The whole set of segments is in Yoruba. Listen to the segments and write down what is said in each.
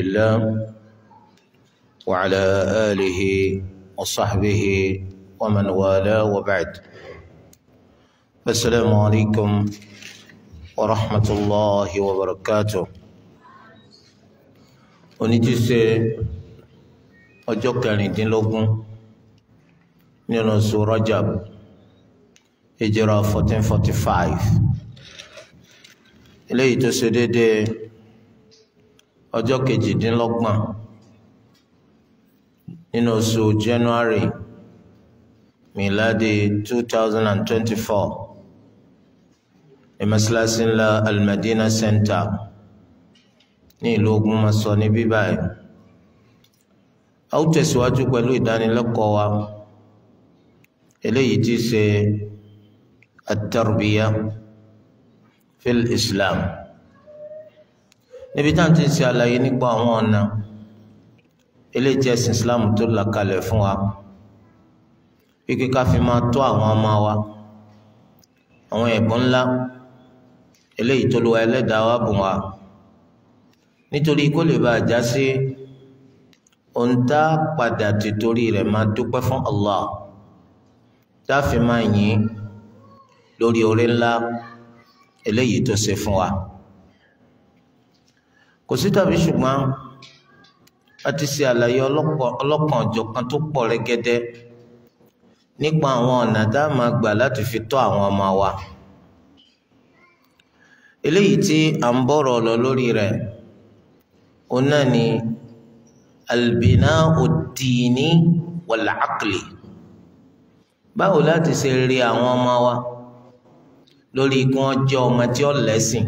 الله وعلى آله وصحبه ومن والاه وبعد السلام عليكم ورحمة الله وبركاته oníjíṣẹ́ ọjọ́ kẹrìndínlógún nínú oṣù Rajab ìjìrà fourteen eléyìí tó ṣe déédéé ọjọ́ kejìdínlọ́gbọ̀n nínú oṣù January miladi two thousand and twenty-four ìmọ̀síláṣí ńlá Al-Madina Center ní ìlú Ògbómọ̀ṣọ́ ní bíbáyìí a ó tẹ̀síwájú pẹ̀lú ìdánilẹ́kọ̀ọ́ wa eléyìí ti ṣe at fil Islam níbi tá à ń ti ṣe àlàyé nípa àwọn ọ̀nà eléjẹ́ ẹ̀sìn Islam tó là kalẹ̀ fún wa wípé ká fi máa tọ́ àwọn ọmọ wa àwọn ẹ̀bùn ńlá eléyìí tó lùwà ẹlẹ́dàá wa bùn wa nítorí kó lè bá a já sí ohun tá a padà ti torí rẹ̀ máa dúpẹ́ fún Allah tá a fi máa yìn lórí oore ńlá eléyìí tó ṣe fún wa kò sí tàbí ṣùgbọ́n a ti ṣe àlàyé ọlọ́kan ọ̀jọ̀kan tó pọ̀ rẹ́gẹ́dẹ́ nípa àwọn ọ̀nà tá a máa gbà láti fi tọ́ àwọn ọmọ wa eléyìí tí a ń bọ̀rọ̀ lọ lórí rẹ̀ òun náà ni albina'u ad-dini báwo láti ṣe rí àwọn ọmọ wa lórí kí wọ́n ọmọ tí ó lẹ́sìn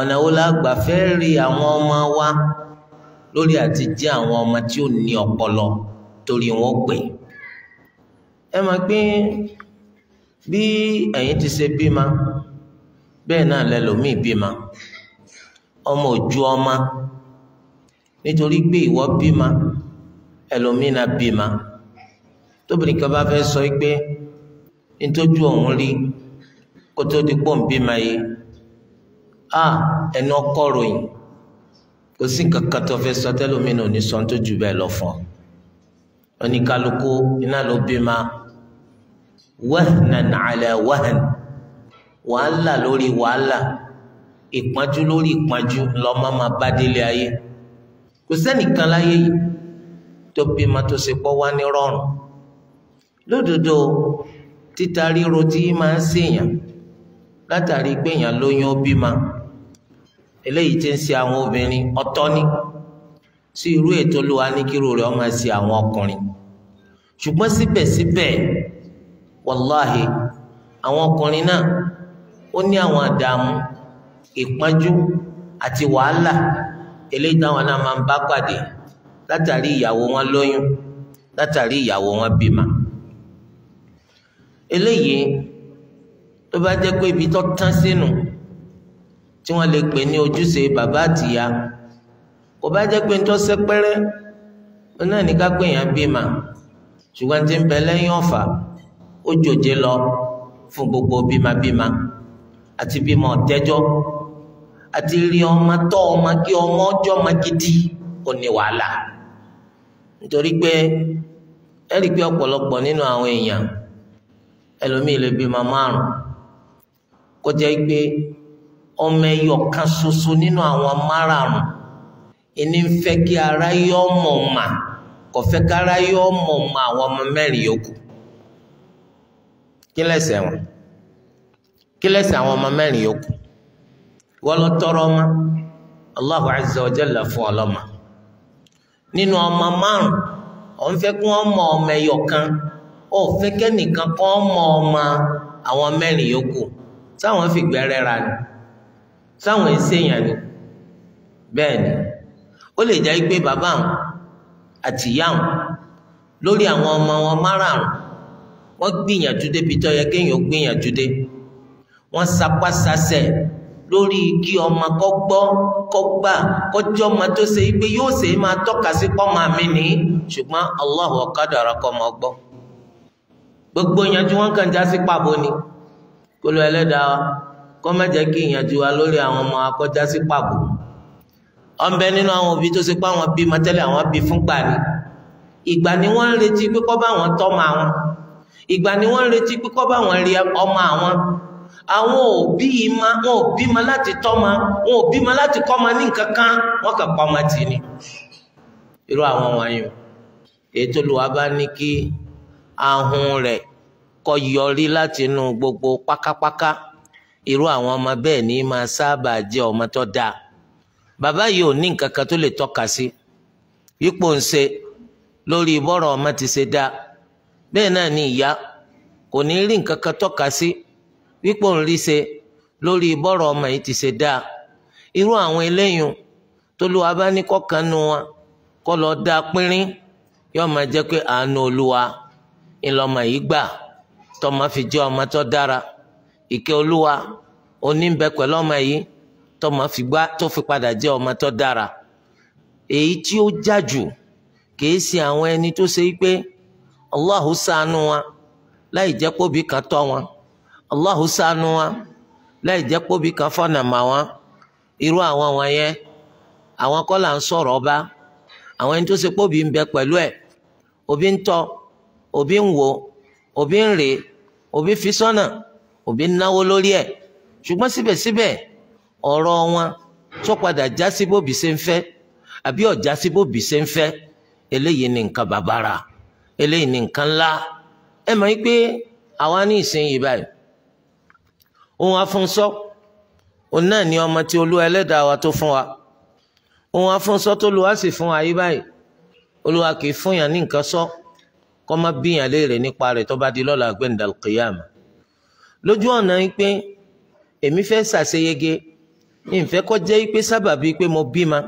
ọ̀nà wo la gbà fẹ́ rí àwọn ọmọ wa lórí àti jẹ́ àwọn ọmọ tí ò ní ọpọlọ torí wọn pè ẹ máa pé bí ẹ̀yin ti ṣe bímọ bẹ́ẹ̀ náà lẹ́lòmíì bímọ ọmọ òjú ọmọ nítorí pé ìwọ bímọ ẹlòmíì náà bímọ tóbìnrin kan bá fẹ́ sọ pé nítòjú òun rí kó tó di pọ̀ ń bímọ yìí. a ẹnu ọkọ ròyìn kò sí nǹkan kan tó fẹ́ sọ tẹ́lómìnà ò ní sọ tó jù bẹ́ẹ̀ lọ fún ọ oníkálukú iná ló bí ma wahnan ala wahn wàhálà lórí wàhálà ìpọ́njú lórí ìpọ́njú máa bá délé ayé kò láyé yìí tó bí ma tó ṣe pọ́ wá ní rọrùn lódodo títa ríro tí máa ń ma. eléyìí tí ń ṣe àwọn obìnrin ọ̀tọ̀ ni sí irú ètò olúwa ní kí irú rẹ̀ ọmọ ṣe àwọn ọkùnrin ṣùgbọ́n síbẹ̀síbẹ̀ wàláhì àwọn ọkùnrin náà ó ní àwọn àdààmú ìpọ́njú àti wàhálà eléyìí táwọn náà máa ń bá pàdé látàrí ìyàwó wọn lóyún látàrí ìyàwó wọn bímọ eléyìí tó bá jẹ́ pé ibi tó tán sínú. tí wọn lè pè ní ojúṣe bàbá àtìyá kò bá jẹ́ pé nítorí sẹ́pẹ́rẹ́ wọn náà ní ká pé èèyàn bímọ ṣùgbọ́n tí ń bẹ lẹ́yìn ọ̀fà ó jòjé lọ fún gbogbo bímabíma àti bímọ ọ̀tẹ́jọ́ àti rí ọmọ tọ́ ọmọ kí ọmọ ọjọ́ ọmọ gidi kò ní wàhálà nítorí pé ẹ rí i pé ọ̀pọ̀lọpọ̀ nínú àwọn èèyàn ẹlòmíì lè bímọ márùn kó jẹ́ pé ọmọ ẹyọ kan ṣoṣo nínú àwọn márààrún ẹni ń fẹ́ kí ara yọ ọmọ mà kò yọ ọmọ mà àwọn ọmọ yòókù kí lẹ̀ṣẹ̀ wọn kí lẹ̀ṣẹ̀ àwọn ọmọ yòókù lọ ọmọ Allahu jalla fún nínú ọmọ márùn ọmọ ẹyọ kan kẹ́nìkan ọmọ àwọn yòókù táwọn ni. sáwọn ẹsẹ yẹn ni bẹ́ẹ̀ ni ó lè jẹ́ pé bàbá àwọn àti ìyá àwọn lórí àwọn ọmọ wọn márààrún wọ́n gbìyànjú débi tó yẹ kéèyàn gbìyànjú dé wọ́n sapá sasẹ̀ lórí kí ọmọ kọ́ gbọ́ kọ́ gbà kọjọ́ ọmọ tó ṣe pé yóò ṣe é máa tọ́ka sí pọ́mọ mi ní ṣùgbọ́n Allahu ọ̀kadà kọ́ ọmọ gbọ́ gbogbo ìyànjú wọn kàn já sí pàbó ni kó lọ ẹlẹ́dàá kó má jẹ́ kí ìyànjú wa lórí àwọn ọmọ akọ́já sí pàbò ọ̀nbẹ nínú àwọn òbí tó ṣe pé àwọn bí mọ́tẹ́lẹ̀ àwọn bí fúngbà ni ìgbà ni wọ́n ń retí pé kó bá wọn tọ́mọ àwọn ìgbà ni wọ́n ń retí pé kó bá wọn rí ọmọ àwọn àwọn òbí ma wọn ò bímọ láti tọ́mọ wọn ò bímọ láti kọ́mọ ní nǹkan kan wọ́n kàn pọ́mọ tì ní irú àwọn wọ̀nyí ètò olùwà bá ní kí ahun rẹ̀ kó yọrí látinú gbogbo pákápáká. Paka, paka irú àwọn ọmọ bẹ́ẹ̀ ni máa sábà jẹ́ ọmọ tó dáa bàbá yìí ò ní nǹkan kan tó lè tọ́ka sí yípo ń ṣe lórí bọ́rọ̀ ọmọ ti ṣe dáa bẹ́ẹ̀ náà ni ìyá kò ní rí nǹkan kan tọ́ka sí yípo ń rí ṣe lórí bọ́rọ̀ ọmọ yìí ti ṣe dáa irú àwọn eléyìí tólúwa bá ní nu wọn kọ́ lọ́ọ́ dáa pínrín yóò máa jẹ́ pé àánú olúwa ńlọmọ yìí gbà tọmọ fi jẹ́ ọmọ tó dára. ìkẹ́ olúwa oníbẹ̀ pẹ̀lú ọmọ yìí tọmọ fi gbá tó fi padà jẹ́ ọmọ tó dára èyí tí ó já jù kìí ṣe àwọn ẹni tó ṣe pé Allahu ṣàánú wa láì jẹ́ kóbi kan tọ́ wọn Allahu ṣàánú wa láì jẹ́ kóbi kan fọ́nà mà wọn irú àwọn wọ̀nyẹn àwọn kọ́ là ń sọ̀rọ̀ ọba àwọn ẹni tó ṣe kóbi ń bẹ pẹ̀lú ẹ̀ òbí ń tọ́ òbí ń wò òbí ń rè òbí fi sọ́nà. òbí náwó lórí ẹ̀ ṣùgbọ́n síbẹ̀síbẹ̀ ọ̀rọ̀ wọn tó padà já sí bóbi ṣe ń fẹ́ àbí ọ̀já sí bóbi ṣe ń fẹ́ eléyìí ni nǹkan bàbàrà eléyìí ni nǹkan ńlá ẹ mọ̀ yí pé àwa ní ìsinyìí báyìí ohun afúnṣọ́ òun náà ni ọmọ tí olú ẹlẹ́dàá wa tó fún wa ohun afúnṣọ́ tó lu wá fún wa yí báyìí olúwa kì í fún yàn ní nǹkan sọ kọ́ má bíyàn léèrè nípa rẹ̀ tó bá di lọ́la gbẹ̀ndàlùkìyàmù lójú ọ̀nà pé èmi fẹ́ ṣàṣeyege ìfẹ́ kọjá pé sábàbí pé mo bímọ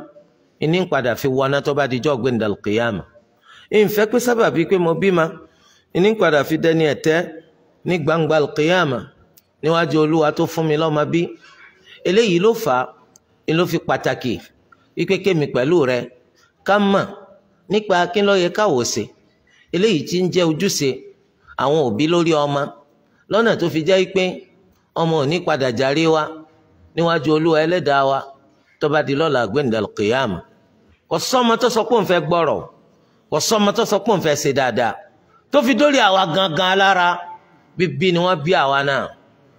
ìní padà fi wọná tó bá dijọ́ gbẹ̀ndà kìyàmù ìfẹ́ pé sábàbí pé mo bímọ ìní padà fi dẹni ní gbangba kìyàmù níwájú olúwa tó fún mi lọ́mọ bí eléyìí ló fà rẹ ká mọ̀ nípa kí yẹ káwọ́ eléyìí ń jẹ́ ojúṣe àwọn lọ́nà tó fi jẹ́ pé ọmọ òní padà járe wa níwájú olúwa ẹlẹ́dàá wa tó bá di lọ́la gbẹ̀ndàl kìyàmù kò sọ́mọ tó sọ pé òun fẹ́ gbọ́rọ̀ kò sọ́mọ tó sọ pé òun fẹ́ ṣe dáadáa tó fi dórí àwa gangan lára bíbí ni wọ́n bí àwa náà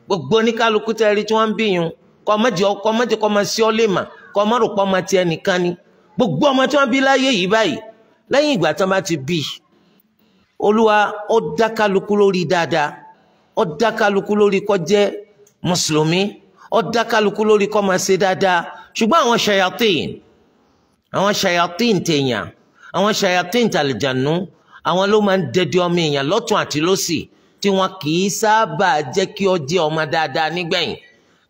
gbogbo oníkálukú tẹ́ rí tí wọ́n ń bí yun kọ́ mẹ́jẹ ọkọ mẹ́jẹ kọ́ máa ṣí ọ́ mà kọ́ má rò pọ́ máa ti ẹnìkan ni gbogbo ọmọ tí wọ́n bí láyé yìí báyìí lẹ́yìn ìgbà tí wọ́n bá ti bí olúwa ó dá lórí dáadáa ó dá kálukú lórí kó jẹ́ mùsùlùmí ó dá kálukú lórí kó máa ṣe dáadáa ṣùgbọ́n àwọn ṣayatin àwọn ṣayatin tèèyàn àwọn ṣayatin tàlìjànú àwọn ló máa ń dẹdẹ ọmọ èèyàn lọ́tún àti lọ́sì tí wọn kì í sábà jẹ́ kí ọ jẹ́ ọmọ dáadáa nígbẹ̀yìn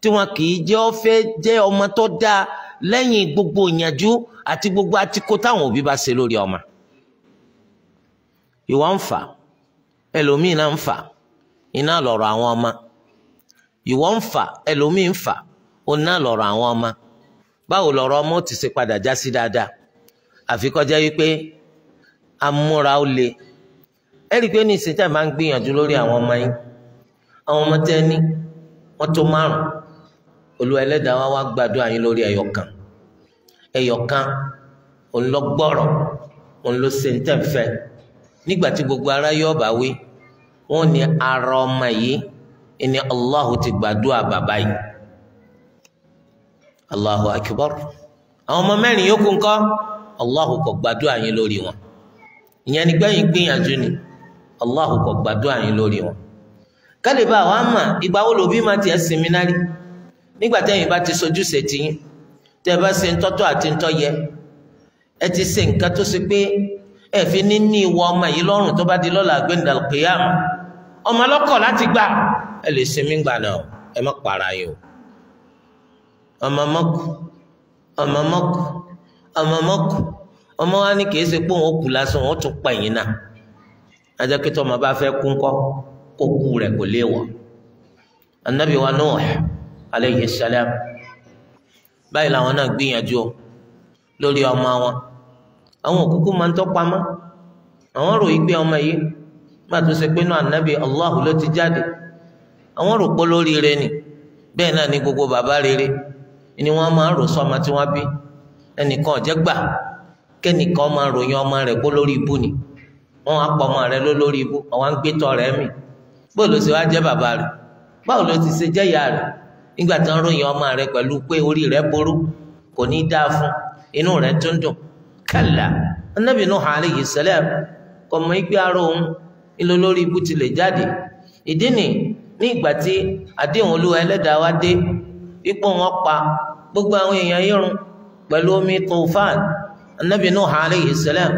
tí wọn kì í jẹ́ ọ fẹ́ jẹ́ ọmọ tó dáa lẹ́yìn gbogbo ìyànjú àti gbogbo àtikó táwọn òbí bá ṣe lórí ọmọ ìwọ ń fà ẹlòmíì ń fà iná lọ̀rọ̀ àwọn ọmọ ìwọ ń fà ẹlòmíín fà òun náà lọ̀rọ̀ àwọn ọmọ báwo lọ̀rọ̀ ọmọ ti ṣe padà já sí dáadáa àfi kó jẹ́ wípé amúra ó le ẹ rí i pé ní ìsìnjà máa ń gbìyànjú lórí àwọn ọmọ yín àwọn ọmọ tẹ́ ní wọ́n tó márùn Olúwa Ẹlẹ́dàá wa wá gbàdúrà yín lórí ẹyọkan ẹyọkan òun lọ gbọ́rọ̀ òun ló ṣe ń tẹ̀ fẹ́ nígbà tí gbogbo ará yóò bá wí wọn ní ara ọmọ yìí ìní Allahu ti gbàdúrà bàbá yìí Allahu akibar àwọn ọmọ mẹ́rin yòókù ńkọ́ Allahu kò gbàdúrà yín lórí wọn ìyẹn ni gbẹ̀yìn gbìyànjú ni Allahu kò gbàdúrà yín lórí wọn kálíbà wa mà ìgbà wo lòbí máa tiẹ̀ sinmi náà rí nígbà tẹ́yìn bá ti sojúṣe tiyín tẹ́ ẹ bá ṣe ń àti ń ẹ ti ṣe nǹkan tó ṣe pé ẹ fi ní ní ìwọ ọmọ yìí lọ́rùn tó bá di lọ́la gbẹ̀ndàlùkìyàmù ọmọ lọ́kọ̀ láti gbà ẹ lè sinmi gbà náà ẹ má para yìí o ọmọ mọ́kù ọmọ mọ́kù ọmọ mọ́kù ọmọ wa ní kì í ṣe pé òun kù lásán òun tún pa ẹ̀yìn náà ajakitọ ọmọ bá fẹ́ kú ńkọ́ kó kú rẹ̀ kò lè wọ̀ anabi wa Nuh aleyhi salam báyìí làwọn náà gbìyànjú lórí ọmọ wọn àwọn òkúkú máa ń tọ́ pamọ́ àwọn rò yí pé ọmọ yìí nígbà tó ṣe pé inú ànábì Allahu ló ti jáde àwọn rò pé olóríire ni bẹ́ẹ̀ náà ni gbogbo bàbá rere ni wọ́n máa ń rò sọ́mọ tí wọ́n bí ẹnìkan ọ̀jẹ́ gbà kẹ́nìkan máa ròyìn ọmọ rẹ̀ pé lórí ibú ni wọ́n á pọ̀ ọmọ rẹ̀ lórí ibú àwọn gbẹ́tọ̀ rẹ̀ mì bóòlù ló ṣe wá jẹ́ bàbá rẹ̀ báwo ló ti ṣe jẹ́ ìyá rẹ̀ nígbà tí wọ́n ròyìn ọmọ rẹ̀ pẹ̀lú pé orí rẹ̀ burú kò ní í dáa fún inú rẹ̀ tó ń dùn kálá anábì Nuh alayhi salam kò mọ ara òun ìlò lórí ibú ti lè jáde ìdí nì ní ìgbà tí àdéhùn olúwa ẹlẹ́dàá wa dé ipò wọn pa gbogbo àwọn èèyàn yìí pẹ̀lú omi tufan anabi nuh alayhi salam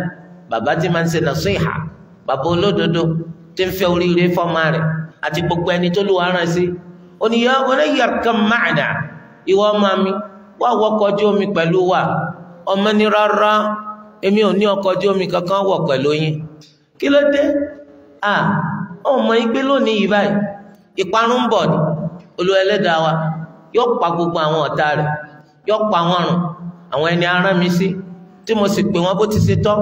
bàbá tí máa ń ṣe nasiha bàbá olódodo tí ń fẹ́ oríire fọ́mà rẹ̀ àti gbogbo ẹni tó lùwà rán sí ó ní ya bunayya arkam ma'ana ìwọ ọmọ mi wá wọkọ̀ ojú omi pẹ̀lú wa ọmọ ní rárá èmi ò ní ọkọ̀ ojú omi kankan wọ̀ pẹ̀lú yín kí ló dé à ọmọ igbe lónìí yìí báyìí ìparun ń bọ̀ ni olú ẹlẹ́dàá wa yóò pa gbogbo àwọn ọ̀tá rẹ̀ yóò pa wọn rùn àwọn ẹni aràn mi sí tí mo sì pè wọn bó ti ṣe tọ́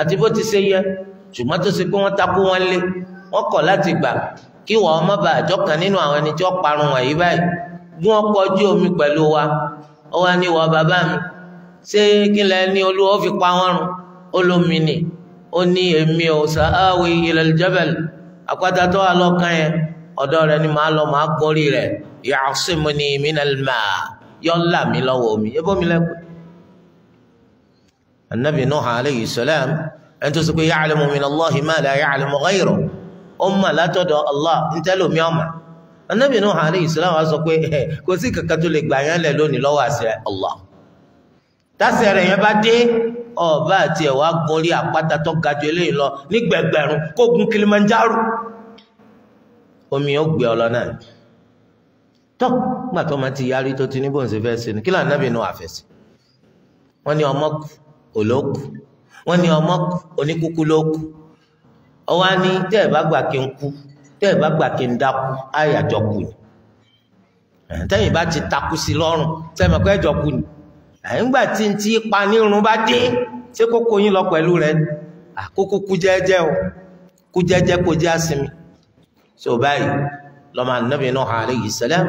àti bó ti ṣe yẹ ṣùgbọ́n tó ṣe pé wọ́n takú wọn lé wọ́n kọ̀ láti gbà kí wọ́n má bàa jọ́kan nínú àwọn ẹni tí wọ́n parun wọ̀nyí báyìí bí wọ́n ojú omi pẹ̀lú wa ó wá ní bàbá mi ṣé kí lẹ ní olúwa ó fi pa wọn rùn ó lómi ó ní èmi ò sàáwì ilal jabal àpáta tó wà lọ́kàn yẹn ọ̀dọ́ rẹ̀ ni màá lọ màá gorí rẹ̀ ya'simuni minal maa yọ là mí lọ́wọ́ omi yẹ bómi lẹ́kọ̀ọ́. anabi nuh alayhi salam ẹni tó sọ pé ya'lamu minallahi ma la ya'lamu ghayruh ó mà látọ̀dọ̀ allah ntẹ́lómi ọ̀mà anabi nuh alayhi salam wa sọ pé kò sí kankan tó lè lónìí lọ́wọ́ àṣẹ allah. tásìrẹ̀ yẹn bá dé ọba àti ẹ̀wà gorí àpáta tó ga jù eléyìí lọ ní gbẹgbẹ̀rún kó gun Kilimanjaro omi ó gbé ọ lọ náà tó gbà tó máa ti yarí tó ti ní bóun ṣe fẹ́ ṣe ni kí lànà bínú àfẹ́sí wọ́n ní ọmọ kù olókù wọ́n ní ọmọ kù oníkúkú lókù ọwọ́ á ní tẹ́ ẹ̀ bá gbà kí n kú tẹ́ ẹ̀ bá gbà kí n dákú àyàjọ kù ni tẹ́yìn bá ti takú sí lọ́rùn tẹ́yìn bá kú ẹ̀jọ kù ni ẹ̀ǹgbà tí tí pa nírun bá dé tí kókó yín lọ pẹ̀lú rẹ̀ àkókò kú jẹ́jẹ́ o kú jẹ́jẹ́ kó jẹ́ àsinmi tí ó báyìí lọ́mọ anábì Nuh alayhi salam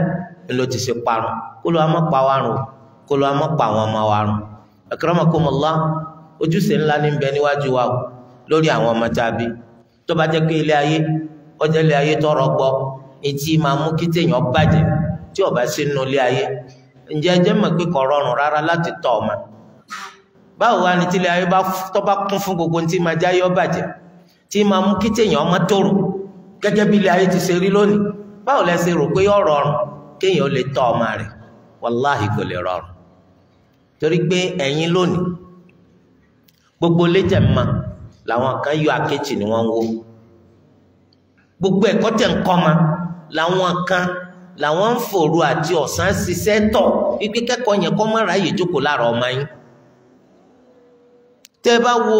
ló ti ṣe parun kó ló amọ́ pa wárun kó ló amọ́ pa àwọn ọmọ wárun akramakumullah ojúṣe ńlá ní bẹ níwájú wa o lórí àwọn ọmọ tàbí tó bá jẹ́ pé ilé ayé ọjọ́ ilé ayé tọrọ gbọ́ etí máa mú kí téèyàn bàjẹ́ tí ó sínú ilé ayé ǹjẹ́ ẹ jẹ́ mọ̀ pé kò rọrùn rárá láti tọ́ ọmọ báwo wá ní tílé ayé tó bá kún fún gbogbo tí máa jáyé ó bàjẹ́ tí máa mú kí téèyàn ọmọ tòrò gẹ́gẹ́ bí ilé ayé ti ṣe rí lónìí báwo lẹ ṣe rò pé yóò rọrùn kéèyàn lè tọ́ ọmọ rẹ̀ wàláhì kò lè rọrùn torí pé ẹ̀yin lónìí gbogbo léjẹ̀ mọ́ làwọn kan yọ àkejì ni wọ́n wo gbogbo ẹ̀kọ́ tẹ̀ ń kọ́ ma làwọn kan làwọn ń fòru àti ọ̀sán ṣiṣẹ́ tọ̀ wípé kẹ́kọ̀ọ́ yẹn kọ́ mọ́ra yìí jókòó lára ọmọ yín tẹ́ ẹ bá wo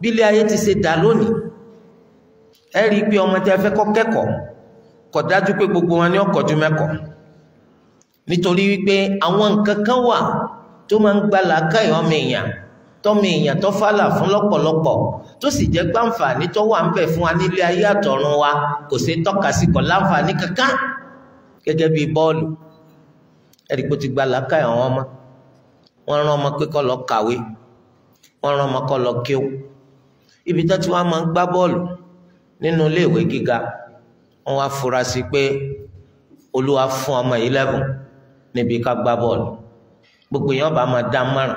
bílé ayé ti ṣe dà lónìí ẹ rí i pé ọmọ tẹ́ fẹ́ kọ́ kẹ́kọ̀ọ́ kò dájú pé gbogbo wọn ni ọkọ̀ ju mẹ́kọ̀ọ́ nítorí wípé àwọn nǹkan kan wà tó máa ń gba làákàyè ọmọ èèyàn tọmọ èèyàn tó fàlà fún lọ́pọ̀lọpọ̀ tó sì jẹ́ pàǹfààní tó wà ń bẹ fún wa nílé ayé àtọ̀run wa kò ṣeé tọ́ka sí kọ̀ láǹfààní kankan gẹ́gẹ́ bíi bọ́ọ̀lù ẹ̀rí pé ó ti gba làákàyè àwọn ọmọ wọ́n rán ọmọ pé kó lọ kàwé wọ́n rán ọmọ kó lọ kíó ibi tó ti wá máa ń gbá bọ́ọ̀lù nínú iléèwé gíga wọ́n wá fura sí pé olúwa fún ọmọ yìí níbi ká gbá bọ́ọ̀lù gbogbo èèyàn bá máa dá márùn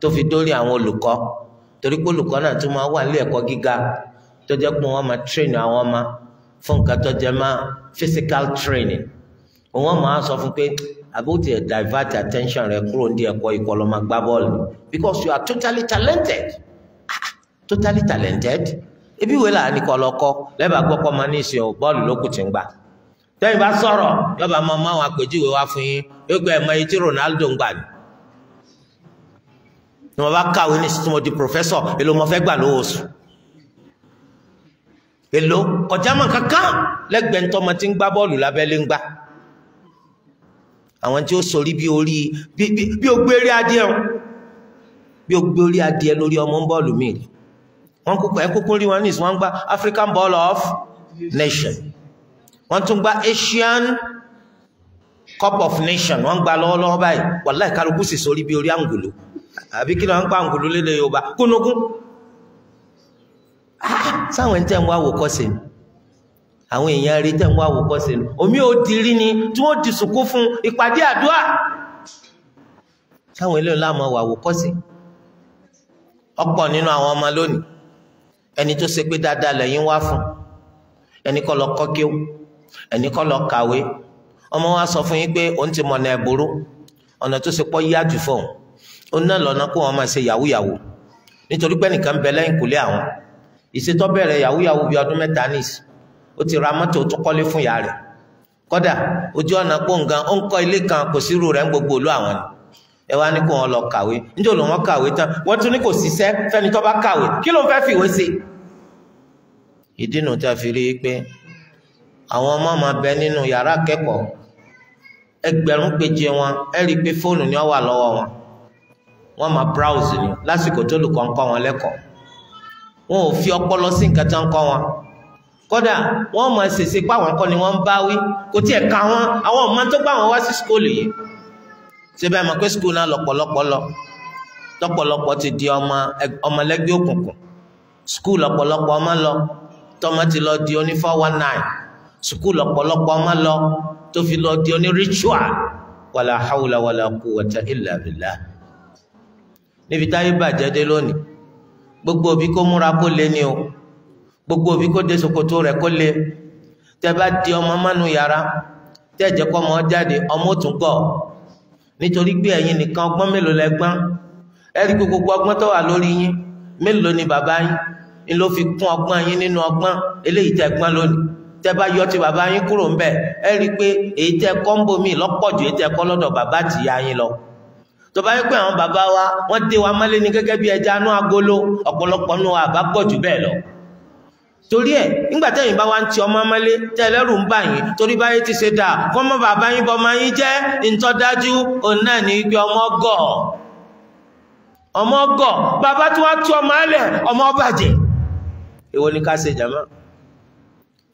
tó fi dórí àwọn olùkọ́ torí pé olùkọ́ náà tún máa wà nílé ẹ̀kọ́ gíga tó jẹ́ pé wọ́n máa train àwọn ọmọ fún nǹkan tó jẹ́ máa physical training òun máa sọ fún pé about to divert attention rẹ kúrò ní ẹ̀kọ́ ìkọlọ́mọ gbá bọ́ọ̀lù because you are totally talented ah, totally talented ebi ìwé làá ní kọlọ́kọ́ lẹ́bàá gbọ́ pọ́ máa ní ìsìn bọ́ọ̀lù lókù tí ń gbà tẹ́yìn bá sọ̀rọ̀ yọba máa mọ àwọn àpèjúwe wá fún yín yóò gba ẹ̀mọ etí Ronaldo ń gbà ní. ni wọ́n bá kàwé ní sísun odi pòfẹ́sọ̀ èlò mo fẹ́ gbà lówó sùn èlò kọjá mọ̀ kankan lẹ́gbẹ̀ẹ́ ntọ́mọ tí ń gbá bọ́ọ̀lù lábẹ́lé ń gbà àwọn tí ó sorí bí orí bí ó gbé rí adìẹ o bí ó gbé orí adìẹ lórí ọmọ ń bọ́ọ̀lù míì wọ́n kúkọ ẹ kúkú rí wọn ní ìsìn wọ́n gba African Ball of Nation wọ́n tún gba Asian Cup of Nation wọ́n gba lọ́wọ́lọ́wọ́ báyìí wàláì kálukú sì sorí bí orí àǹgùlù àbí kí ni wọ́n ń pa àǹgùlù lélẹ̀ Yorùbá kúnnukún ah, sáwọn ẹni tẹ́ ń wá wò kọ́ sí ni àwọn èèyàn rí tẹ́ ń wá àwòkọ́ṣe lò omi ò di rí ni tí wọ́n ti sùkú fún ìpàdé àdúrà sáwọn ilé ńlá máa wà àwòkọ́ṣe ọ̀pọ̀ nínú àwọn ọmọ lónìí ẹni tó ṣe pé dáadáa lẹ́yìn wá fún ẹni kọ́ lọ kọ́ kí ó ẹni kọ́ lọ kàwé ọmọ wa sọ fún yín pé òun ti mọ̀nà ẹ̀bùrú ọ̀nà tó ṣe pọ̀ yíyá jù fún òun náà lọ́nà kó wọn máa ṣe yahoo nítorí pé nìkan bẹ lẹ́yìn kò lé àwọn ìṣètọ́ bẹ̀rẹ̀ bíi ọdún mẹ́ta nísìnyí ó ti ra mọ́tò tó kọ́lé fún ìyá rẹ̀ Kọ́dà, ojú ọ̀nà gbòǹgàn ó ń kọ́ ilé kan kò sí irú rẹ̀ ń gbogbo ìlú àwọn ni ẹ wá ní kó wọn lọ kàwé níjẹ́ wọn kàwé tán wọ́n tún ní kò síṣẹ́ fẹ́ni tó bá kàwé kí ló ń fẹ́ fìwé ṣe. ìdí nu fi rí i pé àwọn ọmọ máa bẹ nínú yàrá akẹ́kọ̀ọ́ ẹgbẹ̀rún péje wọn ẹ rí kódà wọ́n mọ̀ ṣèṣe páwọn kọ́ ni wọ́n ń bá wí kò tí ẹ̀ ka wọn àwọn ọmọ tó gbà wọn wá sí skóòlù yìí ṣé bẹ́ẹ̀ mọ̀ pé skóòlù náà lọ́pọ̀lọpọ̀ lọ tọ́pọ̀lọpọ̀ ti di ọmọ ọmọlẹ́gbẹ́ òkùnkùn skóòlù lọ́pọ̀lọpọ̀ ọmọ lọ tọmọ ti lọ di oní four one nine skóòlù lọ́pọ̀lọpọ̀ ọmọ lọ tó fi lọ di oní ritual wàlà hawla wàlà quwwata illa billah níbi táyé bàjẹ́ dé lónìí gbogbo òbí kó múra gbogbo òbí kó de ṣòkòtò rẹ̀ kó le tẹ́ bá di ọmọ mánu yàrá tẹ́ jẹ́ kó ọmọ jáde ọmọ ò tún gọ̀ nítorí pé ẹ̀yin nìkan ọgbọ́n mélòó lẹ gbọ́n ẹ rí gbogbo ọgbọ́n tó wà lórí yín mélòó ni bàbá yín ni ló fi kún ọgbọ́n yín nínú ọgbọ́n eléyìí tẹ́ gbọ́n lónìí tẹ́ bá yọ ti bàbá yín kúrò ńbẹ̀ ẹ rí i pé èyí tẹ́ kọ́ńbò míì lọ́pọ̀ ju èyí tẹ́ kọ́ lọ́dọ̀ bàbá àtìyá yín lọ tó bá pé àwọn bàbá wa wọ́n dé wa mọ́lé ní gẹ́gẹ́ bí ẹja inú agolo ọ̀pọ̀lọpọ̀ nù àbá pọ̀ jù bẹ́ẹ̀ lọ torí ẹ nígbà tẹ́yin bá wá ń ti ọmọ mọ́lé tẹ́lẹ́rù ń bà yín torí báyé ti ṣe dáa kọ́mọ bàbá yín bọ́mọ yín jẹ́ ìtọ́dájú òun náà ní ibi ọmọ gọ̀ ọmọ gọ̀ bàbá tí wọ́n tú ọmọ alẹ̀ ọmọ bàjẹ́ èwo ni ká ṣe jàmá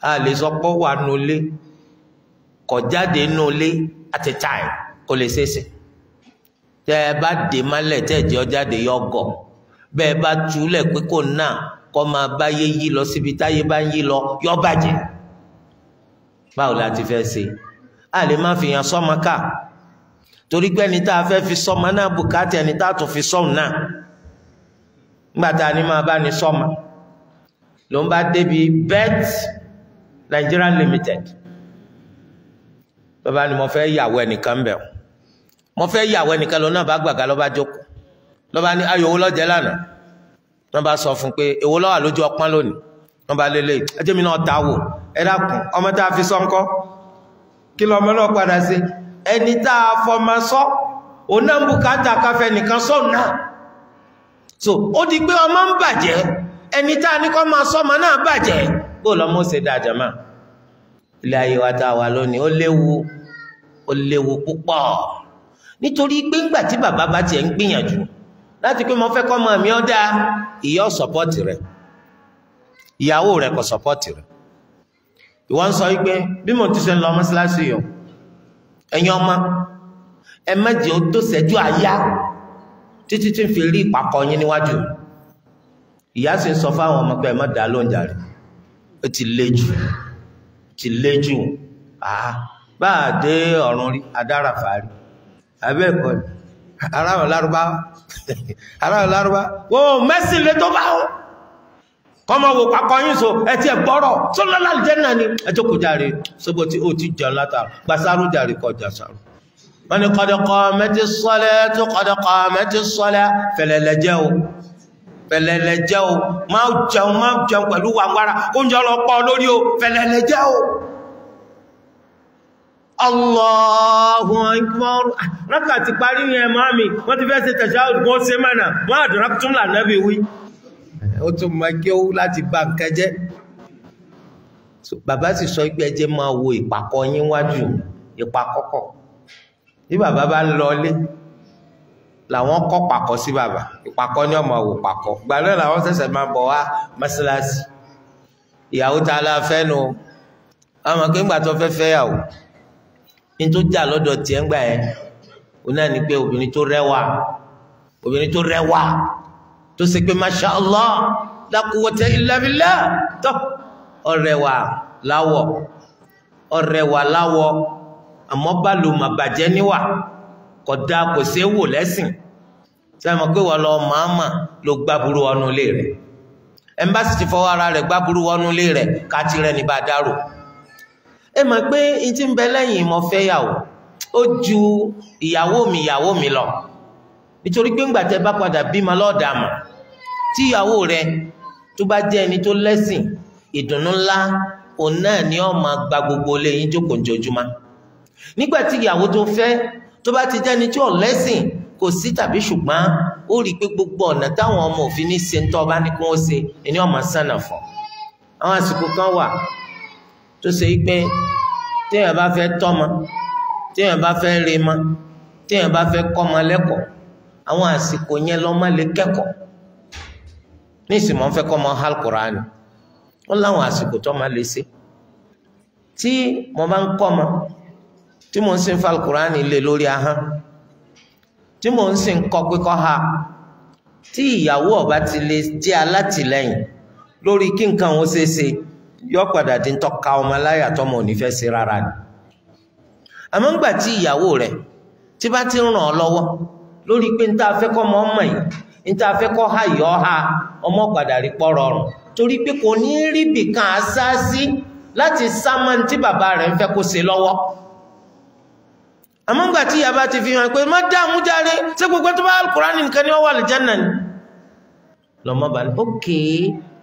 a lè sọ pé wà nulé kọ̀ jáde nulé at a time kò lè ṣeéṣe tẹ́ ẹ bá dè mọ́lẹ̀ tẹ́ ẹ jẹ́ ọ jáde yọ gọ̀ bẹ́ẹ̀ bá túlẹ̀ pé kò náà kọ́ máa báyé yí lọ síbi táyé bá ń yí lọ yọ bàjẹ́ báwo la ti fẹ́ ṣe a lè má fi yan sọ́mọ ká torí pé ẹni tá a fẹ́ fi sọ́mọ náà bùkátà ẹni tá a tún fi sọ́hùn náà nígbà tá a ní máa bá ní sọ́mọ ló ń bá débi bet Nigeria Limited bàbá ni mo fẹ́ yàwó ẹnìkan ń bẹ̀ mo fẹ́ yàwó ẹnìkan lọ́nà bá gbàgà lọ́ba jókòó lọ́ba ní ayòwò lọ́jẹ́ lánàá. wọ́n bá sọ fún pé èwo ló lójú ọpọ́n lónìí wọ́n bá lélẹ̀ ẹjẹ́ mi náà ta wò ọmọ tá a fi sọ́ńkọ́ kí lọmọ náà padà sí ẹni tá a sọ so ó di pé ọmọ ń bàjẹ́ ẹni tá a ní kọ́ máa sọ́mọ náà bàjẹ́ bó ṣe ilé wa tá a wà lónìí ó léwu púpọ̀ nítorí pé tí bàbá bá ń gbìyànjú láti pé mo fẹ́ kọ́ ọmọ mi ọ́ dáa ìyá ọ̀ sọ́pọ́tì rẹ̀ ìyàwó rẹ̀ kò sọ́pọ́tì rẹ̀ ìwọ ń sọ wípé bí mo ti ṣe ń lọ mọ́ṣáláṣí yìí ẹ̀yin ọmọ ẹ mẹ́jẹ̀ ó tó ṣẹ́jú àyá títí tí ń fi rí ìpàkọ́ yín níwájú ìyá sì ń sọ fáwọn ọmọ pé ẹ má dá lóúnjẹ rẹ̀ ó ti lé jù ti lé jù àá bá a dé ọ̀run rí adára fàárí abẹ́ẹ̀kọ́ ni aráwọn lárúbá aráwọn lárúbá wọ́n mẹ́sìn lè tó bá ó kọmọ wò pàkọ́ yín so ẹ̀tí ẹ̀ bọ́rọ̀ tó lọ́lá jẹ́nà ni ẹjọ́ kò jàre sóbò tí ó ti jẹun látàrù gbàsárù jàre kọjá sárù wọ́n ni kọ́dọ̀kọ́ mẹ́tí sọ́lẹ̀ tó kọ́dọ̀kọ́ mẹ́tí sọ́lẹ̀ fẹ̀lẹ̀lẹ̀jẹ́ o fẹ̀lẹ̀lẹ̀jẹ́ o máa jẹun máa jẹun pẹ̀lú wàngbára oúnjẹ ọlọ́pọ̀ lórí o fẹ̀lẹ̀lẹ̀jẹ́ o Allahu Akbar. Rákà ti parí yẹn máa mi, wọ́n ti fẹ́ ṣe tashahud wọ́n ṣe mẹ́nà, wọ́n àdúrà tún là náà bí wí. Ó tún mọ kí ó láti bá nǹkan jẹ́. Bàbá sì sọ pé ẹjẹ́ máa wo ìpàkọ́ yín wájú, ìpàkọ́kọ̀. Bí bàbá bá ń lọlé, làwọn kọ́ pàkọ́ sí bàbá, ìpàkọ́ ni ọmọ wò pàkọ́. Gbàdúrà làwọn ṣẹ̀ṣẹ̀ máa bọ̀ wá mọ́ṣáláṣí. Ìyàwó ta la fẹ́ nu, ọmọ kí ń gbà tó fẹ́ fẹ́ yàwó nítorí jà lọ́dọ̀ tiẹ̀ ń gbà yẹn òun náà ni pé obìnrin tó rẹwà obìnrin tó rẹwà tó ṣe pé masha allah la quwwata illa billah tó ọrẹwà láwọ̀ ọrẹwà láwọ̀ àmọ́ bàlùmọ̀ bàjẹ́ níwà kódà kò ṣeé wò lẹ́sìn sẹ́mi pé wọ́n lọ màámà ló gbàbúrú wọnú ilé rẹ̀ ẹ̀mbásí ti fọwọ́ ara rẹ̀ gbàbúrú wọnú ilé rẹ̀ ká tirẹ̀ ní bá dárò ẹ mọ̀ pé in ti ń bẹ lẹ́yìn mo fẹ́ yàwó ó ju ìyàwó mi ìyàwó mi lọ nítorí pé ńgbà tẹ bá padà bímọ lọ́ọ̀dàmù tí ìyàwó rẹ tó bá jẹ́ ẹni tó lẹ́sìn ìdùnnú ńlá òun náà ni ó máa gba gbogbo ilé yín jókòó ojoojúmọ́ nígbà tí ìyàwó tó fẹ́ tó bá ti jẹ́ ẹni tí ò lẹ́sìn kò sí tàbí ṣùgbọ́n ó rí i pé gbogbo ọ̀nà táwọn ọmọ òfin ní ṣe ń tọ́ ọba ní kí wọ́n ṣe ẹni ọmọ sànà fún àwọn àsìkò kan wà tó ṣe pé téèyàn bá fẹ́ tọ́mọ téèyàn bá fẹ́ remọ téèyàn bá fẹ́ kọ́mọ lẹ́kọ̀ọ́ àwọn àsìkò yẹn lọ́mọ lè kẹ́kọ̀ọ́ ní ìsìnmọ́ fẹ́ kọ́mọ alukurani wọ́n láwọn àsìkò tọ́mọ lè ṣe tí mo bá ń kọ́mọ tí mo ń sin fa alukurani lé lórí ahọ́n tí mo ń sin kọ́ pé kọ́ ha tí ìyàwó ọba ti lè jẹ́ alátìlẹ́yìn lórí kí nǹkan òun ṣe é ṣe yọ padà di ntọ́ka ọmọ tọmọ ò ní rárá ni àmọ́ ńgbà tí ìyàwó rẹ̀ tí bá ti ń ràn ọ́ lọ́wọ́ lórí pé níta afẹ́kọ́ ọmọ ọmọ yìí níta afẹ́kọ́ ha yọ ha ọmọ padà rí pọ́ rọrùn torí pé kò ní rí bìkan àṣáṣí láti sámọ́ tí bàbá rẹ̀ ń fẹ́ kó ṣe lọ́wọ́ àmọ́ ńgbà tí ìyá ti fi hàn pé má dá àmú járe ṣé gbogbo tó bá Al-Qur'an nìkan ni wọ́n wà lè jẹ́ nàní lọ́mọ bá ní ókèé. Okay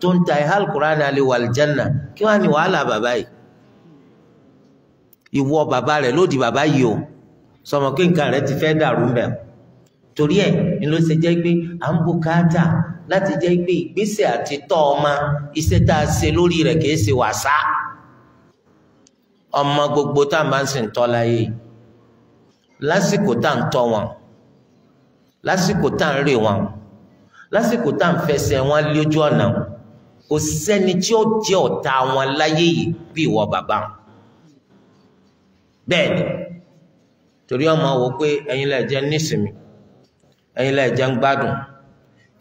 tó ń ta ihal quran alẹ wàlìjánà kí wàá ní wàhálà bàbá yìí ìwọ bàbá rẹ lòdì bàbá yìí o sọmọ pé nǹkan rẹ ti fẹ́ dàrú mbẹ́ torí ẹ̀ ni ló ṣe jẹ́ pé à ń bùkátà láti jẹ́ pé ìgbésẹ̀ àti tọ́ ọmọ iṣẹ́ tá a ṣe lórí rẹ̀ kì í ṣe wàsá ọmọ gbogbo tá a máa ń sìn tọ́ láyé lásìkò tá à ń tọ́ wọn lásìkò tá à ń rè wọn lásìkò tá à ń fẹsẹ̀ wọn lójú ọ̀nà wọn kò sẹ́ni tí ó jẹ́ ọ̀tá wọn láyé yìí bí ìwọ bàbá wọn bẹ́ẹ̀ ni torí ọmọ wò pé ẹ̀yin lẹ jẹ́ nísìmí ẹ̀yin lẹ jẹ́ ń gbádùn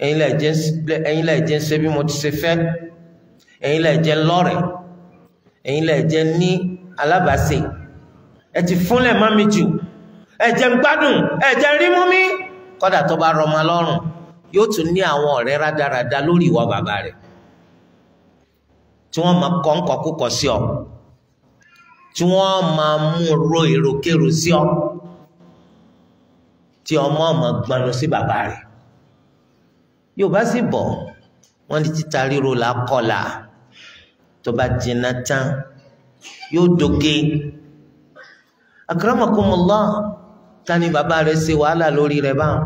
ẹ̀yin lẹ jẹ́ ẹ̀yin lẹ jẹ́ ń ṣe bí mo ti ṣe fẹ́ ẹ̀yin lẹ jẹ́ lọ́rẹ̀ ẹ̀yin lẹ jẹ́ ní alábàáṣe ẹ ti fúnlẹ̀ má mi jù ẹ jẹ́ ń gbádùn ẹ jẹ́ rí mú mi kódà tó bá rọmọ lọ́rùn yóò tún ní àwọn ọ̀rẹ́ rádaràda lórí ìwọ bàbá rẹ̀ tí wọ́n máa kọ́ ńkọ́ kúkọ sí ọ tí wọ́n máa mú ro èròkérò sí ọ tí ọmọ ọmọ gbọ́n lọ sí bàbá rẹ̀ yorùbá sì bọ̀ wọ́n ní títa ríro là kọlà tó bá jiná tán yóò doge akramakumullah tani bàbá rẹ̀ ṣe wàhálà lórí rẹ̀ báwọn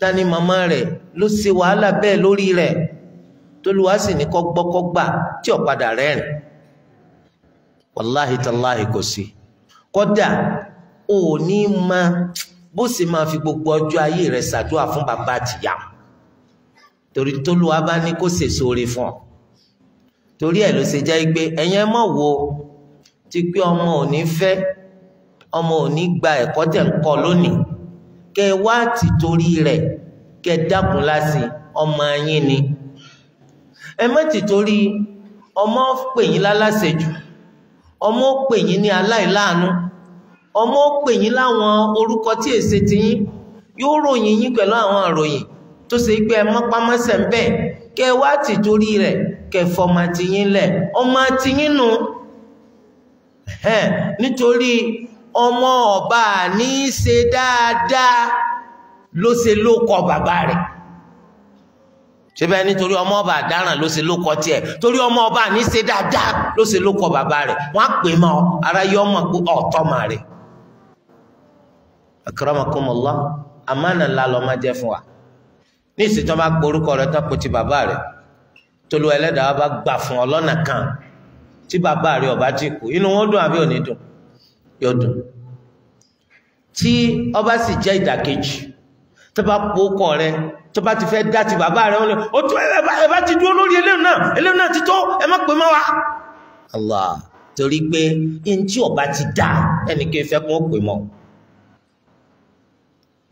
tani mama rẹ̀ ló ṣe wàhálà bẹ́ẹ̀ lórí rẹ̀ tolúwa sì ní kọ́gbọ́kọ́gbà tí ó padà rẹ́rìn wàláhi tàláhi kò sí kódà ò ní ma bó sì máa fi gbogbo ọjọ́ ayé rẹ̀ ṣàdúrà fún bàbá àtìyá torí tolúwa bá ní kó sèso oore fún ọ torí ẹ̀ ló ṣe jẹ́ pé ẹ̀yin ẹ mọ̀ wo ti pé ọmọ ò ní fẹ́ ọmọ ò ní gba ẹ̀kọ́ tẹ̀ ń kọ́ lónìí kẹ wá ti torí rẹ̀ kẹ dákun láti ọmọ yín ni ẹ má ti torí ọmọ pè yín lálásẹ̀jù ọmọ pè yín ní aláìláàánú ọmọ pè yín láwọn orúkọ tí èsè ti yín yóò ròyìn yín pẹ̀lú àwọn àròyìn tó ṣe pé ẹ mọ́pá mọ́sẹ̀ ń bẹ̀ kẹ wá ti torí rẹ̀ kẹfọmọ ti yín lẹ̀ ọmọ ti yín nu nítorí ọmọ ọba ní í dáadáa ló ṣe ló kọ bàbá rẹ̀ síbẹ̀ nítorí ọmọ ọba àdáràn ló ṣe lókọ tiẹ̀ torí ọmọ ọba àní se dáadáa ló ṣe lókọ bàbá rẹ̀ wọ́n á pè ara yọ ọmọ pé ọ̀tọ́ mà rẹ̀. akramakumullah amánà ńlá lọ máa jẹ́ fún wa ní ìsìtàn bá gborúkọ rẹ̀ tán kò ti bàbá rẹ̀ tolu ẹlẹ́dàá bá gbà fún ọ lọ́nà kan tí bàbá rẹ̀ ọba ti kú inú wọn dùn àbí òní dùn yóò dùn tí ọba sì jẹ́ ìdàkejì tó bá pòókọ rẹ̀ tó bá ti fẹ́ dá ti bàbá rẹ̀ ọlẹ́ o tó ẹbá ti dúró lórí eléyìí náà eléyìí náà ti tó ẹ pè mọ́ wa. Allah torí pé in tí ọba ti dá ẹnìkan fẹ́ kún ó pè mọ́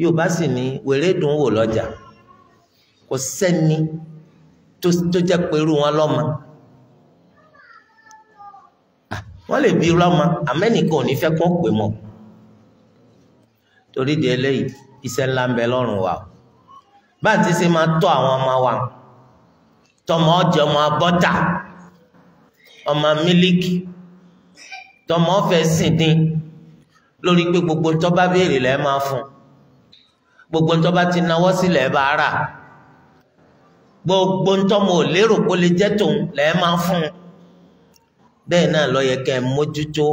Yorùbá sì ní wèrè dùn wò lọ́jà kò sẹ́ni tó jẹ́ pẹ̀lú wọn lọ́mọ ah, wọ́n lè bí lọ́mọ amẹ́nìkan ò ní fẹ́ kún ó pè mọ́ torí di eléyìí iṣẹ́ ńlá ń bẹ lọ́rùn wa o bá ti ṣe máa tọ́ àwọn ọmọ wa tọmọ ọjọ́ ọmọ bọ́tà ọmọ mílíkì tọmọ ọ̀fẹ́ sìn dín lórí pé gbogbo ntọ́ bá béèrè lẹ́ẹ̀ máa fún gbogbo ntọ́ bá ti náwó sílẹ̀ bá rà gbogbo ntọ́ mo lérò kó lè jẹ́ tòun lẹ́ẹ̀ máa fún bẹ́ẹ̀ náà ló yẹ kẹ́ ẹ mójútó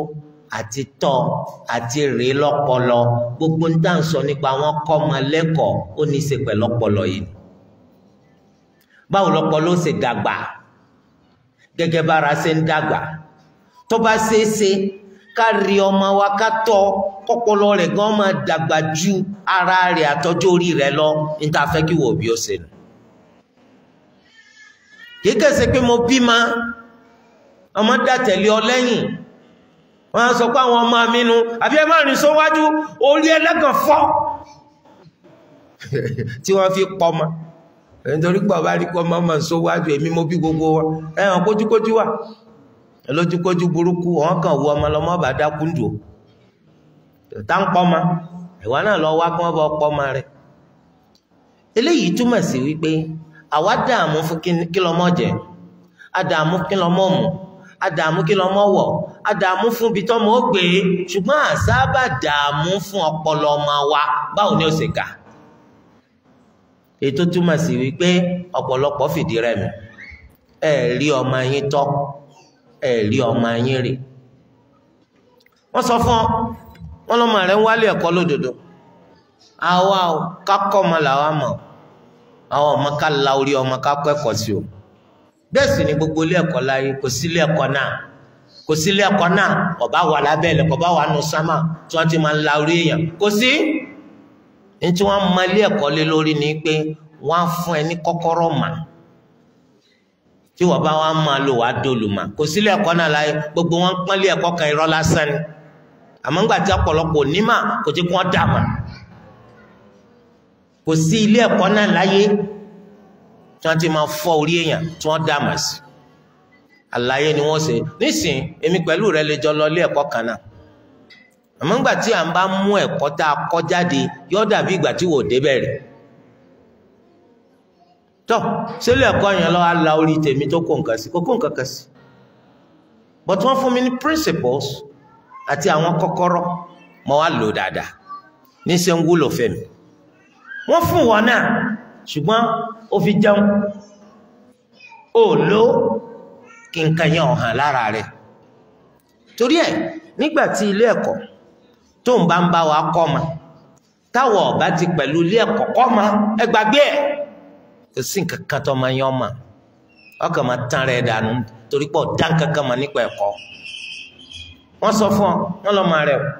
àti tọ́ àti rèé lọ́pọlọ gbogbo ń tà ń sọ nípa wọn kọ́ ọmọ lẹ́kọ̀ọ́ ó ní í ṣe pẹ̀lú ọpọlọ yìí báwo lọpọlọ ṣe dàgbà gẹ́gẹ́ bára ṣe ń dàgbà tó bá ṣeé ṣe ká rí ọmọ wa ká tọ́ kọ́pọlọ rẹ̀ gan máa dàgbà ju ara rẹ̀ àtọ́jú orí rẹ̀ lọ níta fẹ́ kí wò bí ó ṣe nù kì kẹsẹ pé mo bímọ ọmọ dàtẹ̀lé ọ lẹ́yìn wọ́n sọ pé àwọn ọmọ mínú àbí ẹ máa rìn sówájú orí ẹlẹ́gàn fọ́ tí wọ́n fi pọmọ nítorí pọ̀ bá rí pọmọ mọ̀ sówájú èmi mo bí gbogbo wa ẹ̀hàn kójúkójú wà lójúkójú burúkú wọ́n kàn wú ọmọ lọmọ bá dákúndù tá ń pọmọ ìwà náà lọ wá kí wọ́n bọ pọmọ rẹ̀ eléyìí túmọ̀ sí wípé àwa dààmú fún kí lọmọ jẹ àdààmú kí lọmọ mu àdààmú kí lọmọ wọ̀ àdààmú fún ibi tọ́mọ ó gbé ṣùgbọ́n àsábà dààmú fún ọpọlọ ọmọ wa báwo ni ó sì kà ètò túmọ̀ sí wípé ọ̀pọ̀lọpọ̀ fìdí rẹmi ẹ rí ọmọ yín tọ́ ẹ rí ọmọ yín rè wọ́n sọ fún ọ wọ́n lọ́mọ rẹ̀ ń wálé ẹ̀kọ́ lódodo àwa ò kákọ́ ọmọ làwa mọ̀ àwọn ọmọ ká la orí ọmọ ká ẹ̀kọ́ sí o bẹ́ẹ̀ sì ni gbogbo ilé ẹ̀kọ́ láyé kò sí ilé ẹ̀kọ́ náà kò sí ilé ẹ̀kọ́ náà ọba wà lábẹ́lẹ̀ ọba wà nù sámà tí wọ́n ti máa ń la orí èèyàn kò sí. ní tí wọ́n mọ ilé ẹ̀kọ́ lé lórí ni pé wọ́n á fún ẹ ní kọ́kọ́rọ́ mà tí wọ́n bá wá máa lò wá dolu mà kò sí ilé ẹ̀kọ́ náà láyé gbogbo wọn pọ́n ilé ẹ̀kọ́ kan irọ́ lásán ni àmọ́ ńgbà tí ọ̀pọ̀lọpọ̀ onímà kò tí wọ́n dà mà kò sí ilé ẹ̀kọ́ náà láyé tí wọ́n ti máa fọ́ orí èèyàn tí wọ́n dà mà sí àlàyé ni wọ́n ṣe nísìn èmi pẹ̀lú rẹ lè jọ lọ ilé ẹ̀kọ́ kan náà àmọ́ ńgbà tí à ń bá mú ẹ̀kọ́ tá a kọ́ jáde yóò dàbí ìgbà tí wò débẹ̀ rẹ̀ tọ́ sílé ẹ̀kọ́ yẹn lọ́wọ́ ala orí tèmi tó kó nǹkan sí kó kó nǹkan kan sí but wọ́n fún mi ní principles àti àwọn kọ́kọ́rọ́ mo wá lò dáadáa níṣẹ́ ń wúlò fẹ́ mi wọ́n fún wọn náà ṣùgbọ́n ó fi jẹun ó lò ó kí nǹkan yẹn hàn lára rẹ̀ torí ẹ̀ nígbà ilé ẹ̀kọ́ tó ń bá ń bá wa kọ́ ma táwọn ọ̀bá ti pẹ̀lú ilé ẹ̀kọ́ kọ́ ma ẹ gbàgbé ẹ̀ kò sí nǹkan kan tó máa yan ma ọkàn máa tán rẹ̀ dànù torí pọ̀ dá nǹkan kan ma nípa ẹ̀kọ́ wọ́n sọ fún ọ wọ́n lọ́ máa rẹ̀ o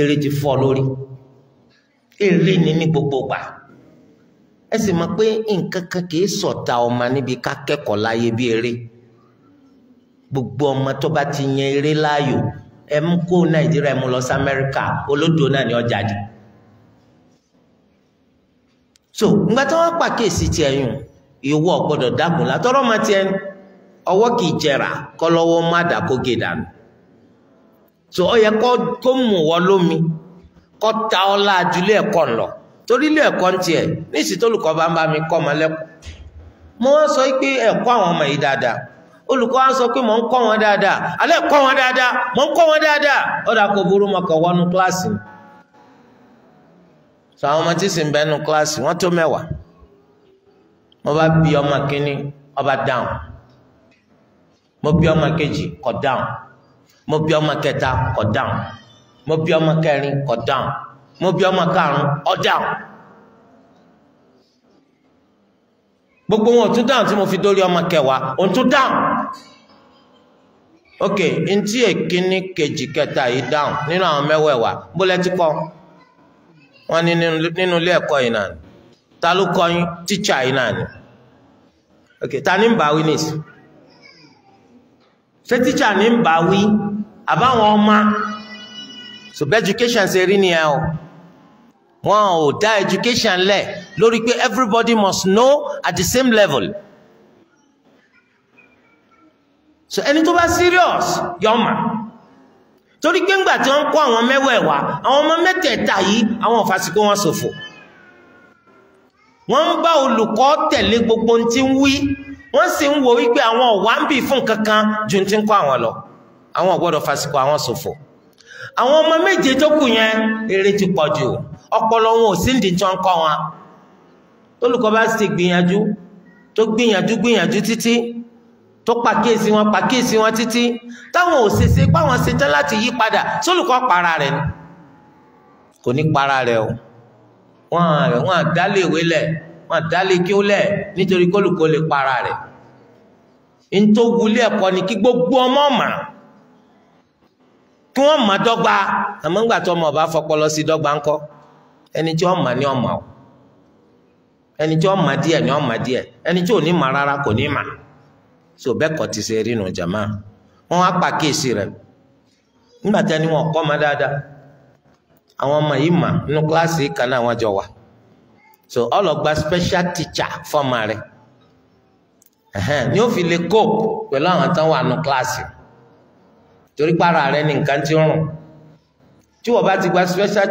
èrè ti fọ́ lórí èrè ni ní gbogbo gbà ẹ sì mọ̀ pé nǹkan kan kì í sọ̀tà ọmọ níbi ká kẹ́kọ̀ọ́ láyé bí eré. gbogbo ọmọ tó bá ti yan eré láàyò ẹ mú kó nàìjíríà ẹ mú lọ sí ọjà jù. so ńgbà tí wọ́n pàkíyèsí tiẹ̀ yùn ìwọ gbọ́dọ̀ dákun látọ́rọ́ máa tiẹ̀ ọwọ́ kì í jẹrà má dànù. so ọ yẹ kó mú lómi kó ta torí ilé ń bá ń bá mi sọ pé ẹkọ àwọn ọmọ yìí olùkọ́ á sọ pé mò ń kọ́ wọn dáadáa alẹ́ kọ́ wọn dáadáa Ma ń kọ́ wọn dáadáa ó dà burú mọ́ wọnú kíláàsì sọ àwọn ọmọ tí sì ń bẹnu kíláàsì wọ́n tó mẹ́wàá mo ọba dáhùn mo bí ọmọ kejì kọ dáhùn mo bí ọmọ kẹta kọ dáhùn mo bí ọmọ kẹrin gbogbo wọn ò fi dórí ọmọ kẹwàá ò ok ntí èkíní kejì kẹta yìí dáhùn nínú àwọn mẹ́wẹ̀ẹ̀wá bólẹ́tì kọ́ wọ́n ní nínú ilé ẹ̀kọ́ yìí náà ta ló kọ́ yín tíṣà yìí náà ni ok ta ní ń bá wí nìsí ṣé tíṣà ní bá wí àbáwọn ọmọ so bí education ṣe rí nìyẹn o wọn ò dá education lẹ lórí pé everybody must know at the same level so ẹni tó bá serious yọmọ torí pé ńgbà tí wọ́n kó àwọn mẹ́wẹ̀ẹ̀wá àwọn ọmọ mẹ́tẹ̀ẹ̀ta yìí àwọn òfàsìkò wọn ṣòfò wọ́n ń bá olùkọ́ tẹ̀lé gbogbo tí ń wí wọ́n sì ń wo wípé àwọn ọ̀wá ń bì fún kankan ju ti ń kọ́ àwọn lọ àwọn ọ̀gbọ́dọ̀ fàsìkò àwọn ṣòfò àwọn ọmọ méje tó kù yẹn eré ti pọ̀ jù ọpọlọ wọn ò sí ní tí wọ́n kọ́ wọn olùkọ́ bá sì gbìyànjú tó gbìyànjú gbìyànjú títí tó pàkíyèsí wọn pàkíyèsí wọn títí táwọn ò ṣe ṣe páwọn ṣe tán láti yí padà sólùkọ́ para rẹ ni kò ní para rẹ̀ o Wọn wọ́n dálé ìwé lẹ̀ wọn dálé kí ó lẹ̀ nítorí kólùkọ́ lè para rẹ̀ ntòwulé ẹ̀kọ́ ni kí gbogbo ọmọ mà. kí wọ́n mọ̀ dọ́gba àmọ́ ńgbà tó ọmọ ọba fọpọlọ sí dọ́gba ńkọ́ ẹni tí ó mà ní ọmọ ẹni tí ó mọ̀ díẹ̀ ni ọmọ díẹ̀ ẹni tí ò ní mọ̀ rárá kò ní mọ̀. so bẹ́kọ̀ kọ́ ti ṣe rí nu jàmá wọn á pa kéèsì rẹ nígbà tí wọn kọ́ ọmọ dáadáa àwọn ọmọ yìí mà nínú kíláàsì kan náà wọn jọ wà so ọlọgba special teacher fọmọ rẹ ni ó fi lè cope pẹ̀lú àwọn tán wà nínú kíláàsì torí para rẹ ní nǹkan tí ń rùn tí wọ́n bá ti gba special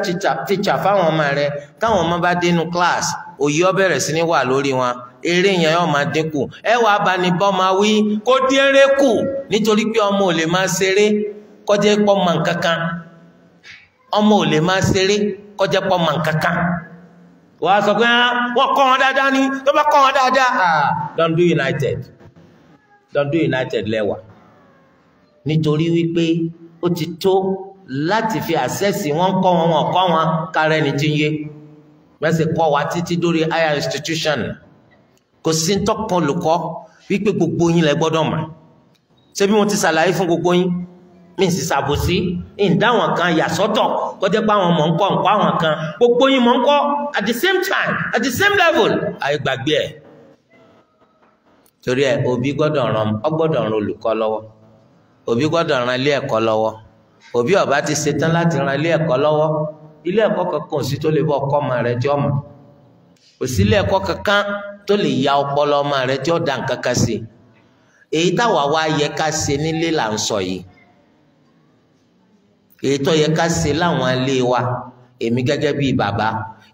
teacher fáwọn ọmọ rẹ káwọn ọmọ bá dé inú kíláàsì òye ọ bẹ̀rẹ̀ sí ní wà lórí wọn eré yẹn yóò máa dínkù ẹ wàá bá ní bọ́ máa wí kó dín eré kù nítorí pé ọmọ ò lè máa ṣeré kọjá pọ́ mọ̀ ọmọ ò lè máa ṣeré kọjá pọ́ mọ̀ wàá sọ pé ah, wọn dáadáa ni bá ah Dundee United Dundee United lẹwa nítorí wípé ó ti fi àṣẹ́sì wọn kọ́ wọn wọn wọn kárẹ́ni tí ń yé wọ́n sì kọ́ wa institution. kò sí tọkàn olùkọ́ wípé gbogbo yín lẹ gbọ́dọ̀ mọ̀ ṣé bí mo ti ṣàlàyé fún gbogbo yín mi sì ṣàbòsí ìdáwọn kan yàsọ́tọ̀ kọjá pé àwọn mọ̀ ń kọ́ nǹkan àwọn kan gbogbo yín mọ̀ ń kọ́ at the same time at the same level àìgbàgbé ẹ̀ torí ẹ òbí gbọ́dọ̀ ràn ọ gbọ́dọ̀ ràn olùkọ́ lọ́wọ́ òbí gbọ́dọ̀ ràn ilé ẹ̀kọ́ lọ́wọ́ òbí ọba ti ṣetán láti ràn ilé ẹ̀kọ́ lọ́wọ́ ilé ẹ̀kọ́ kankan ò sí tó lè bọ ọkọ ọmọ rẹ jọmọ kò sílé ẹ̀kọ́ kankan tó lè ya ọpọlọ ọmọ rẹ tí ó da nǹkan kan sí èyí táwa wá yẹ ká ṣe nílé là ń sọ yìí èyí tó yẹ ká ṣe láwọn ilé wa èmi gẹ́gẹ́ bíi bàbá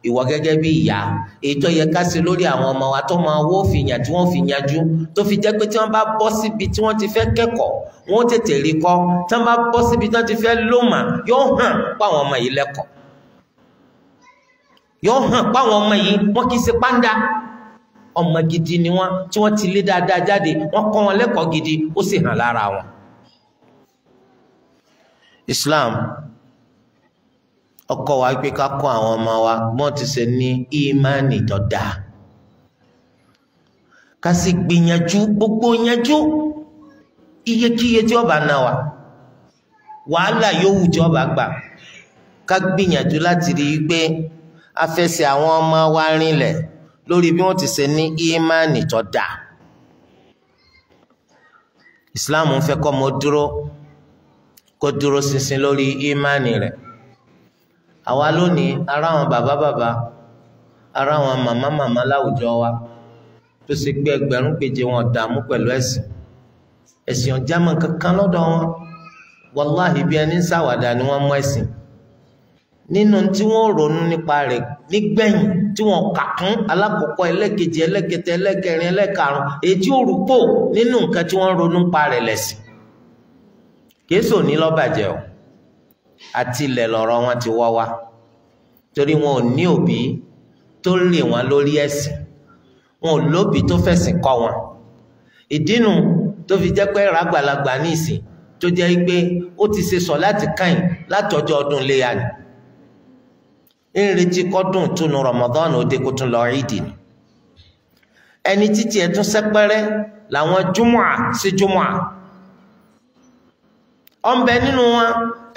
ìwọ gẹ́gẹ́ bí ìyá èyí tó yẹ ká ṣe lórí àwọn ọmọ wa tó máa wó fìyàn tí wọ́n fi yanjú tó fi jẹ́ pé tí wọ́n bá bọ́ síbi tí wọ́n ti fẹ́ kẹ́kọ̀ọ́ wọ́n tètè rí kọ́ tí wọ́n bá bọ́ síbi tí wọ́n ti fẹ́ lómà yóò hàn páwọn ọmọ yìí lẹ́kọ̀ọ́ yóò hàn páwọn ọmọ yìí wọ́n kì í ṣe pàǹdà ọmọ gidi ni wọ́n tí wọ́n ti lé dáadáa jáde wọ́n kọ́ wọn lẹ́kọ̀ọ́ gidi ó sì hàn lára wọn. Islam ọkọ wa pé ká kọ́ àwọn ọmọ wa bọ́n ti ṣe ní ìmánì tó dáa ká sì gbìyànjú gbogbo yanjú iyekíye tí ọba náà wà wàhálà yòówù tí ọba gbà ká gbìyànjú láti rí i pé afẹsẹ̀ àwọn ọmọ wa rinlẹ̀ lórí bí wọ́n ti ṣe ní ímánì tó dáa islam ń fẹ́ kọ́ mọ dúró kó dúró ṣinṣin lórí ímánì rẹ̀ àwa lónìí ara àwọn bàbá bàbá ara àwọn màmá màmá láwùjọ wa tó ṣe pé ẹgbẹ̀rún péje wọn dààmú pẹ̀lú ẹ̀sìn ẹ̀sìn ọ̀já kankan lọ́dọ̀ wọn wàláhì bí ẹni ń ṣàwàdà ni wọ́n mú ẹ̀sìn nínú tí wọ́n ronú nípa rẹ̀ nígbẹ̀yìn tí wọ́n kà kún alákọ̀ọ́kọ́ ẹlẹ́kejì ẹlẹ́kẹta ẹlẹ́kẹrin ẹlẹ́karùn èyí tí ó rúpò nínú nǹkan tí wọ́n ronú nípa rẹ̀ lẹ̀sìn kéésò ní lọ́bàjẹ́ o àti ilẹ̀ lọ̀rọ̀ wọn ti wá wá torí wọn ò ní òbí tó lè wọn lórí ẹ̀sìn wọn ò lóbi tó fẹ̀sìn kọ́ wọn ìdínú tó fi jẹ́ pé ràgbàlagbà ní ìsìn tó jẹ́ pé ó ti ṣe sọ láti kàn látọjọ́ ọdún léyà ni ń retí kọ́dún túnú Ramadan ó dé kó tún lọ ìdì ni ẹni títí ẹ̀ tún sẹ́pẹ́rẹ́ làwọn júmọ̀à sí júmọ̀à ọ̀nbẹ nínú wọn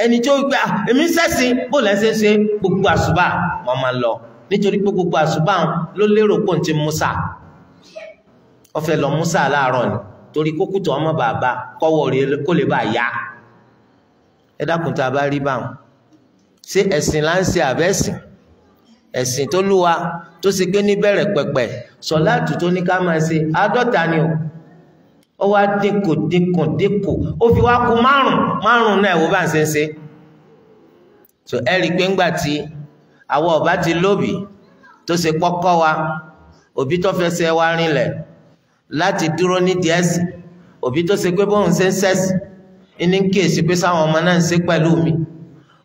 ẹni tí ó gbé à ah, èmi sẹ́sìn bó lẹ́sẹ̀ ṣe gbogbo àṣùbà wọn máa lọ nítorí pé gbogbo àṣùbà ló lérò pò ń ti musa wọn lọ musa láàárọ̀ ni torí kókùtọ̀ ọmọ bàbá kọ́wọ́ rẹ̀ kó lè bá yá ẹ dákun tá a bá rí báwọn ṣé ẹ̀sìn là ń ẹ̀sìn tó lúwa tó ṣe gbé níbẹ̀rẹ̀ pẹ̀pẹ̀ sọ̀láàtù tó ní ká máa ṣe àádọ́ta ni o ó wá dínkù dínkù dínkù ó fi wá kù márùn márùn náà ìwọ bá ń ṣe ń ṣe so ẹ rí i pé ńgbà tí àwọn ọba ti lóbì tó ṣe kọ́kọ́ wa òbí tó fẹsẹ̀ wa rinlẹ̀ láti dúró nídìí ẹ̀sìn òbí tó ṣe pé bóun ṣe ń ṣẹ̀sìn ní kí èsì pé sáwọn ọmọ náà ń ṣe pẹ̀lú mi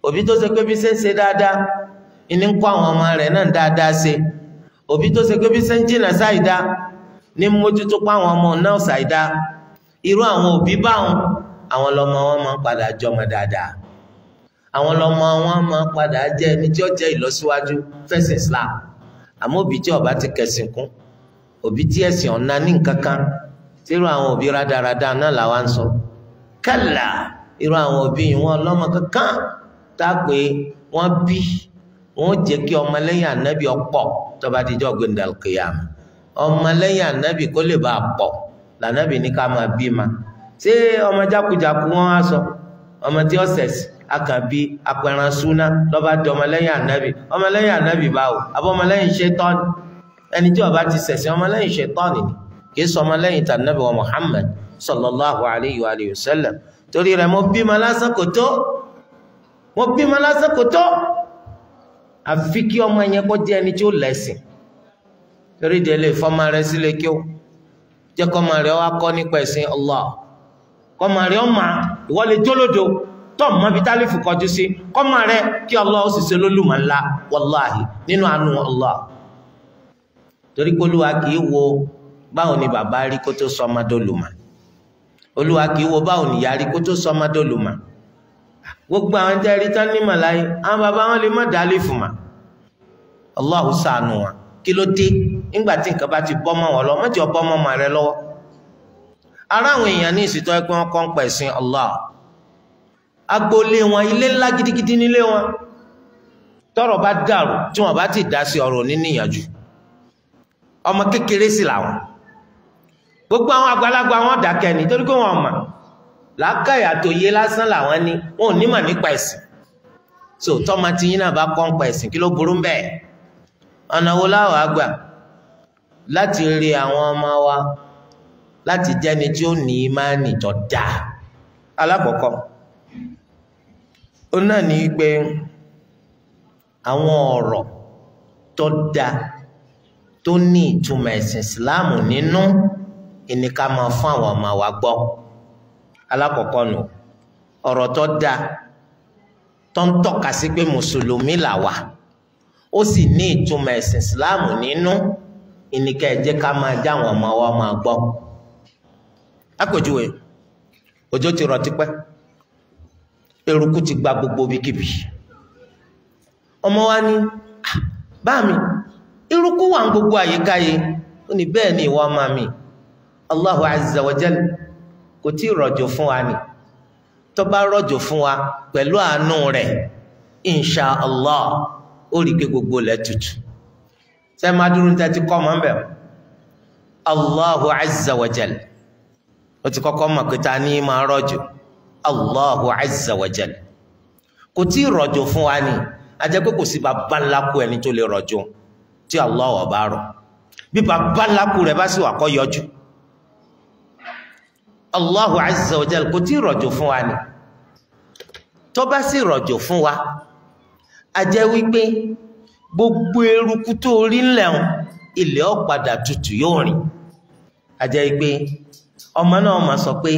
òbí tó ṣe pé bí ṣe ń ṣe dáadáa ní kó àwọn ọmọ rẹ̀ náà dáadáa ṣe òbí tó se pé bí sẹ́ńjìnà ṣàìdá ní mójútó pa àwọn ọmọ náà ṣàìdá irú àwọn òbí báwọn àwọn lọmọ wọn máa ń padà jọmọ dáadáa àwọn lọmọ wọn máa padà jẹ ẹni tí fẹsẹ̀ òbí ti kẹsìn kún tí ẹ̀sìn ọ̀nà ní wọn jẹ́ kí ọmọlẹ́yìn anabi ọ̀pọ̀ tó bá dijọ́ gbẹndàlùkìyàmù ọmọlẹ́yìn anabi kó lè bá a pọ̀ lànàbì ní ká máa bí ma ṣé ọmọ jákujàku wọn á sọ ọmọ tí ó sẹ̀sì akàbí apẹran súná lọ́ba di ọmọlẹ́yìn anabi ọmọlẹ́yìn anabi báwo àbọ̀ ọmọlẹ́yìn ṣetán ẹni tí ó bá ti sẹ̀sì ọmọlẹ́yìn ṣetán ni kì í sọ ọmọlẹ́yìn tànàbì wa Muhammad sallallahu alayhi wa sallam torí rẹ̀ mo bí ma lásán kò tó mo bí ma lásán kò tó àfi kí ọmọ yẹn kó jẹ́ ẹni tí ó lẹ́sìn torí de lè fọmọ rẹ sílé kí ó jẹ́ kọ́mọ rẹ wá kọ́ nípa ẹ̀sìn Allah kọ́mọ rẹ ọmọ ìwọ lè jólódo tó mọ bí tálífù kọjú sí kọ́mọ rẹ kí Allah ó sì ṣe lólùmọ̀ ńlá wàláhì nínú àánú Allah torí pé olúwa kì í wo báwo ni bàbá rí kó tó sọ ọmọdé olùmọ̀ olúwa kì í wo báwo ni ìyá rí kó tó sọ ọmọdé olùmọ̀ gbogbo àwọn tẹ́ rí tán ní màláyé àwọn bàbá wọn lè má dálé fún ma Allahu ṣàánú wa kí ló dé nígbà tí nǹkan bá ti bọ́ mọ́ wọn lọ wọ́n ti bọ́ rẹ lọ́wọ́ ara àwọn èèyàn ní ìsìtọ́ ẹ pé kọ́ ń pẹ̀ sin Allah agboolé wọn ilé ńlá gidigidi nílé wọn tọ́rọ̀ bá dàrú tí wọ́n bá ti dá sí ọ̀rọ̀ níníyànjú ọmọ kékeré sì làwọn gbogbo àwọn àgbàlagbà wọn dákẹ́ ni torí pé wọn mọ̀ làákàyà tó yé lásán làwọn ní wọn ò nímọ̀ nípa ẹ̀sìn so tọ́mọ tí yín náà bá kọ́ nípa ẹ̀sìn kí ló burú ń bẹ́ẹ̀ ọ̀nà wo láwàá gbà láti rí àwọn ọmọ wa láti jẹ́ni tí ó ní ìmáànì tó dáa alákọ̀ọ́kọ́ ó náà ní pé àwọn ọ̀rọ̀ tó dáa tó ní ìtumọ̀ ẹ̀sìn ìsìláàmù nínú ìníkà máa fún àwọn ọmọ wa gbọ́. alákọ̀ọ́kọ́ nù ọ̀rọ̀ tó da tó ń tọ́ka sí pé mùsùlùmí là wà ó sì ní ìtumọ̀ ẹ̀sìn ìsìláàmù nínú ìníkẹ́ ẹ̀jẹ̀ ká máa já àwọn ọmọ wa máa gbọ́. lápèjúwe òjò ti rọ tipẹ́ eruku ti gba gbogbo bíkíbi ọmọ wa ní báàmì eruku wà ń gbogbo àyíká yìí ó ní bẹ́ẹ̀ ni ìwọ ọmọ mi Allahu azza wa jalla. kò tí ì rọ̀jò fún wa ni tó bá rọ̀jò fún wa pẹ̀lú àánú rẹ̀ insha allah ó rí i pé gbogbo ilẹ̀ tutù ṣe máa dúró ní tẹ́tí kọ́ mọ́ ń bẹ̀ allahu ó ti kọ́kọ́ mọ̀ pé ta ni máa rọ̀jò kò tí ì rọ̀jò fún wa pé kò sí bàbá tí allah ọba rọ̀ Allahu azza wa kò tí ì rọ̀jò fún wa ni tó bá sì rọ̀jò fún wa a jẹ́ wípé gbogbo eruku tó rí ńlẹ̀hún ilẹ̀ ọ̀padà tutù yóò rìn a jẹ́ wípé ọmọ náà máa sọ pé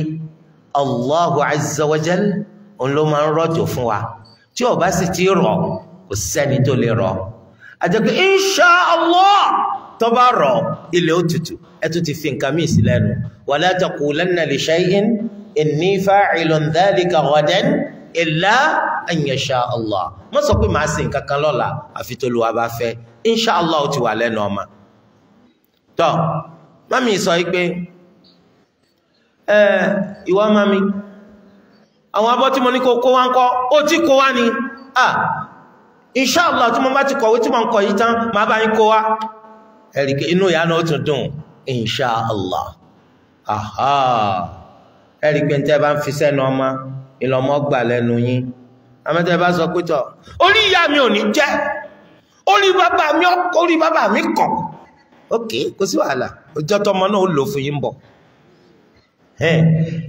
Allahu azza wa jalla òun ló máa ń rọ̀jò fún wa tí ó bá sì ti rọ̀ kò sẹ́ni tó lè rọ̀ àjẹ́kù insha Allah tó bá rọ̀ ilẹ̀ òtútù ẹtù ti fi nǹkan míì sí lẹ́nu wala taqulanna li shay'in inni fa'ilun dhalika ghadan illa an yasha Allah mọ́ sọ pé màá ṣe nǹkan kan lọ́la àfi tó lu wa bá fẹ́ insha Allah ó ti wà lẹ́nu ọmọ tọ́ mami sọ pé ìwọ mami àwọn abọ́ tí mo ní kó wá ń kọ́ ó ti kó wá ni ah inshallah tí mo bá ti kọ̀wé tí mo ń kọ̀ yìí tán máa bá yín kó wá ẹ̀rìkẹ́ inú ìyá náà tún dùn inshallah aha ẹ̀rìkẹ́ tẹ́ bá ń fi sẹ́nu ọmọ ìlọ́mọ gbà lẹ́nu yín àmọ́tẹ́ bá sọ pé tọ̀ orí ìyá mi ò ní jẹ́ orí bàbá mi orí bàbá mi kọ̀ ok kò sí wàhálà ọjọ́ tọmọ náà ó lò fún yín bọ̀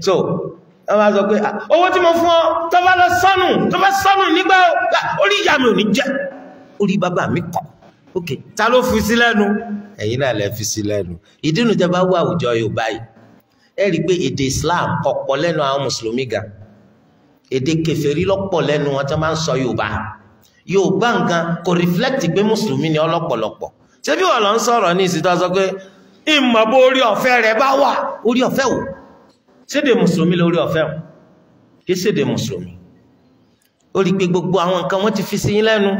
so wọ́n wá sọ pé ah, owó tí mo fún ọ tó bá lọ sọ́nù tó bá sọ́nù nígbà ah, orí ìyá mi ò ní jẹ́ orí bàbá mi kọ̀ ok ta ló fi sí lẹ́nu ẹ̀yin náà lẹ fi sí lẹ́nu ìdínú tẹ bá wọ àwùjọ Yorùbá yìí ẹ rí i pé èdè Islam ọ̀pọ̀ lẹ́nu àwọn mùsùlùmí ga èdè kèfèrí lọ́pọ̀ lẹ́nu wọn tí wọ́n máa ń sọ Yorùbá Yorùbá nǹkan kò reflect pé mùsùlùmí ni ọlọ́pọ̀lọpọ̀ ṣé bí wọ́n lọ ń sọ̀rọ̀ ní ìsìtọ́ sọ pé ìmọ̀ bó orí ọ̀fẹ́ rẹ bá wà orí ọ̀fẹ́ wò séde mùsùlùmí lórí ọ̀fẹ́ o kì í mùsùlùmí ó rí gbogbo àwọn nǹkan wọ́n ti fi sí yín lẹ́nu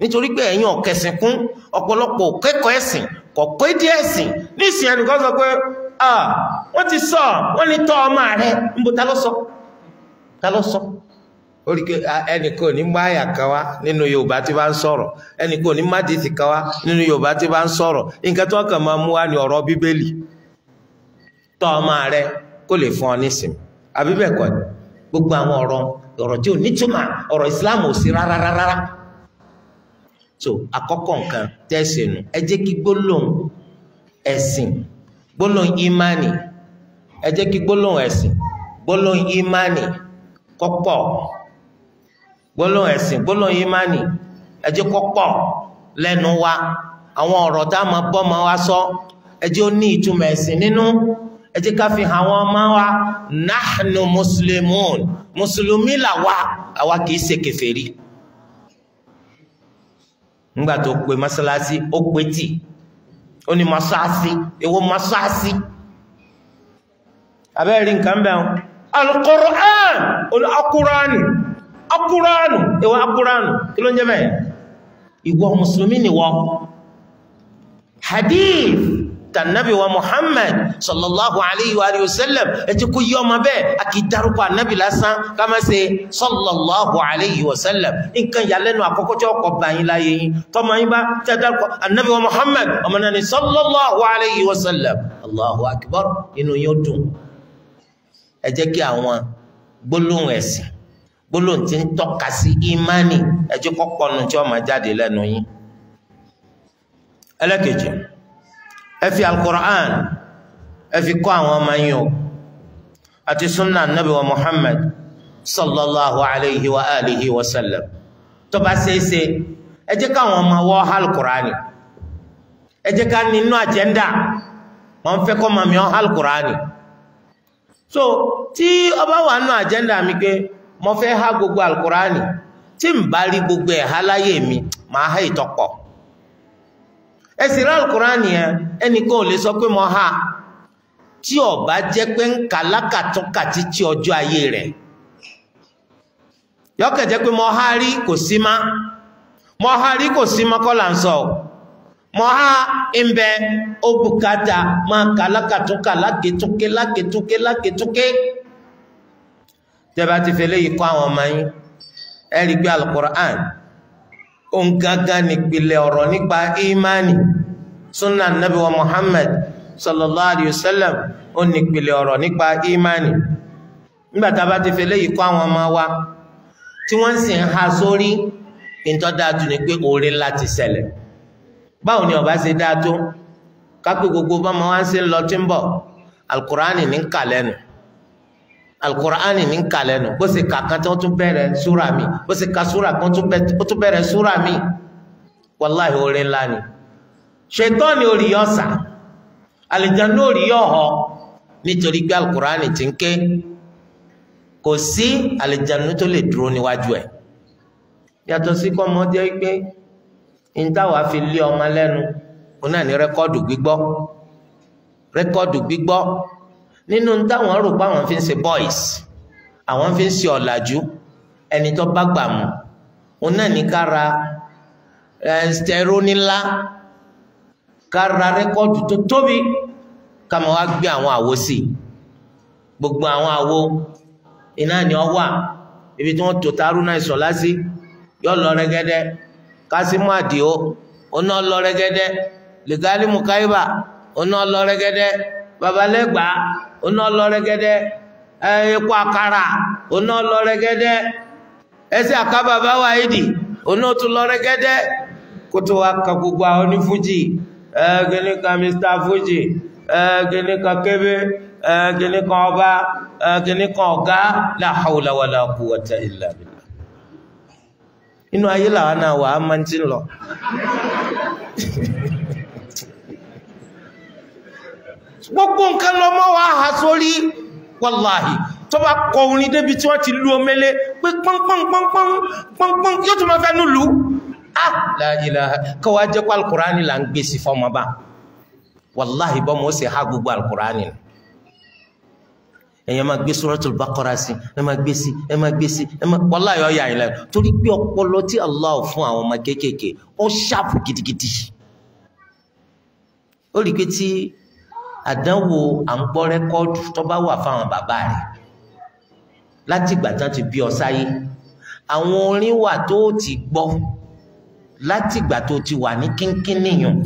nítorí pé ẹ̀yin ọ̀kẹ̀sìn kún ọ̀pọ̀lọpọ̀ kẹ́kọ̀ọ́ ẹ̀sìn kọ̀kọ́ ẹ̀sìn nísìnyẹn nìkan sọ pé sọ wọ́n ní tọ́ ọmọ rẹ ó rí pé ní kan wá nínú Yorùbá tí bá ń sọ̀rọ̀ ní kó lè fún ọ nísìmí àbí bẹ́ẹ̀ gbogbo àwọn ọ̀rọ̀ ọ̀rọ̀ tí ò nítumọ̀ ọ̀rọ̀ Islam ò sí rárá rárá so àkọ́kọ́ nǹkan tẹ́sí nu ẹ jẹ́ kí gbólóhùn ẹ̀sìn gbólóhùn ìmánì ẹ jẹ́ kí gbólóhùn ẹ̀sìn gbólóhùn ìmánì kọ́pọ̀ gbólóhùn ẹ̀sìn gbólóhùn ìmánì ẹ jẹ́ kọ́pọ̀ lẹ́nu wa àwọn ọ̀rọ̀ tá a máa bọ́ máa wá sọ ẹ jẹ́ ó ní ìtumọ̀ ẹ̀sìn nínú ẹ ká fi àwọn ọmọ wa nahnu muslimun mùsùlùmí làwa àwa kìí ṣe kèfèrí nígbà tó pe mọ́sálásí ó pe tì ó ní mọ́sáàsì èwo mọ́sáàsì abẹ́rẹ́ nǹkan bẹ́ẹ̀ al-Qur'an al-Qur'anu al-Qur'anu kí ló ń jẹ́ hadith tànàbí wa muhammad sallallahu alayhi wa sallam ẹ ti kó yí ọmọ bẹ́ẹ̀ a kì í dárúkọ ànábì lásán ká má ṣe sallallahu alayhi wa sallam nǹkan ìyàlẹ́nu àkọ́kọ́ tí ọkọ̀ bá yín láyé yín tọmọ yín bá tẹ́ dárúkọ ànábì wa muhammad ọmọ náà ni sallallahu alayhi wa sallam allahu akbar inú yóò dùn ẹ jẹ́ kí àwọn gbólóhùn ẹ̀sìn gbólóhùn tí ń tọ́ka sí ìmánì ẹ jẹ́ kó pọnu tí ó jáde lẹ́nu yín ẹlẹ́kejì ẹ fi alukur'an ẹ fi kọ́ àwọn ọmọ yín o àti sunna nabi wa muhammad sallallahu alayhi wa alihi wa sallam tó bá ṣeéṣe ẹ jẹ́ káwọn ọmọ wọ́ alukur'an ẹ jẹ́ ká nínú àjẹ́ndà wọ́n fẹ́ kọ́ mọ̀ mi ọ́ alukur'an so tí ọba wà nínú àjẹ́ndà mi pé mo fẹ́ há gbogbo alukur'an tí n bá rí gbogbo ẹ̀ há láyé mi màá há ìtọ́pọ̀. ẹ sì rá ẹnìkan ò lè sọ pé mo ha tí ó bá jẹ́ pé ń kà lákàtúnkà títí ọjọ́ ayé rẹ̀ yọkẹ jẹ́ pé mo ha rí kò sí má mo ha rí kò sí má ń sọ ha ń bẹ ó máa kà lákàtúnkà tẹ́ bá ti fẹ́ léyìí kọ́ àwọn ọmọ yín òun gangan nípìlẹ̀ ọ̀rọ̀ nípa imani sunna nabi wa muhammad sallallahu alayhi wasallam o òun ọ̀rọ̀ nípa imani nígbà ti kọ́ àwọn ọmọ wa tí wọ́n sì ń ha sórí ìtọ́dáàtú ni pé oore láti ṣẹlẹ̀ báwo ni ọba ṣe dáa tó kápẹ́ gbogbo bá ọmọ ń lọ tí ń alukur'ani ni kalẹ̀ nù bó ṣe kà kan tí tún bẹrẹ súra mi bó ṣe ka súra kan tún bẹrẹ súra mi wàláhì orin ńlá ni ṣètọ́ni oríyọ́ sà àlìjáná oríyọ́ họ nítorí pé alukur'ani ti ń ké kò sí àlìjáná tó lè dúró níwájú ẹ yàtọ̀ sí nínú táwọn rò pé àwọn fi ń ṣe boys àwọn fi ń ṣe ọ̀làjú ẹni tó bá gbà mú òun náà ní kára ẹ̀ẹ́dẹ̀rọ nílá kára rẹ́kọ́ọ̀dù tó tóbi káma wá gbé àwọn àwo sí gbogbo àwọn àwo iná ni ọ wà ibi tí wọ́n tó taruna ìsọ̀lá sí yọ lọ rẹ́gẹ́dẹ́ kásímù àdìo òun náà lọ rẹ́gẹ́dẹ́ lìgálímù káyíbà òun náà lọ rẹ́gẹ́dẹ́. babalẹ́gbà oná lọ rẹ́gẹ́dẹ́ e, akara àkàrà oná lọ rẹ́gẹ́dẹ́ ẹsẹ̀ e àkábà bá wà ìdì oná wa lọ rẹ́gẹ́dẹ́ kó ka mr àwọn onífújì ẹ̀ẹ́gẹ́nìkan Mr. Fuji ẹ̀ẹ́gẹ́nìkan ọba ẹ̀ẹ́gẹ́nìkan ọ̀gá la hawla wala quwwata illa billah inu ayé máa ń gbogbo nǹkan lọ mọ́ wá ha sórí wàláhì tó bá kọ orin débi tí wọ́n ti lú omele pé pọ́npọ́npọ́npọ́n yóò tún máa fẹ́ núlù kọwàá jẹ́ pé alkùránì là ń gbé sí fọ́mọ bá wàláhì bọ́mọ ó sì há gbogbo alkùránì èyàn máa gbé Suratul Baqara sí ẹ máa gbé sí ẹ máa gbé sí ẹ máa wàláhì ọ̀yà ìlẹ̀ torí pé ọpọlọ tí Allah fún àwọn ọmọ kéékèèké ó ṣàpù gidigidi ó rí pé tí àdánwò à ń gbọ́ rẹ́kọ́ọ̀dù tó bá wà fáwọn bàbá rẹ̀ láti ìgbà tán ti bí ọ sáyé àwọn orin wà tó ti gbọ́ láti ìgbà tó ti wà ní kínkín nìyàn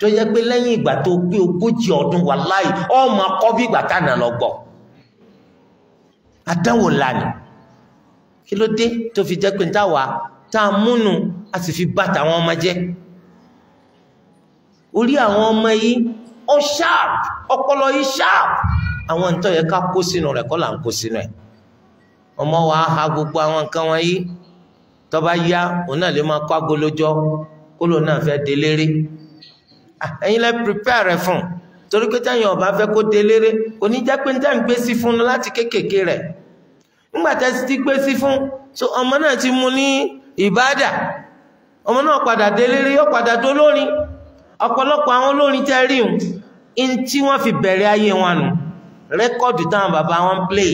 tó yẹ pé lẹ́yìn ìgbà tó pé ogójì ọdún wà láì ọmọ akọ́ bí ìgbà tánà lọ gbọ́ àdánwò lánìí kí ló dé tó fi jẹ́ pé táwa tá a múnu a sì fi bá tàwọn ọmọ jẹ́ orí àwọn ọmọ yìí ó sharp ọpọlọ yìí sharp àwọn ntọ́ yẹ ká kó sínú rẹ̀ kọ́ là ń kó sínú ẹ̀ ọmọ wa ha gbogbo àwọn nǹkan wọ̀nyí tó bá yá òun náà lè máa kó agolójọ kó lóun náà fẹ́ deléré ẹ̀yin lẹ́ prepare rẹ̀ fún torí pé táyọ̀ ọba fẹ́ kó deléré kò ní jẹ́ pé ń tẹ́ gbé sí fún láti kéékèèké rẹ̀ nígbà tẹ́ ti gbé sí fún so ọmọ náà ti mú ní ìbádà ọmọ náà padà deléré yóò padà dolórin ọ̀pọ̀lọpọ̀ àwọn olórin tẹ́ rí òun in tí wọ́n fi bẹ̀rẹ̀ ayé wọn nù rẹ́kọ̀dù táwọn bàbá wọn play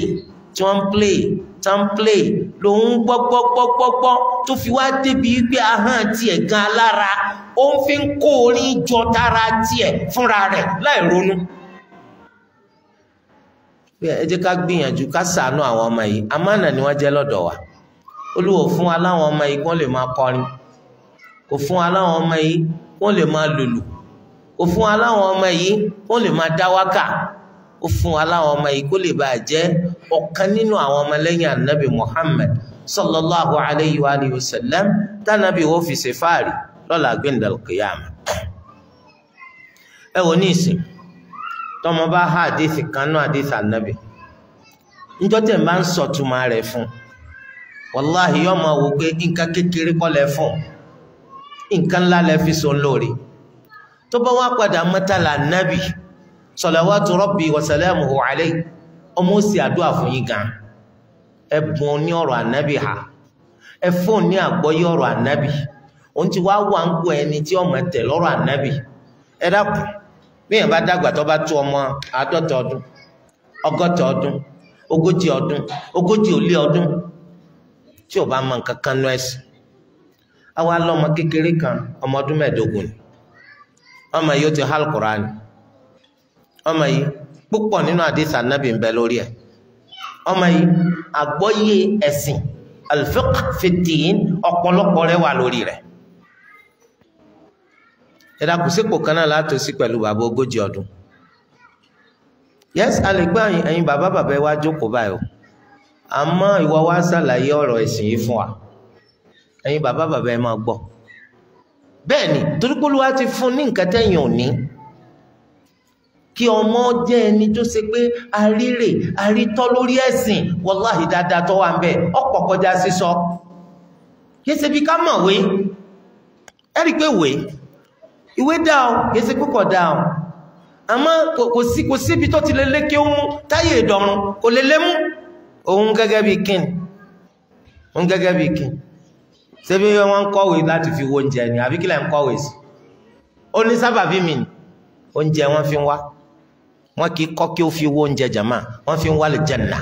tí wọ́n play tí wọ́n play lòun gbọ́gbọ́gbọ́gbọ́ tó fi wá débi wípé ahọ́n tiẹ̀ gan alára ó ń fi ń kó orin jọ tara tiẹ̀ fúnra rẹ̀ láì ronú. ẹ jẹ́ ká gbìyànjú ká ṣàánú àwọn ọmọ yìí amánà ni wọ́n jẹ́ lọ́dọ̀ wa olúwo fún wa láwọn ọmọ yìí kí wọ́n lè máa kọrin kò fún wa láwọn ọmọ yìí kí wọ́n lè máa lòlù. ó fún wa láwọn ọmọ yìí kó lè máa dá wákà ó fún ọmọ yìí kó lè bàa jẹ́ sallallahu alayhi wa alihi wa sallam tánàbí wo fi ṣe fáàrí lọ́la gbẹ̀ndàlùkìyàmù. ẹ wò ní ìsìn tọmọ bá há àdéhìí kanu àdéhìí anabi mba tẹ̀ máa ń sọ̀túnmá fún wò pé nǹkan kékeré lẹ fún so lórí. tó bá wá padà mọ́tàlá nábì salawatu rabbi wa salamuhu alayhi ọmọ ó sì fún yín gan ẹ ní ọ̀rọ̀ ànábì ha ẹ ní àgbọ́yé ọ̀rọ̀ ànábì òun ti wá wà ń gbọ́ ẹni tí ọmọ tẹ̀ lọ́rọ̀ ànábì ẹ dákun bá dàgbà tó bá ọmọ àádọ́ta ọdún ọgọ́ta ọdún ogójì ọdún ogójì ọmọ yìí ó ti hàl Qur'an ọmọ yìí púpọ̀ nínú àdìsí anábì ń bẹ lórí ọmọ yìí àgbọ́yé ẹ̀sìn al ọ̀pọ̀lọpọ̀ rẹ̀ wà lórí rẹ̀ ẹ̀dá kù sípò kan náà látòsí pẹ̀lú bàbá ogójì ọdún a ẹ̀yin bàbá bàbá ẹ wá jókòó báyìí o àmọ́ ìwọ wá ọ̀rọ̀ bẹ́ẹ̀ ni torípolúwa ti fún ní nǹkan tẹ́yìn òní kí ọmọ jẹ́ ẹni tó ṣe pé arírè arítọ́ lórí ẹ̀sìn wọláhì dáadáa tó wà ń bẹ ọ̀pọ̀ kọjá sísọ kése bí ká mọ̀wé ẹ̀rí pé wèé ìwé dá ọ kése púpọ̀ dá ọ àmọ́ kò sí kò síbi tó ti lè lékè ohun táyé ìdọ̀run kò lè lé mú òun gẹ́gẹ́ bí kíni òun gẹ́gẹ́ bí kíni ṣebí wọ́n ń kọ̀wé láti fi wo oúnjẹ ni àbí kílẹ̀ ń kọ̀wé sí ó ní sábàbí mi oúnjẹ wọ́n fi ń wá wọ́n kì í kọ́ kí ó fi wo oúnjẹ jàmá wọ́n fi ń wá lè jẹ̀nà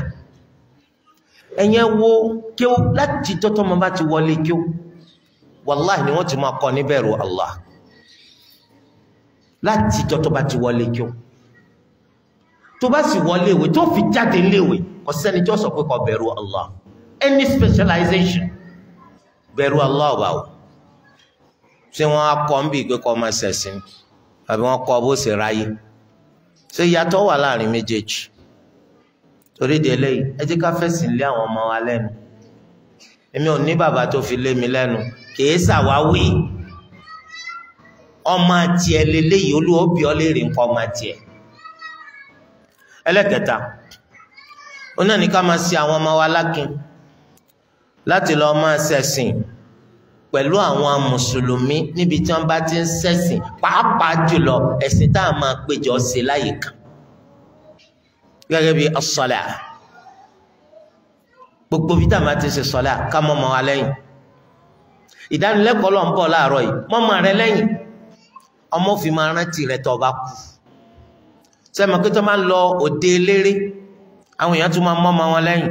ẹ̀yẹ wo kí ó láti tọ́tọ́ mọ bá ti wọlé kí ó wàláhì ni wọ́n ti máa kọ́ níbẹ̀rù Allah láti tọ́tọ́ bá ti wọlé kí ó tó bá sì wọlé ìwé tó fi jáde léwe kò sẹ́ni tí sọ pé kò bẹ̀rù Allah any specialization bẹ̀rù Allah ọba o ṣé wọ́n á kọ́ ń bí ìgbé kọ́ ọmọ ṣẹ̀sìn àbí wọ́n kọ́ bó ṣe ráyé ṣé ìyàtọ̀ wà láàrin méjèèjì torí di eléyìí ẹ jẹ́ ká fẹ̀sìn lé àwọn ọmọ wa lẹ́nu èmi ò ní bàbá tó fi lé mi lẹ́nu kìí ṣàwáwí ọmọ tiẹ̀ leléyìí olúwo bí ọ lè rí nǹkan ọmọ tiẹ̀ ẹlẹ́kẹta ó náà ní ká máa ṣe àwọn ọmọ wa lákin. láti lọ máa ṣẹ̀sìn pẹ̀lú àwọn mùsùlùmí níbi tí wọ́n bá ti ń ṣẹ̀sìn pàápàá jùlọ ẹ̀sìn tá a máa péjọ ṣe láyè kan gẹ́gẹ́ bí as-sala gbogbo bí tá a máa ti ṣe sọ́lá ká mọ́ ọmọ wa lẹ́yìn ìdánilẹ́kọ̀ọ́ ló ń bọ̀ láàárọ̀ yìí mọ́ ọmọ rẹ lẹ́yìn ọmọ òfin máa rántí rẹ tó bá kú sẹ́mi pé tó máa ń lọ òde eléré àwọn èèyàn tún máa mọ́ ọmọ wọn lẹ́yìn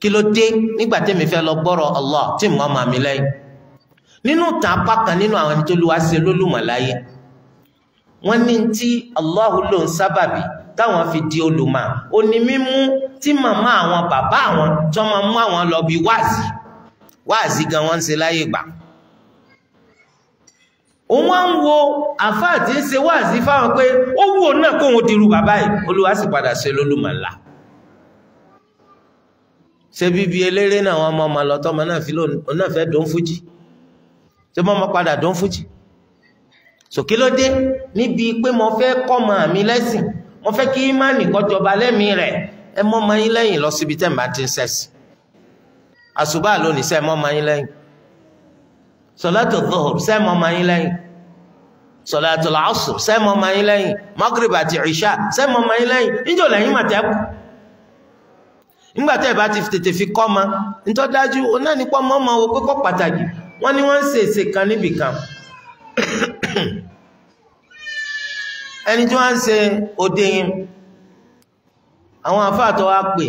kí ló dé nígbà tẹ́mi fẹ́ lọ gbọ́rọ̀ Allah tí mo máa mi lẹ́yìn nínú tàn apá kan nínú àwọn ẹni tó lu wá ṣe lólùmọ̀láyé wọ́n ní tí Allah ló ń sábàbí táwọn fi di olùmọ̀ ó ní mímú tí màmá àwọn bàbá àwọn tó máa mú àwọn lọ bí wáàzì wáàzì gan wọ́n ń ṣe láyé gbà òun wá ń wo àfáà tí ń ṣe wáàzì fáwọn pé ó wù ó náà kóun dirú bàbá yìí olúwa sì padà ṣe lólùmọ̀lá ṣé bíbi eléré náà àwọn ọmọ ọmọ lọ tọmọ náà fi lóun náà fẹ́ dùn fújì ṣé mo mọ padà dùn fújì sòkè ló dé níbi pé mo fẹ́ kọ́mọ mi lẹ́sìn mo fẹ́ kí imáàmì kọjọba lẹ́mìí rẹ̀ ẹ mọ́ ọmọ yín lẹ́yìn lọ síbi tẹ́ ń bá ti ń sẹ́sìn àṣùbà lónìí sẹ́ ẹ mọ́ ọmọ yín lẹ́yìn sọlátò dọ́hùr sẹ́ ẹ mọ́ ọmọ yín lẹ́yìn sọlátò làásù sẹ́ ẹ mọ́ ọmọ yín lẹ́yìn mọ́gírìbà àti ìṣà sẹ́ ẹ mọ́ ọmọ yín lẹ́yìn níjọ́ lẹ́yìn màtẹ́kù nígbà tẹ́ ẹ̀ bá ti tètè fi kọ́ ma nítọ́ dájú ó náà ní pọ́ mọ́ ọmọ wo pípọ́ pàtàkì wọ́n ní wọ́n ń ṣe èsè kan níbì kan ẹni tí wọ́n ń ṣe òde yẹn àwọn afáàtọ̀ wa pè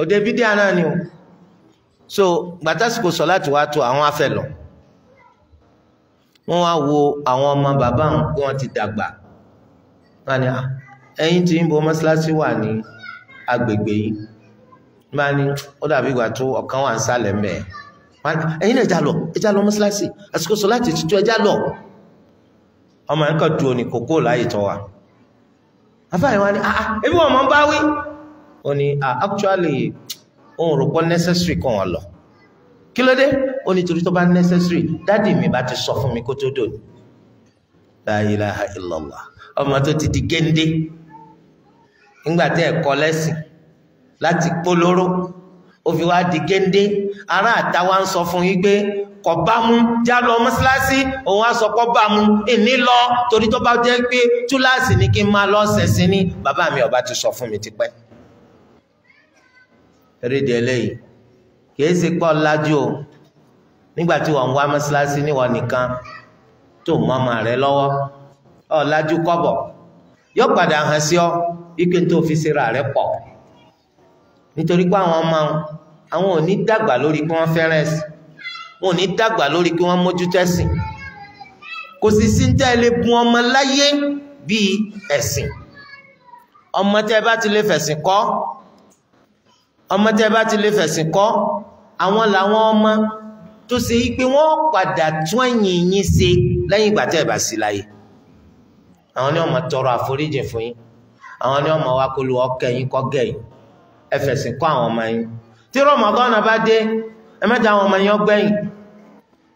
òde bídíà náà ni o so gbàtàsìkò sọ láti wá tó àwọn afẹ́ lọ wọ́n wá wo àwọn ọmọ bàbá wọn pé wọ́n ti dàgbà wọ́n ní ẹ̀yin tí ń bo mọ́ṣáláṣí wà ní agbègbè yìí máa ní ó dàbí ìgbà tó ọ̀kan wà ń sálẹ̀ mẹ́ ẹ̀yin náà ẹja lọ ẹja lọ mọ́sálásì àsìkò sọ láti tutù ẹja lọ ọmọ yẹn kàn dúró ní kókó láàyè tó afáàyè wa ni ah ebi wọn mọ bá wí ó ní ah actually òun rò pọ́ necessary kan wọn lọ kí ló dé ó ní torí tó bá necessary dáàdì mi bá ti sọ fún mi kó tó dòní la ilaha illallah ọmọ tó ti di géńdé nígbà tí ẹ kọ́ lẹ́sìn láti polóró ó fi wá di géńdé ará àtàwa ń sọ fún yín pé kò bá mu já lọ mọ́sálásí òun á sọ kò bá mu ìní lọ torí tó bá jẹ́ pé túláàsì ni kí n máa lọ ṣẹ̀sìn ní bàbá mi ọba ti sọ fún mi tipẹ́. rédíò eléyìí kìí ṣe pọ́ lájú o nígbà tí wọ́n ń wá mọ́sálásí níwọ̀n nìkan tó mọ́mọ́ rẹ lọ́wọ́ ọ̀ lájú kọ́bọ̀ yóò padà hàn sí ọ ike tó fi ṣe ra rẹ pọ̀ nítorí pé àwọn ọmọ àwọn ò ní dàgbà lórí pé wọ́n fẹ́ràn ẹ̀sìn wọn ò ní dàgbà lórí pé wọ́n mójú tẹ̀sìn kò sì sí ń tẹ́ ẹ lè bùn ọmọ láyé bíi ẹ̀sìn ọmọ tẹ́ ẹ bá ti lè fẹ̀sìn kọ́ ọmọ tẹ́ ẹ bá ti lè fẹ̀sìn kọ́ àwọn làwọn ọmọ tó ṣe yí pé wọ́n padà tún ẹ̀yìn yín ṣe lẹ́yìn ìgbà tẹ́ ẹ bá sí láyé àwọn ni ọmọ tọrọ àforíjì fún yín àwọn ni ọmọ wa kó lu ọkẹ yín kọ́ gẹ̀ ẹ fẹ̀sìn kọ́ àwọn ọmọ yín tí rọmọdọ́nà bá dé ẹ má jẹ́ àwọn ọmọ yín ọgbẹ́yìn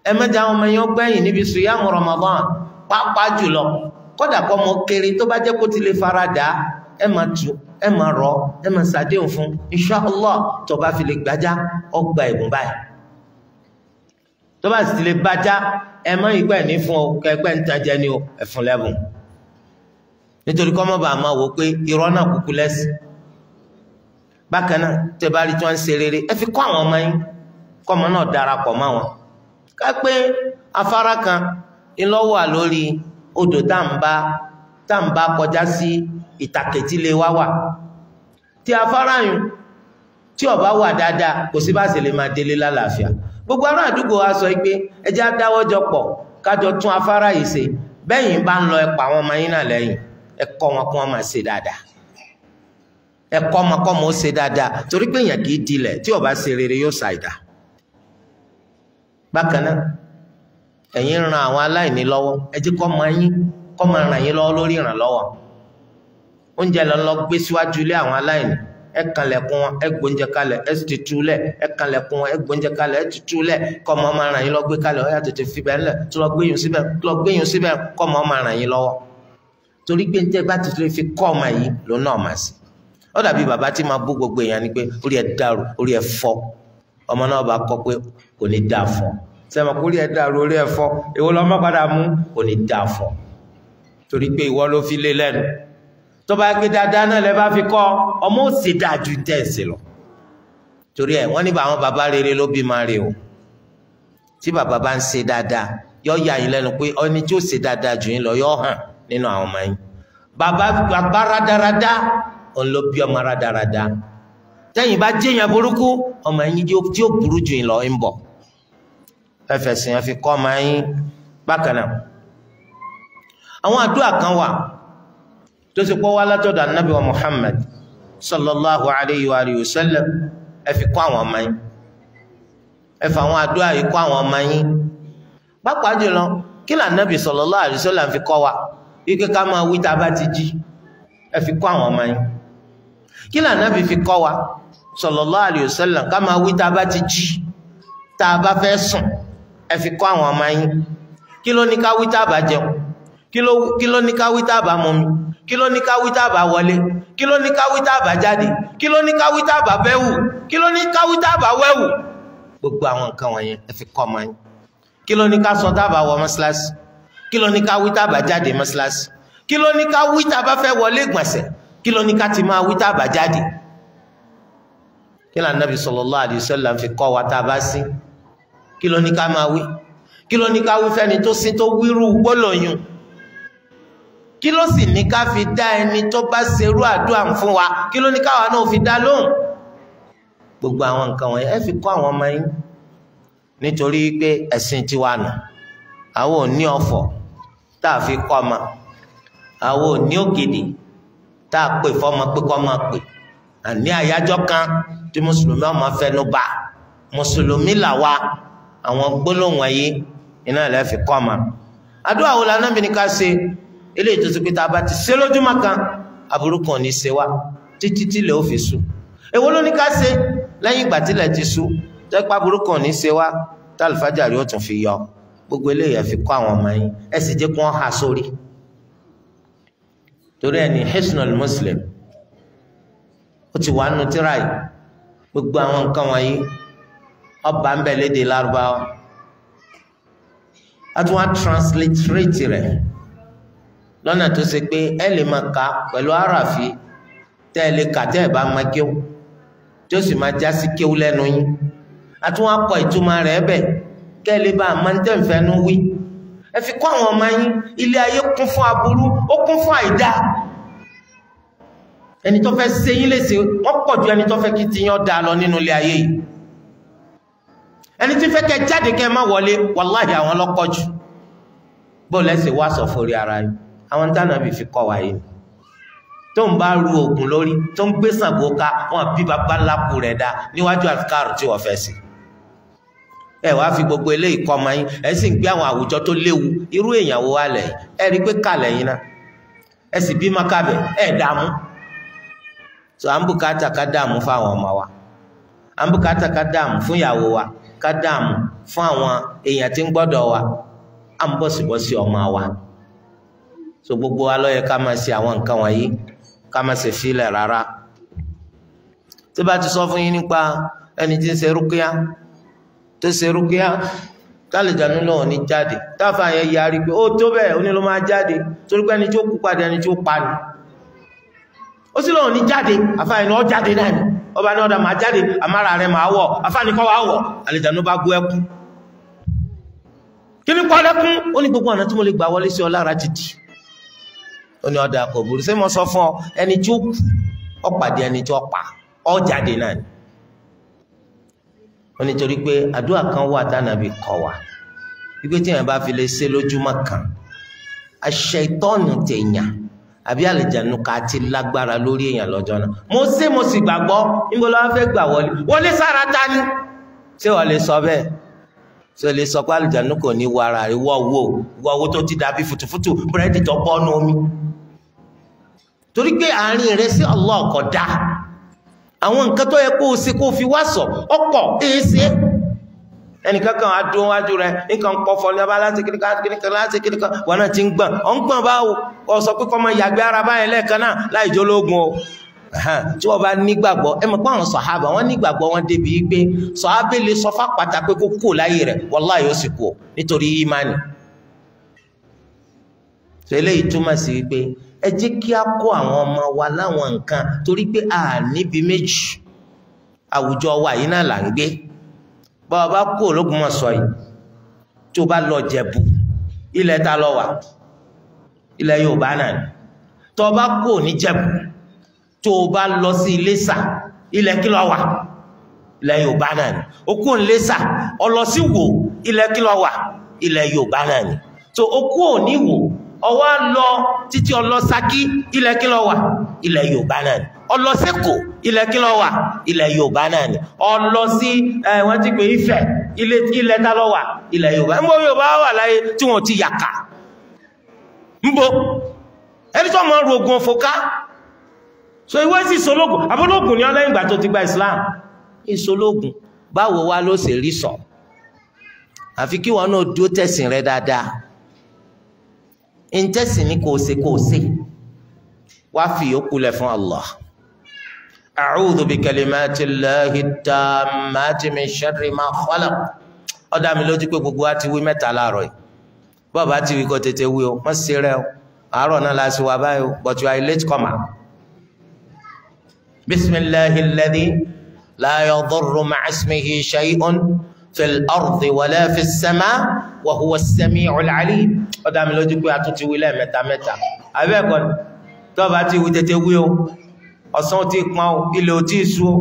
ẹ má jẹ́ àwọn ọmọ yín ọgbẹ́yìn níbi sùyàmù rọmọdọ́n pàápàá jùlọ kódà kọ́ mọ kéré tó bá jẹ́ kó ti lè faradà ẹ má tu ẹ má rọ ẹ má ṣàdéhùn fún insha Allah tó bá fi lè gbájá ọgbà ẹ̀bùn báyìí tó bá sì lè bájá ẹ má ìgbà ẹ̀ fún ọ kẹgbẹ́ ń ni ẹ nítorí kọ́mọ́bà máa wò pé irọ́ náà kúkú lẹ́sìn bákan náà tẹ́ bá rí tí wọ́n ń ṣe rere ẹ fi kọ́ àwọn ọmọ yín kọ́ ọmọ náà darapọ̀ mọ́ wọn. ká pé afárá kan ńlọ́wọ́ à lórí odò tá à ń bá tá à ń bá kọjá sí ìtàkẹ́tìlé wa wà. tí afárá yìí tí ó bá wà dáadáa kò sí bá ṣe lè máa délé lálàáfíà gbogbo ará àdúgbò wa sọ pé ẹ jẹ́ á pọ̀ kájọ tún afárá yìí ṣe bẹ́yìn bá ń lọ ẹ àwọn ọmọ yín náà lẹ́yìn ẹ kọ́ wọn kí wọ́n máa ṣe dáadáa ẹ̀kọ́ ọmọkọ́mọ ó ṣe dáadáa torí pé èèyàn kì í dilẹ̀ tí ó bá ṣe rere yóò ṣàìdá. bákan náà ẹ̀yin ń ran àwọn aláìní lọ́wọ́ ẹ jẹ́ kọ́ máa yín kọ́ máa ràn yín lọ́wọ́ lórí ìrànlọ́wọ́ oúnjẹ lọ lọ gbé síwájú ilé àwọn aláìní ẹ kanlẹ̀kùn wọn ẹ gbóúnjẹ kalẹ̀ ẹ sì ti tú lẹ̀ ẹ kanlẹ̀kùn wọn ẹ gbóúnjẹ kalẹ̀ ẹ ti tú lẹ̀ kọ́ ọmọ máa ràn yín lọ́gbé kalẹ̀ ọ̀yà tètè fibẹ̀ ńlẹ̀ tó lọ gbé yín síbẹ̀ tó lọ gbé yín síbẹ̀ kọ́ ọmọ máa ràn yín lọ́wọ́ torí pé ń tẹ́ bá ti fi kọ́ ọmọ yìí lòun náà máa sí ó dàbí bàbá tí máa bú gbogbo èèyàn ni pé orí ẹ dàrú orí ẹ fọ́ ọmọ náà bá kọ pé kò ní dáa fún sẹmọ kó rí ẹ dàrú orí ẹ fọ́ èwo lọmọ padà mú kò ní dáa fún torí pé ìwọ ló fi lé lẹ́nu tó bá gbé dáadáa náà lẹ bá fi kọ́ ọmọ ó sì dáa ju tẹ̀sí lọ torí ẹ wọ́n ní àwọn bàbá rere ló bí máa rè o tí bàbá bá ń ṣe dáadáa yọ ya yín lẹ́nu pé ẹni tí ó ṣe dáadáa jù yín lọ yọ hàn nínú àwọn ọmọ yín bàbá bàbá rádaràda ọlọ́bí ọmọ rádaràda tẹ́yìn bá jẹ́yàn burúkú ọmọ yín tí ó burú jù lọ ń bọ̀ ẹfẹ̀sìn ẹ fi kọ́ ọmọ yín bákan náà àwọn àdúrà kan wà tó ti pọ́ wá látọ̀dọ̀ anábì wa Muhammad sallallahu alayhi wa alihi wa sallam ẹ fi kọ́ àwọn ọmọ yín ẹ fà àwọn àdúrà yìí kọ́ àwọn ọmọ yín pàápàá jùlọ kí là nábì sallallahu alayhi wa sallam fi kọ́ wa wípé ká máa wí tá a bá ti jí ẹ kọ́ àwọn ọmọ yín kí lànà bí fi kọ́ wa sallallahu alayhi wa sallam ká máa wí tá a bá ti jí tá a bá fẹ́ sùn ẹ fi kọ́ àwọn ọmọ yín kí ló ní ká wí tá a bá jẹun kí ló ní ká wí tá a bá mọmi kí ló ní ká wí tá wọlé kí ló ní ká wí tá jáde kí ló ní ká wí tá bẹ́wù kí ló ní ká wí tá a gbogbo àwọn nǹkan wọ̀nyẹn ẹ fi kọ́ ọmọ yín kí ló ní ká sọ tá wọ mọ́ṣáláṣí kí ló ní ká wí tá jáde mọ́ṣáláṣí kí ló ní ká wí tá fẹ́ wọlé ìgbọ̀nsẹ̀ kí ló ní ká ti máa wí tá jáde kí lóò nàbì sallallahu alaihi wasallam fi kọ́ wa tá a bá sín kí ló ní ká máa wí kí ló ní ká wí fẹ́ni tó sín tó wírú gbólóyún kí ló sì ní ká fi dá ẹni tó bá ṣerú àdúrà fún wa kí ló ní káwa náà fi dá lóhùn gbogbo àwọn nǹkan wọ̀nyí ẹ fi kọ́ àwọn ọmọ yín nítorí pé ẹ̀sìn tiwa nù àwọn ò ní ọ̀fọ̀ tá a fi kọ́ ọmọ àwọn ò ní ògidì tá a pè fọmọ pé kọ́ máa pè àní àyájọ́ kan tí mùsùlùmí ọmọ fẹnu mùsùlùmí làwa àwọn gbólóhùn wọ̀nyí iná ilẹ̀ fi kọ́ ma. àdúrà wo la Ànábì ní ká ṣe ilé ìtòsí pé tá a bá ti ṣe lójúmọ́ kan aburú kan ní ṣe wá títí tílẹ̀ ó fi ṣú. èwo ló ní ká ṣe lẹ́yìn ìgbà tílẹ̀ ti ṣú tẹ́pá aburú ní ṣe wá tá àlùfáàjà yóò tún fi yọ gbogbo eléyìí fi kọ́ àwọn ọmọ yín ẹ sì jẹ́ kí wọ́n há sórí torí ẹ ní hisnul muslim ó ti wà nù tíra yìí gbogbo àwọn nǹkan wọ̀nyí ọba ń bẹ léde lárúbáwá a tún wá transliterate rẹ lọ́nà tó ṣe pé ẹ lè máa kà pẹ̀lú àràfi tẹ́ ẹ lè kà tẹ́ ẹ bá máa kéwù tí ó sì máa já sí kéwù lẹ́nu yín a tún wá kọ ìtumọ̀ rẹ̀ bẹ̀ kẹ́ ẹ lè bá a máa ń tẹ̀ fẹ́ nu wí ẹ fi kọ́ àwọn ọmọ yín ilé ayé kún fún aburú ó kún fún àìdá ẹni tó fẹ́ ṣe yín léṣe wọ́n pọ̀ ju ẹni tó fẹ́ kí ti yán dá lọ nínú ilé ayé yìí ẹni tí fẹ́ kẹ jáde kẹ má wọlé wàláhì àwọn lọ́pọ̀ jù bó lẹ́sẹ̀ wá sọ fórí ara yìí àwọn dáná bí fi kọ́ wa yìí tó ń bá ru oògùn lórí tó ń gbé sàgbó ká wọn bí babaláàpù rẹ̀ dá níwájú àfikàrù tí wọ́n fẹ́ sí i ẹ wá fi gbogbo eléyìí kọ́ ọmọ yín ẹ sì ń gbé àwọn àwùjọ tó léwu irú èèyàn wo wá ẹ rí i pé kàlẹ̀ yín náà ẹ sì bí mákàbẹ̀ ẹ dààmú so à ká dààmú fún ọmọ wa à ká dààmú fún wa ká dààmú fún àwọn èèyàn tí ń wa à ń ọmọ wa gbogbo wa ká máa ṣe àwọn nǹkan wọ̀nyí ká máa ṣe fílẹ̀ rárá tó bá ti sọ fún yín tó ṣe rúkìá tálẹ̀dánú lọ́wọ́ ní jáde táfà yẹn yarí pé ó tó ó ní ló máa jáde pé ẹni tí ó kú padà tí ó pa ni ó sì lọ́wọ́ ní jáde àfààyàn ó jáde náà ni ọba ní ọ̀dà máa jáde àmára rẹ̀ máa wọ̀ wá wọ̀ àlẹ̀dánú bá gbó ẹkún kí ní pa ọlẹ́kún ó ní gbogbo ọ̀nà tí mo lè gbà wọlé sí ọ lára ó ní ọ̀dà kò burú sí mo wọn nítorí pé àdúrà kan wà tánàbí kọ wa wípé téèyàn bá fi lè ṣe lójúmọ́ kan aṣẹ̀tọ́nù tèèyàn àbí àlejànú ká ti lágbára lórí èèyàn lọ́jọ́ náà mo ṣe mo sì gbàgbọ́ níbo ló wá fẹ́ gbà wọlé wọlé sára ta ni ṣé wọ́n lè sọ bẹ́ẹ̀ ṣé o lè sọ pé àlejànú kò ní wọ ara rẹ̀ wọ́ wo wọ́ owó tó ti dàbí fùtùfùtù búrẹ́dì tó bọ́ nù omi torí pé àárín rẹ̀ sí Allah kò àwọn nǹkan tó yẹ kó o ṣe kó o fi wá sọ ọkọ̀ èéṣe ẹnìkankan adùn wájú rẹ nǹkan pọfọ lọba láti kíníkà kíníkà láti kíníkà wọn náà ti ń gbọ̀n ọ ń gbọ̀n báwo ọ sọ pé kọmọ yàgbé ara báyẹn lẹ́ẹ̀kan náà láì jólógun o tí wọn bá nígbàgbọ́ ẹ mọ pé àwọn sọhábà wọn nígbàgbọ́ wọn débi pé sọhábà lè sọ fápàtà pé kó kú láyé rẹ wàláyé ó sì kú o nítorí ìmánì. tẹ́lẹ̀ ìtumọ̀ sí pé ẹ jẹ́ kí a kọ́ àwọn ọmọ wa láwọn nǹkan torí pé a níbi méjì àwùjọ wa yìí náà là ń gbé bá a bá kú Ògbómọ̀ṣọ́ yìí tó bá lọ Jẹ̀bú ilẹ̀ ta lọ wà ilẹ̀ Yorùbá náà ni tó bá kú ní Jẹ̀bú tó bá lọ sí Iléṣà ilẹ̀ kí ló wà ilẹ̀ Yorùbá náà ni okú Iléṣà ó lọ sí Ìwó ilẹ̀ kí ló wà ilẹ̀ Yorùbá náà ni tó okú ò ní Ìwó ọwọ́ lọ títí ọlọ́sákí ilẹ̀ kí lọ wà ilẹ̀ yorùbá náà ni ọlọ́sẹ́kọ̀ọ́ ilẹ̀ kí lọ wà ilẹ̀ yorùbá náà ni ọlọ́sí wọ́n ti pè Ifẹ̀ ilẹ̀ tá lọ wà ilẹ̀ yorùbá ń bọ́ yorùbá wà láyé tí wọ́n ti yàkà ń ẹni tó mọ rogun fòká so ìwé sì sológun abọ́lógun ni ọlẹ́yìn ìgbà tó ti gba Islam ìsológun báwo wá ló sì rí sọ àfi kí wọn náà dúró tẹ̀sìn rẹ dáadáa ntẹ́sìn ní kò ṣe kò ṣe wá fi yòókù lẹ̀ fún Allah. A'udhu bi kalimati Allahi tammati min sharri ma khalaq. Ó dá mi lójú pé gbogbo wa ti wí mẹ́ta láàárọ̀ yìí. Bọ́ọ̀bù á ti wí kó tètè wí o, wọ́n ṣe rẹ o. Àárọ̀ náà la ṣe wá báyìí o, but you are a late comer. Bismillahi alladhi la yadurru ma'asmihi shay'un. في الأرض ولا في السماء وهو السميع العليم ọ̀dà mi lójú pé a tún ti wí lẹ́ẹ̀mẹ́ta mẹ́ta àbẹ́ẹ̀kọ́ tó bá ti wí tètè wí o ọ̀sán ti pọn o ilẹ̀ ò tí ì sú o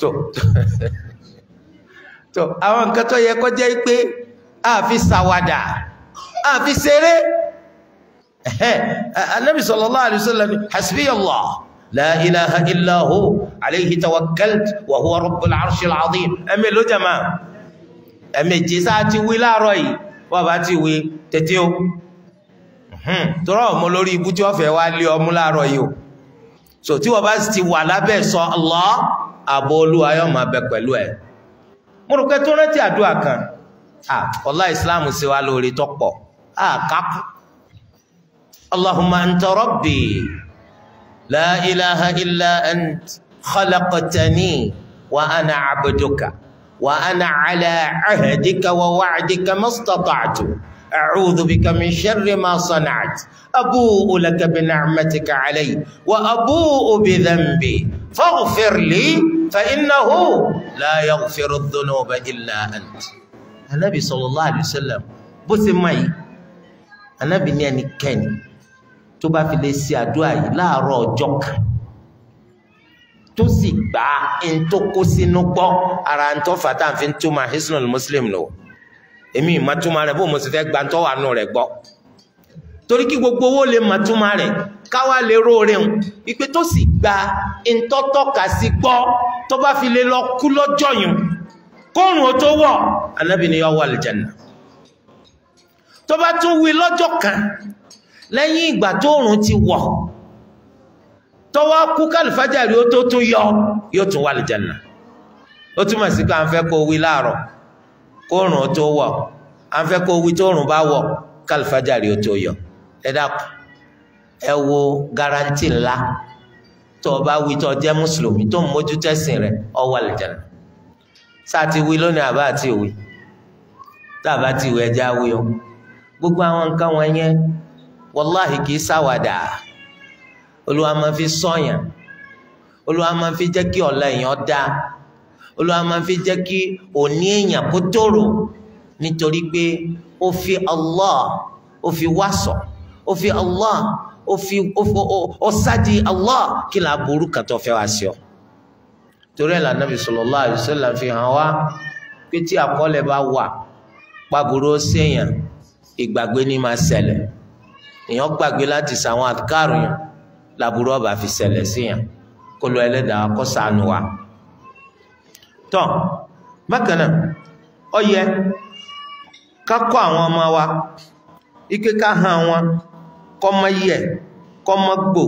tó tó àwọn nǹkan tó yẹ kó pé a fi ṣàwàdà a fi ṣeré Ànábì sallallahu alaihi wasallam hasbiyallah. لا إله إلا هو عليه توكلت وهو رب العرش العظيم أمي لو جماعة أمي جيساتي ولا روي وباتي وي تتيو tọ́rọ ọmọ lórí ibú tí ó fẹ́ wá lé ọmú láàárọ̀ yìí o so tí wọ́n bá sì ti wà lábẹ́ sọ Allah àbò olúwa yóò máa bẹ pẹ̀lú ẹ̀ mo rò pé tó rántí àdúrà kan ọlá Islam sí wa lórí tọ́pọ̀ àkápù Allahumma anta rabbi لا إله إلا أنت خلقتني وأنا عبدك وأنا على عهدك ووعدك ما استطعت أعوذ بك من شر ما صنعت أبوء لك بنعمتك علي وأبوء بذنبي فاغفر لي فإنه لا يغفر الذنوب إلا أنت النبي صلى الله عليه وسلم بثمي النبي يعني كان tó bá fi lè ṣe àdúrà yìí láàárọ̀ ọjọ́ kan tó sì gbà ń tó kó sínú gbọ́ ara ń tó fà tá ń fi ń túmọ̀ hisnul muslim lò èmi ìmọ̀ túmọ̀ rẹ̀ bó mo sì fẹ́ gba ń tọ́ wà nù rẹ̀ gbọ́ torí kí gbogbo owó lè mọ̀ túmọ̀ rẹ̀ káwá lè róore hùn ìpè tó sì gba ń tọ́ tọ́ka sí gbọ́ tó bá fi lè lọ kú lọ́jọ́ yùn kóòrùn ó tó wọ̀ anábì ni yọ wà lìjànà tó bá tún wí lọ́jọ́ kan lẹ́yìn ìgbà tóòrùn ti wọ̀ tọ́wọ́ kú kálífájàrí ó tó tún yọ yóò tún wà lìjànà ó túmọ̀ sí pé à ń fẹ́ kó wí láàárọ̀ kóòrùn tó wọ̀ à ń fẹ́ kó wí tóòrùn bá wọ̀ kálífájàrí ó tó yọ ẹ dákun ẹ wo garanti ńlá tó o bá wí tó jẹ́ mùsùlùmí tó ń mójú tẹ̀sìn rẹ̀ ọ wà lìjànà sáà ti wí lónìí àbá àti ìwé tá a bá ti ìwé ẹja wí o gbogbo àwọn nǹkan wọn yẹn wàláhì kì í ṣàwàdà olúwa máa fi sọ̀yàn olúwa máa fi jẹ́ kí ọ̀la èèyàn dá olúwa máa fi jẹ́ kí òní èèyàn kó tòrò nítorí pé ó fi Allah ó fi wá sọ ó fi Allah ó fi ó sádi Allah kí là á burú kan tó fẹ́ wá sí ọ. torí ẹ̀ lànà bisalòlá àdùsọ́là fi hàn wá pé tí àkọọ́lẹ̀ bá wà pàbùrọ̀ sẹ́yìn ìgbàgbé ni máa ṣẹlẹ̀. èèyàn gbàgbé láti sàwọn àdìkárù yẹn làbúrò ọba fi ṣẹlẹ̀ sí yẹn kó lọ ẹlẹ́dàá kó ṣàánú wa. tọ́ bákan náà ó yẹ ká kọ́ àwọn ọmọ wa ike ká hàn wọn kọ́ mọ yẹ kọ́ mọ gbò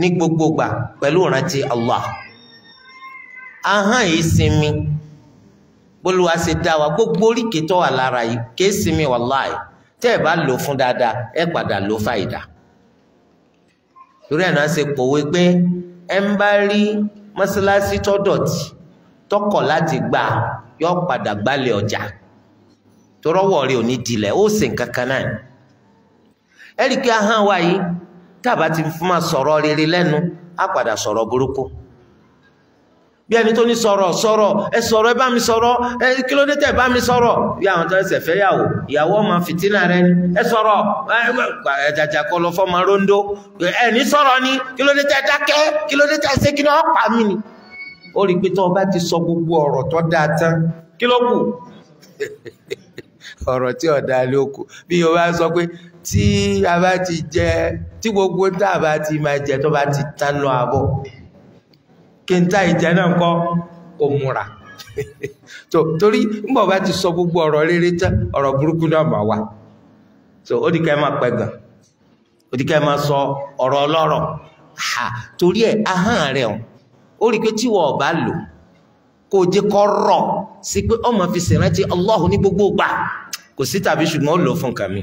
ní gbogbo gbà pẹ̀lú ìrántí Allah ahọ́n yìí sinmi bólúwa ṣe dá wa gbogbo oríkèé tó wà lára yìí kèé sinmi wàláì tẹ́ ẹ̀ bá lò fún dáadáa ẹ padà lò fàyídà torí ẹ̀ náà ṣe pòwe pé ẹ ń bá rí mọ́ṣáláṣí tó tọkọ̀ láti gbà yọ padà gbálẹ̀ ọjà torọ́wọ́ rẹ̀ ò ní dilẹ̀ ó sì ń kankan náà ẹ̀ríkì ahọ́n wa yìí tá a bá ti fún ma sọ̀rọ̀ rere lẹ́nu á padà sọ̀rọ̀ burúkú. bí ẹni tó ní sọ̀rọ̀ sọ̀rọ̀ ẹ sọ̀rọ̀ ẹ bá mi sọ̀rọ̀ ẹ kí ló dé tẹ̀ bá mi sọ̀rọ̀ bí àwọn tó ẹsẹ̀ fẹ́ yàwó ìyàwó ọmọ fìtínà rẹ ni ẹ sọ̀rọ̀ ẹ jàjà kọ lọ fọmọ rondo ẹ ní sọ̀rọ̀ ni kí ló dé tẹ̀ dákẹ́ kí ló dé tẹ̀ ṣe kí ni wọ́n pa mí ni. ó rí i pé tó o bá ti sọ gbogbo ọ̀rọ̀ tó dáa tán kí ló kù ọ̀rọ̀ tí ọ̀dà ló kù bí o bá sọ pé tí a bá ti jẹ tí gbogbo tá a bá ti máa jẹ tó bá ti tán àbọ̀ kí n ta ìjẹ náà kọ́ kò múra torí nígbà bá ti sọ gbogbo ọrọ rere tán ọrọ burúkú náà mà wá so ó di ká ẹ máa pẹ gàn ó di ká ẹ máa sọ ọrọ ọlọ́rọ̀ ha torí ẹ̀ ahọ́n rẹ̀ o ó rí i pé tí wọ́n bá lò kó o jẹ́ kọ́ rọ̀ sí pé ọmọ fi ṣèrántí Allah ní gbogbo gbà kò sí tàbí ṣùgbọ́n ó lò fún nǹkan mi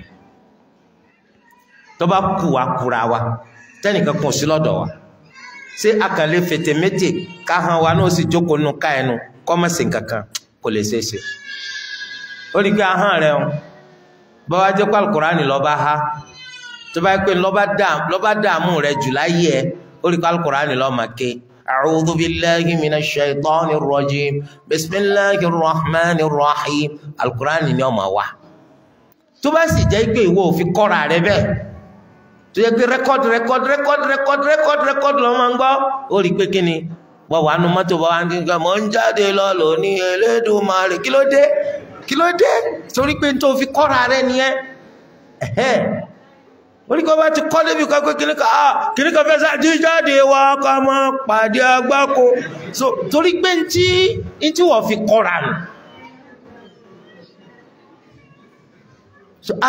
tó bá kù wá kura wa tẹ́nìkan kù sí lọ́dọ̀ wa. ṣé akànlẹ fètè méjì káhan wa náà sì jókòó nu ká ẹnu kọ́mọ̀sì kankan kò lè ṣeé ṣe ó rí i pé ahọ́n rẹ o bọ́wá jẹ́ pé alukurani lọ́ba ha tó bá yẹ pé lọ́ba dààmú rẹ jù láyé ẹ ó rí i pé alukurani lọ́ọ́ máa ké. أعوذ بالله من الشيطان الرجيم بسم الله الرحمن الرحيم القرآن ni ó máa wà tó bá sì jẹ́ pé ìwọ ò fi kọ́ra rẹ bẹ́ẹ̀ tó yẹ pé rẹ́kọ́dù rẹ́kọ́dù rẹ́kọ́dù rẹ́kọ́dù rẹ́kọ́dù rẹ́kọ́dù lọ́ máa ń gbọ́ ó rí i pé kí ni wọ́n wà nù mọ́tò bọ́ wá ń gbà mọ́ ń jáde lọ lò ní Elédùmarè kí ló dé kí ló dé torí pé tó fi kọ́ra rẹ nìyẹn orí kọ́ bá ti kọ́ débi kọ́ pé kìnníkà ah kìnníkà fẹ́ sáájú jáde wá ká máa pàdé agbáko so torí pé ń tí ń tí wọ́n fi kọ́ra nù.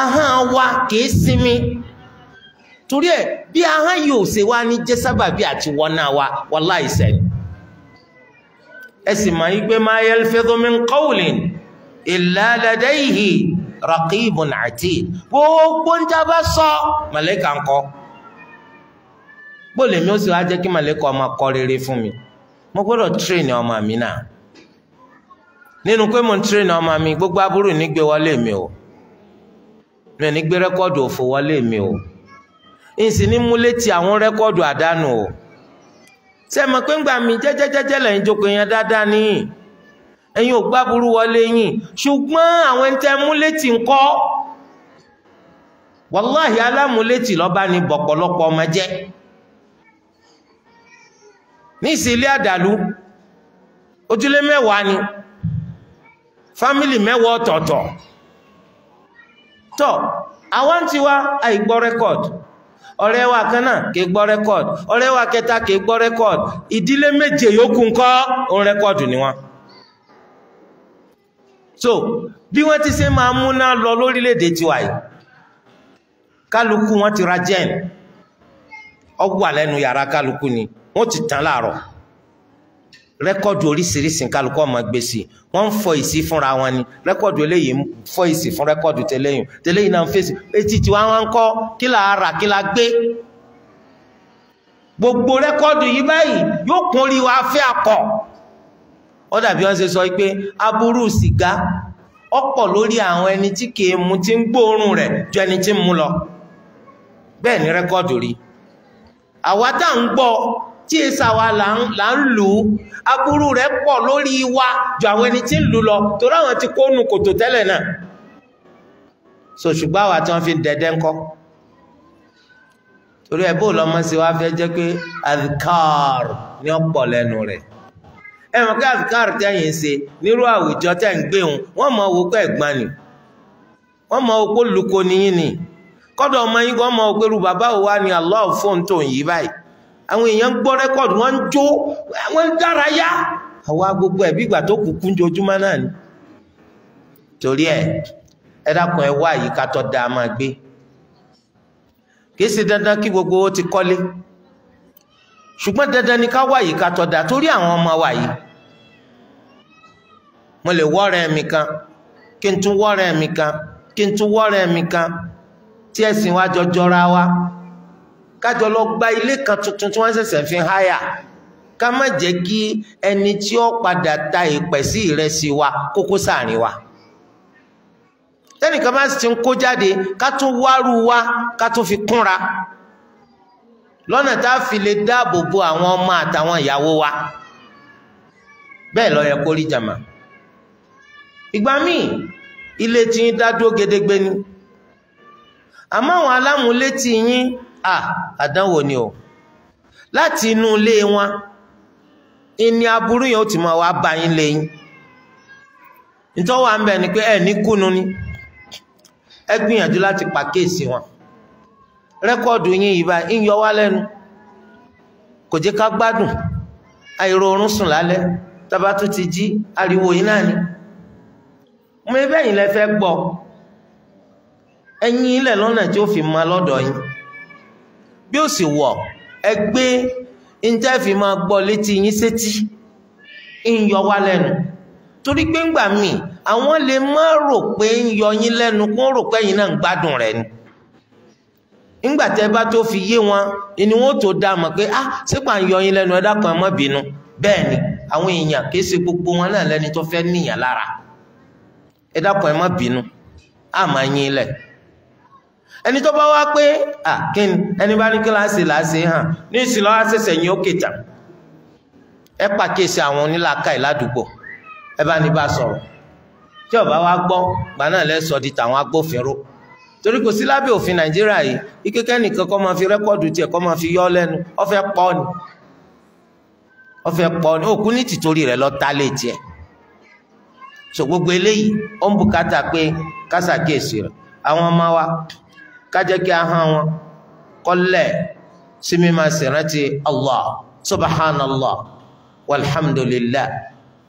ahọ́n wa kì í sinmi. torí ẹ bí ahọ́n yìí ò ṣe wá ní jẹ́ sábàbí àti wọná wa wallahi esi ẹ sì máa yí pé ma yalfidhu min qawlin illa ladayhi raqibun atid gbogbo ń jábá sọ màlẹ́kà ń kọ́ bóòlù mi ó sì wá jẹ́ kí màlẹ́kà ọmọ kọ́ rere fún mi mo gbọ́dọ̀ tírèèni ọmọ mi náà nínú pé mo ń tírèèni ọmọ mi gbogbo aburú nígbé wọlé mi o mi ò ní gbé rẹ́kọ́ọ̀dù òfò wọlé mi o. èsì ní mú létí àwọn rẹ́kọ́ọ̀dù àdánù o ṣe mọ̀ pé ń gbà mí jẹ́jẹ́jẹ́jẹ́ lẹ́yìn jókòó yẹn dáadáa níyìn ẹ̀yin ò gbá burú wọlé yìn ṣùgbọ́n àwọn ẹni tẹ́ mú létí ń kọ́ wàláhì alámúlétì lọ́ba ni bọ̀pọ̀lọpọ̀ ọmọ jẹ́ ní ìsìlẹ̀ àdàlú ojúlé mẹ́wàá ni fámìlì mẹ́wàá ọ̀tọ̀ọ̀tọ̀ tọ́ àwọn tiwa àìgbọ́ rẹ́kọ̀dù ọ̀rẹ́ wa kan náà kì í gbọ́ rẹ́kọ̀d ọ̀rẹ́ wa kẹta kì gbọ́ rẹ́kọ̀d ìdílé méje yòókù ńkọ́ òun rẹ́kọ̀d ni wọn. so bí wọ́n ti ṣe máa múná lọ lórílẹ̀‐èdè tiwa yìí kálukú wọn ti ra jẹ́ẹ̀n ọgbà lẹ́nu yàrá kálukú ni wọ́n ti tán láàárọ̀ rẹ́kọ̀dù oríṣiríṣi kálukọ́ ọmọ gbé sí wọ́n ń fọ ìsí fúnra wọn ni rẹ́kọ̀dù eléyìí ń fọ ìsí fún rẹ́kọ̀dù tẹ́lẹ̀yìn tẹ́lẹ̀yìn náà ń fèsì etí tiwa wọn ń kọ́ kí là á rà kí là á gbé gbogbo rẹ́kọ̀dù yìí báyìí yóò kún orí wa fẹ́ akọ̀ ó dàbí wọ́n ṣe sọ pé aburú sìgá ọ̀pọ̀ lórí àwọn ẹni tí kì mu tí ń gbóòórùn rẹ̀ ju ẹni tí ń mu lọ bẹ́ẹ̀ ni rẹ́kọ̀dù rí àwa tá à ń gbọ́ tí èsà wa là ń lù agbúrú rẹ̀ pọ̀ lórí wa jù àwọn ẹni tí ń lọ torí àwọn ti kò kòtò tẹ́lẹ̀ náà so ṣùgbọ́n tí wọ́n fi dẹ̀dẹ́ ńkọ́ torí ẹ̀ bó sí wa fẹ́ jẹ́ pé ni ó lẹ́nu rẹ̀ ẹ ṣe nírú àwùjọ ń gbé wọn wọ́n owó pẹ́ ni wọ́n owó ni kọ́dọ̀ ọmọ yín owó bàbá òwa ni Allah fóun tó àwọn èèyàn gbọ́ rẹ́kọ̀dù wọ́n ń jó wọ́n ń dárayá àwa gbogbo ẹ̀bí ìgbà tó kù kú náà ni torí ẹ ẹ dákun ẹ wá àyíká tó dáa máa gbé kìí ṣe dandan kí gbogbo owó ti kọ́lé ṣùgbọ́n dandan ni ká wá àyíká tó dáa torí àwọn ọmọ wa yìí mo lè wọ́ọ̀rẹ́ mi kan kí n tún wọ́ọ̀rẹ́ mi kan kí n tún wọ́ọ̀rẹ́ mi kan tí ẹ̀sìn wa jọ jọra kájọ lọ gba ilé kan tuntun tí wọ́n ṣẹ̀ṣẹ̀ fi háyà ká má jẹ́ kí ẹni tí ó padà ta ìpẹ̀ sí ìrẹsì wa kókó sáàrin wa tẹ́nìkan bá ti ń kó jáde ká tún wárú wa ká tún fi kúnra lọ́nà tá a fi lè dáàbò bo àwọn ọmọ àtàwọn ìyàwó wa bẹ́ẹ̀ ló yẹ kó rí jàmà ìgbà míì ilé tí yín dá dúró gedegbe ni àmọ́ àwọn alámúlétì yín à àdánwò ni o láti inú ilé wọn ìní aburú yẹn ó ti máa wá bá yín ìtọ́wà ń bẹ̀ ni pé ẹ̀ ní kùnú ni ẹ gbìyànjú láti pàkíyèsí wọn rẹ́kọ́ọ̀dù yín yìí ń yọ wá lẹ́nu kò jẹ́ ká gbádùn sùn lálẹ́ ti jí ariwo yìí náà ni mo ẹbẹ́ yìí lẹ fẹ́ gbọ́ ẹ̀yin ilẹ̀ lọ́nà tí bí ó sì wọ̀ ẹ gbé ntẹ́fì máa gbọ́ létí yín sétí ń yọ wá lẹ́nu torí pé ńgbà míì àwọn lè má rò pé ń yọ yín lẹ́nu kó rò pé ẹ̀yin náà ń gbádùn rẹ̀ ni ńgbà tẹ́ bá tó fi yé wọn ni wọn ó tó dá mọ̀ pé ah sípà ń yọ yín lẹ́nu ẹ dákun ẹ má bínú bẹ́ẹ̀ ni àwọn èèyàn kì í ṣe gbogbo wọn náà lẹ́ni tó fẹ́ níyàn lára ẹ dákun ẹ má bínú àmọ́ yín lẹ̀ ẹni tó bá wá pé àkín ẹni bá ní kíláàsì láàṣẹ hàn ní ìsìnlọ àṣẹṣẹ yín ó kìtà ẹ pàkíyèsí àwọn onílàkà ìládùúgbò ẹ bá ní bá sọ̀rọ̀ tí ọba wa gbọ́ gbà náà lẹsọ di tàwọn agbófinró torí kò sí òfin nàìjíríà yìí ikeke nìkan kọ́ máa fi rẹ́kọ́ọ̀dù tiẹ̀ kọ́ máa fi yọ́ lẹ́nu ọ̀fẹ́ pọ̀ ni ọ̀fẹ́ pọ̀ ni lọ ta lé tiẹ̀ gbogbo eléyìí ó ń bùkátà kájẹ́ kí ahọ́n wọn kọ́lẹ̀ sí mímá ṣèrántí allah subhanallah walhamdulillah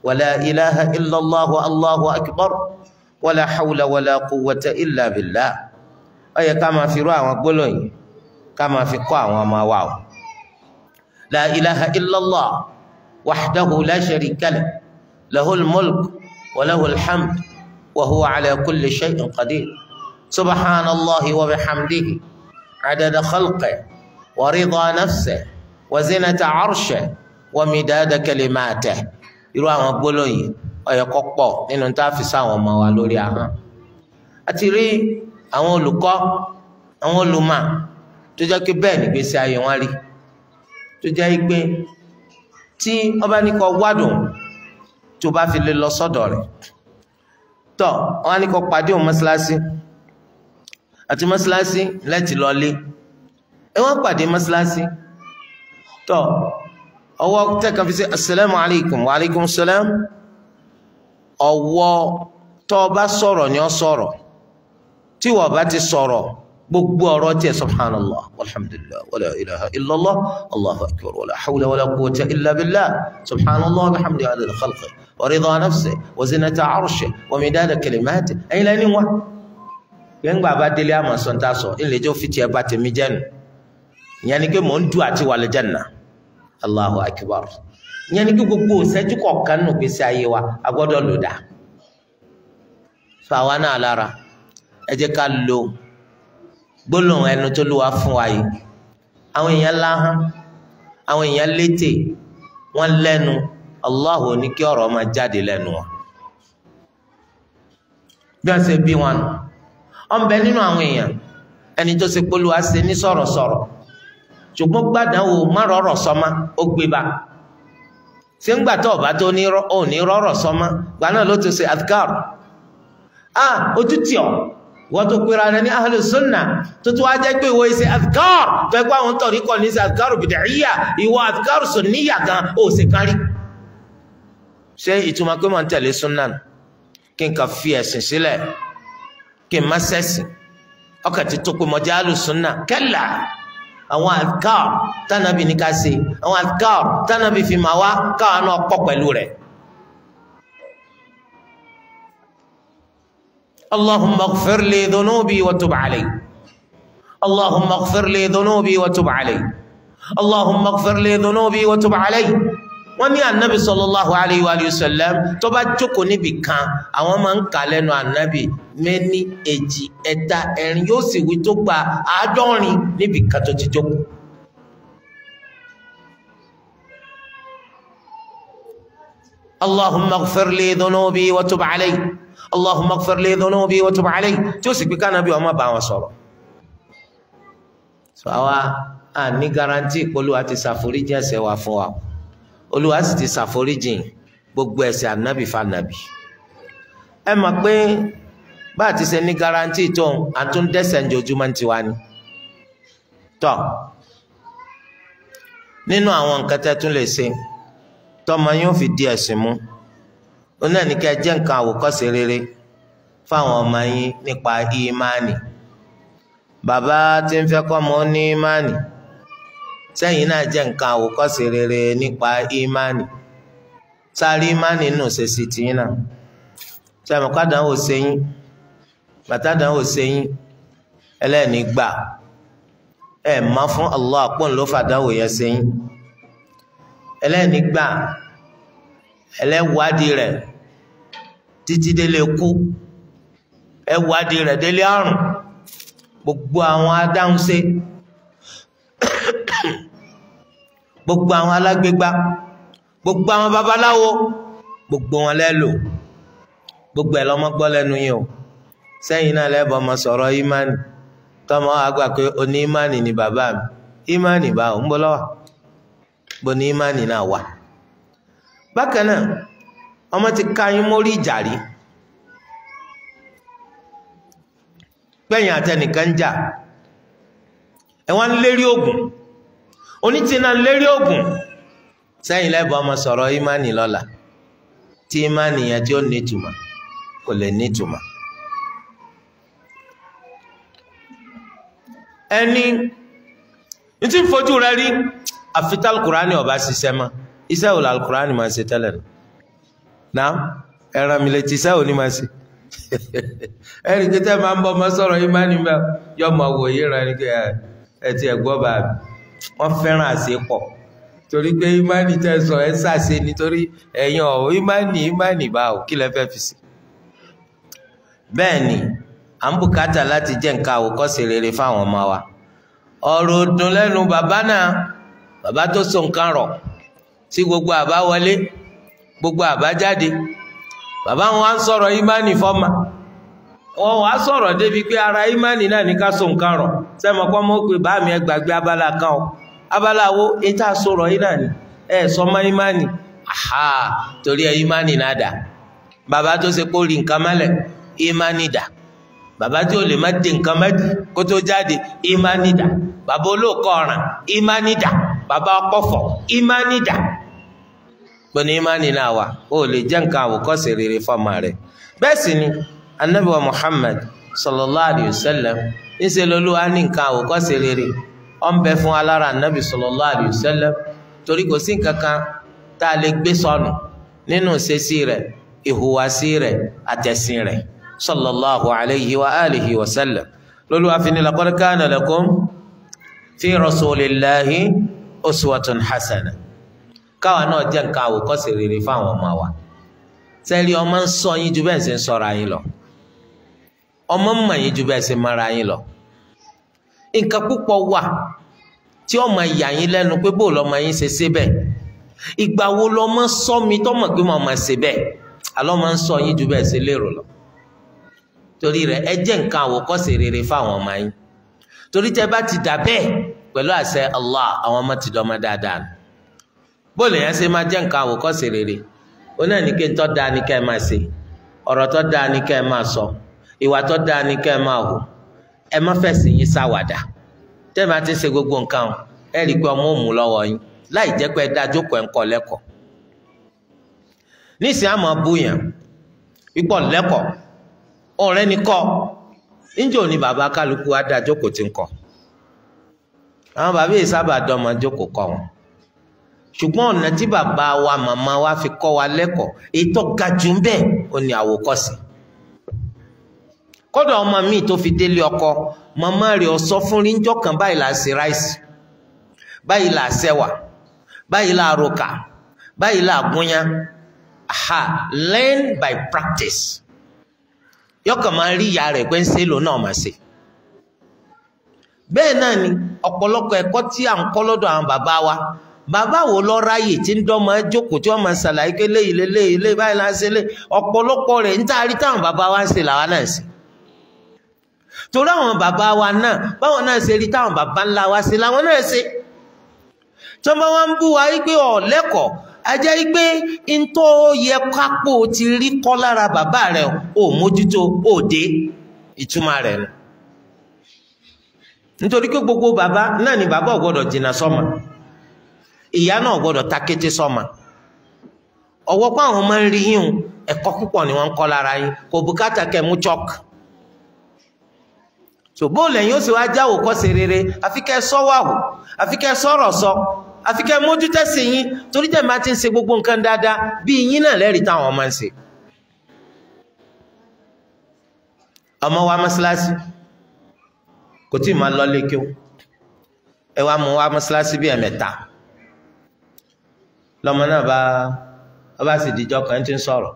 wàlá ilaha illallah allahu akbar wàlá hawla wàlá quwwata illa billah ó yẹ ká máa fi rú àwọn gbólóyìn ká máa fi kọ́ àwọn ọmọ wa o la ilaha illallah wahdahu la sharika lah lahul mulk wa lahul hamd wa huwa ala kulli shay'in qadir. سبحان الله وبحمده عدد خلقه ورضا نفسه وزنة عرشه ومداد كلماته irú àwọn gbólóhùn yìí ọyọ kọ pọ̀ nínú tá a fi sáwọn ọmọ wa lórí ahọ́n a ti rí àwọn olùkọ́ àwọn olùmọ̀ tó jẹ́ pé bẹ́ẹ̀ nígbésí ayé wọn rí tó jẹ́ pé tí ọba ní kọ wádùn tó bá fi lè lọ sọ́dọ̀ rẹ̀ tọ ọba ní kọ pàdé òun mọ́ṣáláṣí àti mọ́ṣáláṣí láti lọlé ẹ wọ́n pàdé mọ́ṣáláṣí tọ́ ọwọ́ tẹ́kan fi ṣe asalaamu alaykum wa alaykum salaam ọwọ́ tọ́ ọ bá sọ̀rọ̀ ni ọ sọ̀rọ̀ tí wọ́n bá ti sọ̀rọ̀ gbogbo ọ̀rọ̀ tiẹ̀ subhanallah alhamdulilah wala ilaha illallah allahu akbar wala hawla wala quwwata illa billah subhanallah alhamdulilah khalqi wa ridha nafsi wa zinata arshi wa midada kalimati ẹ̀yin lẹ́ni wọn. gbẹ̀ngbà bá délé àmọ̀ sọ̀ńtà sọ ìlẹ́jọ́ e fìtì ẹ̀ e bá tèmi jẹ́nu ìyẹn ni mò ń du àti wà Allahu ìyẹn ni gbogbo ìṣẹ́jú kọ̀ọ̀kan nù gbèsè ayé wa a lò dá fún náà lára ẹ jẹ́ ká lo ẹnu tó fún wa yìí àwọn èèyàn láhán àwọn Allahu ọ̀rọ̀ jáde lẹ́nu wa bí ṣe bí ọ̀nbẹ nínú àwọn èèyàn ẹni tó ṣe polówó àṣẹ ní sọ̀rọ̀sọ̀rọ̀ ṣùgbọ́n gbàdán o má rọ̀rọ̀ sọ́mà ó gbé ba ṣé ń gbà tó ọ̀bá tó ò ní rọ̀rọ̀ sọ́mà gbà náà ló ti ṣe adhkar a ojú tì ọ́ wọ́n tó pera rẹ ní ahlu sunna tó tó wá jẹ́ pé ìwọ ṣe adhkar tó ẹgbẹ́ àwọn tọ̀rí kọ́ ní ṣe adhkar bid'iyya ìwọ adhkar sunniya gan ó ṣe kárí ṣé ìtumọ̀ pé màá tẹ̀lé sunna kí n kà fi ẹ̀sìn sílẹ̀ kí n má sẹ́sìn ọkàn ti tó pé mo jẹ́ alùsùnà kẹ́là àwọn àdìkàr tánàbí ní ká ṣe àwọn àdìkàr tánàbí fi máa wá káwọn náà pọ̀ pẹ̀lú rẹ̀. اللهم اغفر لي ذنوبي وتب علي اللهم اغفر لي ذنوبي وتب علي اللهم اغفر لي ذنوبي وتب علي wọ́n ní ànábì sallallahu alayhi wa sallam tó bá jókòó níbì kan àwọn máa ń kà lẹ́nu ànábì mẹ́ni èjì ẹ̀ta ẹ̀rin yóò sì wí tó gba àádọ́rin níbì kan tó ti jókòó. اللهم اغفر لي ذنوبي وتب علي اللهم اغفر لي ذنوبي وتب علي tí ó sì pé nàbí ó bá wọn sọ̀rọ̀ sọ àwa àní garanti ìpolówó àti ṣàforíjì ẹ̀ṣẹ̀ wa fún wa. So, olúwa sì ti ṣàforíjìn gbogbo ẹ̀ṣẹ̀ ànábì fanabi ẹ mọ̀ pé bá a ti ṣe ní garanti tó àtúndẹ́ṣẹ̀ njojúmọ́ ń tiwa ni tọ́ nínú àwọn nǹkan tẹ́ tún lè ṣe tọ́mọ yóò fi di ẹ̀sìn mú òun náà ní kí ẹ jẹ́ nǹkan àwòkọ́ṣe rere fáwọn ọmọ yín nípa ìmánì bàbá tí ń fẹ́ kọ́ ọmọ ní ìmánì. sẹ́yìn náà jẹ́ nǹkan àwòkọ́ṣe rere nípa ìmánì sáré ìmánì nù ṣèṣì tìyín náà sẹ́yìn kádàáwò sẹ́yìn bàtàdàáwò sẹ́yìn ẹlẹ́ni gbà ẹ̀ má fún Allah àpọ̀n ló fàdáwò yẹn sẹ́yìn ẹlẹ́ni gbà ẹlẹ́wádìí rẹ̀ títí délé kú ẹwádìí rẹ̀ délé àrùn gbogbo àwọn adáhùn gbogbo àwọn alágbègbà gbogbo àwọn babaláwo gbogbo wọn lẹ́lò gbogbo ẹ̀ lọ́mọ́gbọ́ lẹ́nu yìí o sẹ́yìn náà lẹ́bọ̀ ọmọ sọ̀rọ̀ ìmánì tọmọ àgbà pé oní ìmánì ni bàbá mi ìmánì bá òun bọ́ lọ́wọ́ bó ní ìmánì náà wà. bákan náà ọmọ ti ka yín mórí ìjà rí gbẹ̀yìn àtẹnìkan jà ẹ̀ wọ́n lérí ogun. onítìna lérí ògùn sẹ́yìn lẹ́bọ̀ ọmọ sọ̀rọ̀ imani lọla tí imani yẹn tí ó nítumọ̀ kò lè nítumọ̀. ẹni ní fojú rẹ rí àfitá alukurani ọba ṣiṣẹ́ ise iṣẹ́ òòlù alukurani máa ṣe tẹ́lẹ̀ nù ná ẹran mi lè ti iṣẹ́ òní máa ṣe ẹni tí máa ń ọmọ yọmọ wòye rẹ ni ẹ wọ́n fẹ́ràn àṣepọ̀ torí pé ìmánì tẹ́ sọ ẹ ṣàṣe nítorí ẹ̀yin ọ̀hún imani ìmánì bá ò kí lẹ fẹ́ fi sí. bẹ́ẹ̀ ni à ń bùkátà láti jẹ́ nǹkan àwòkọ́ṣe rere fáwọn ọmọ wa ọ̀rọ̀ dùn lẹ́nu bàbá náà bàbá tó so nǹkan rọ̀ sí gbogbo àbáwọlé gbogbo àbájáde bàbá wọn á sọ̀rọ̀ imani fọ́mà wọn wàá sọ̀rọ̀ débi pé ara ìmánì náà ní ká so nǹkan rọ̀ sẹ́mi ọkọ pé bá mi ẹ gbàgbé abala kan o abáláwo ètà sọ̀rọ̀ yìí ni ẹ sọ mọ́ ìmánì àhà torí ẹ ìmánì náà dà bàbá tó ṣe kó rí nǹkan mọ́lẹ̀ ìmánì dà bàbá tí o lè má di nǹkan mẹ́tì kó tó jáde ìmánì dà bàbá olóòkọ ọ̀ràn ìmánì dà bàbá ọkọ̀fọ̀ ìmánì dà pẹ̀lú ìmánì náà wà ó lè jẹ́ nǹkan àwòkọ́ṣe rere fọ́ọ̀mà rẹ̀ bẹ́ẹ̀ sì ni anabiwa Muhammad sallallahu alayhi wa sallam ń ṣe lọ́lọ́wọ́ á ní nǹkan àwòkọ́ṣe rere ó ń bẹ fún alára nàbì sallallahu alayhi wa sallam torí kò sí nǹkan kan tá a lè gbé sọnù nínú ìṣesí rẹ̀ ìhùwàsí rẹ̀ àtẹ̀sìn rẹ̀ sallallahu alayhi wa alihi wa sallam lólu àfihàn laqad kana lakum fi rasulillahi uswatun hasana káwa náà jẹ́ nǹkan àwòkọ́ṣe rere fáwọn ọmọ wa sẹ́rí ọmọ ń sọ yín ju bẹ́ẹ̀ ṣe ń sọra yín lọ ọmọ ń mọ̀ yín ju bẹ́ẹ̀ ṣe mara yín lọ nǹkan púpọ̀ wà tí ọmọ ìyá yín lẹ́nu pé bó lọ́mọ yín ṣe ṣe bẹ́ẹ̀ ìgbà wo lọ́mọ sọ mi tọ́mọ pé mo máa ṣe bẹ́ẹ̀ àlọ́ máa ń sọ yín ju bẹ́ẹ̀ ṣe lérò lọ torí rẹ̀ ẹ jẹ́ nǹkan àwòkọ́ṣe rere fáwọn ọmọ yín torí tẹ́ bá ti dà bẹ́ẹ̀ pẹ̀lú àṣẹ Allah àwọn ọmọ ti dọ́mọ dáadáa nù bó lè yẹn ṣe máa jẹ́ nǹkan àwòkọ́ṣe rere ó náà ní kí n tọ́ da ni kẹ́ ẹ máa ṣe ọ̀rọ̀ tọ́ da ni kẹ́ ẹ máa sọ ìwà tọ́ da ni kẹ́ ẹ máa hù ẹ má fẹ̀sìn yín ṣàwàdà tẹ́ ẹ bá ti ṣe gbogbo nǹkan o ẹ rí i pé ọmọ òmù lọ́wọ́ yín láì jẹ́ pé ẹ dá jókòó ẹ̀ ń kọ́ lẹ́kọ̀ọ́ nísìnyí àmọ́ búyàn pípọ̀ lẹ́kọ̀ọ́ ọ̀rẹ́ ni kọ́ níjọ́ ni bàbá kálukú á dá jókòó ti ń kọ́ àwọn bàbá yìí sábà dọ́mọ jókòó kọ́ wọn ṣùgbọ́n ọ̀nà tí bàbá wa màmá wa fi kọ́ wa lẹ́kọ̀ọ́ èyí tó ń bẹ́ẹ̀ ó ní àwòkọ́sìn kọ́dọ̀ ọmọ mi tó fi délé ọkọ màmá rẹ̀ ọ sọ fún ríńjọ́ kan báyìí là á ṣe ráìsì báyìí là á ṣẹwà báyìí là á roka báyìí là ha learn by practice yọkàn máa rí ìyá rẹ̀ pé ń ṣe lòun náà máa ṣe bẹ́ẹ̀ náà ni ọ̀pọ̀lọpọ̀ ẹ̀kọ́ tí à ń kọ́ lọ́dọ̀ àwọn bàbá wa bàbá wo lọ ráyè tí ń dọ́mọ jókòó tí wọ́n máa ṣàlàyé pé léyìí léyìí léyìí báyìí là ń ọ̀pọ̀lọpọ̀ rẹ̀ ń tàrí táwọn bàbá wa ń ṣe làwa náà ń ṣe. torí àwọn bàbá wa náà báwọn náà ṣe rí táwọn bàbá ńlá wa ṣe láwọn náà ṣe tí wọ́n bá wá ń bú wa wípé ọ̀lẹ́kọ̀ọ́ a jẹ́ wípé ntọ́ yẹ kápò ti rí kọ́ lára bàbá rẹ̀ ò mójútó òde ìtumọ̀ nù gbogbo bàbá náà ni bàbá jìnnà náà àwọn ń rí yín ẹ̀kọ́ púpọ̀ ni wọ́n ń kọ́ lára yín kò ṣùgbọ́n lẹ́yìn ó sì wá jáwò kọ́ sí rere àfikẹ́ sọ́wàwò àfikẹ́ sọ́rọ̀ sọ àfikẹ́ mójútẹ́sí yín torí tẹ̀ máa ti ń ṣe gbogbo nǹkan dáadáa bí yín náà lẹ́rìí táwọn ọmọ ń ṣe. ọmọ wa mọ́ṣáláṣí kò tí ì máa lọ lé kíó ẹ wá mú wa mọ́ṣáláṣí bíi ẹ̀mẹ́ta lọmọ náà bá ọba sì dìjọ kan ti ń sọ̀rọ̀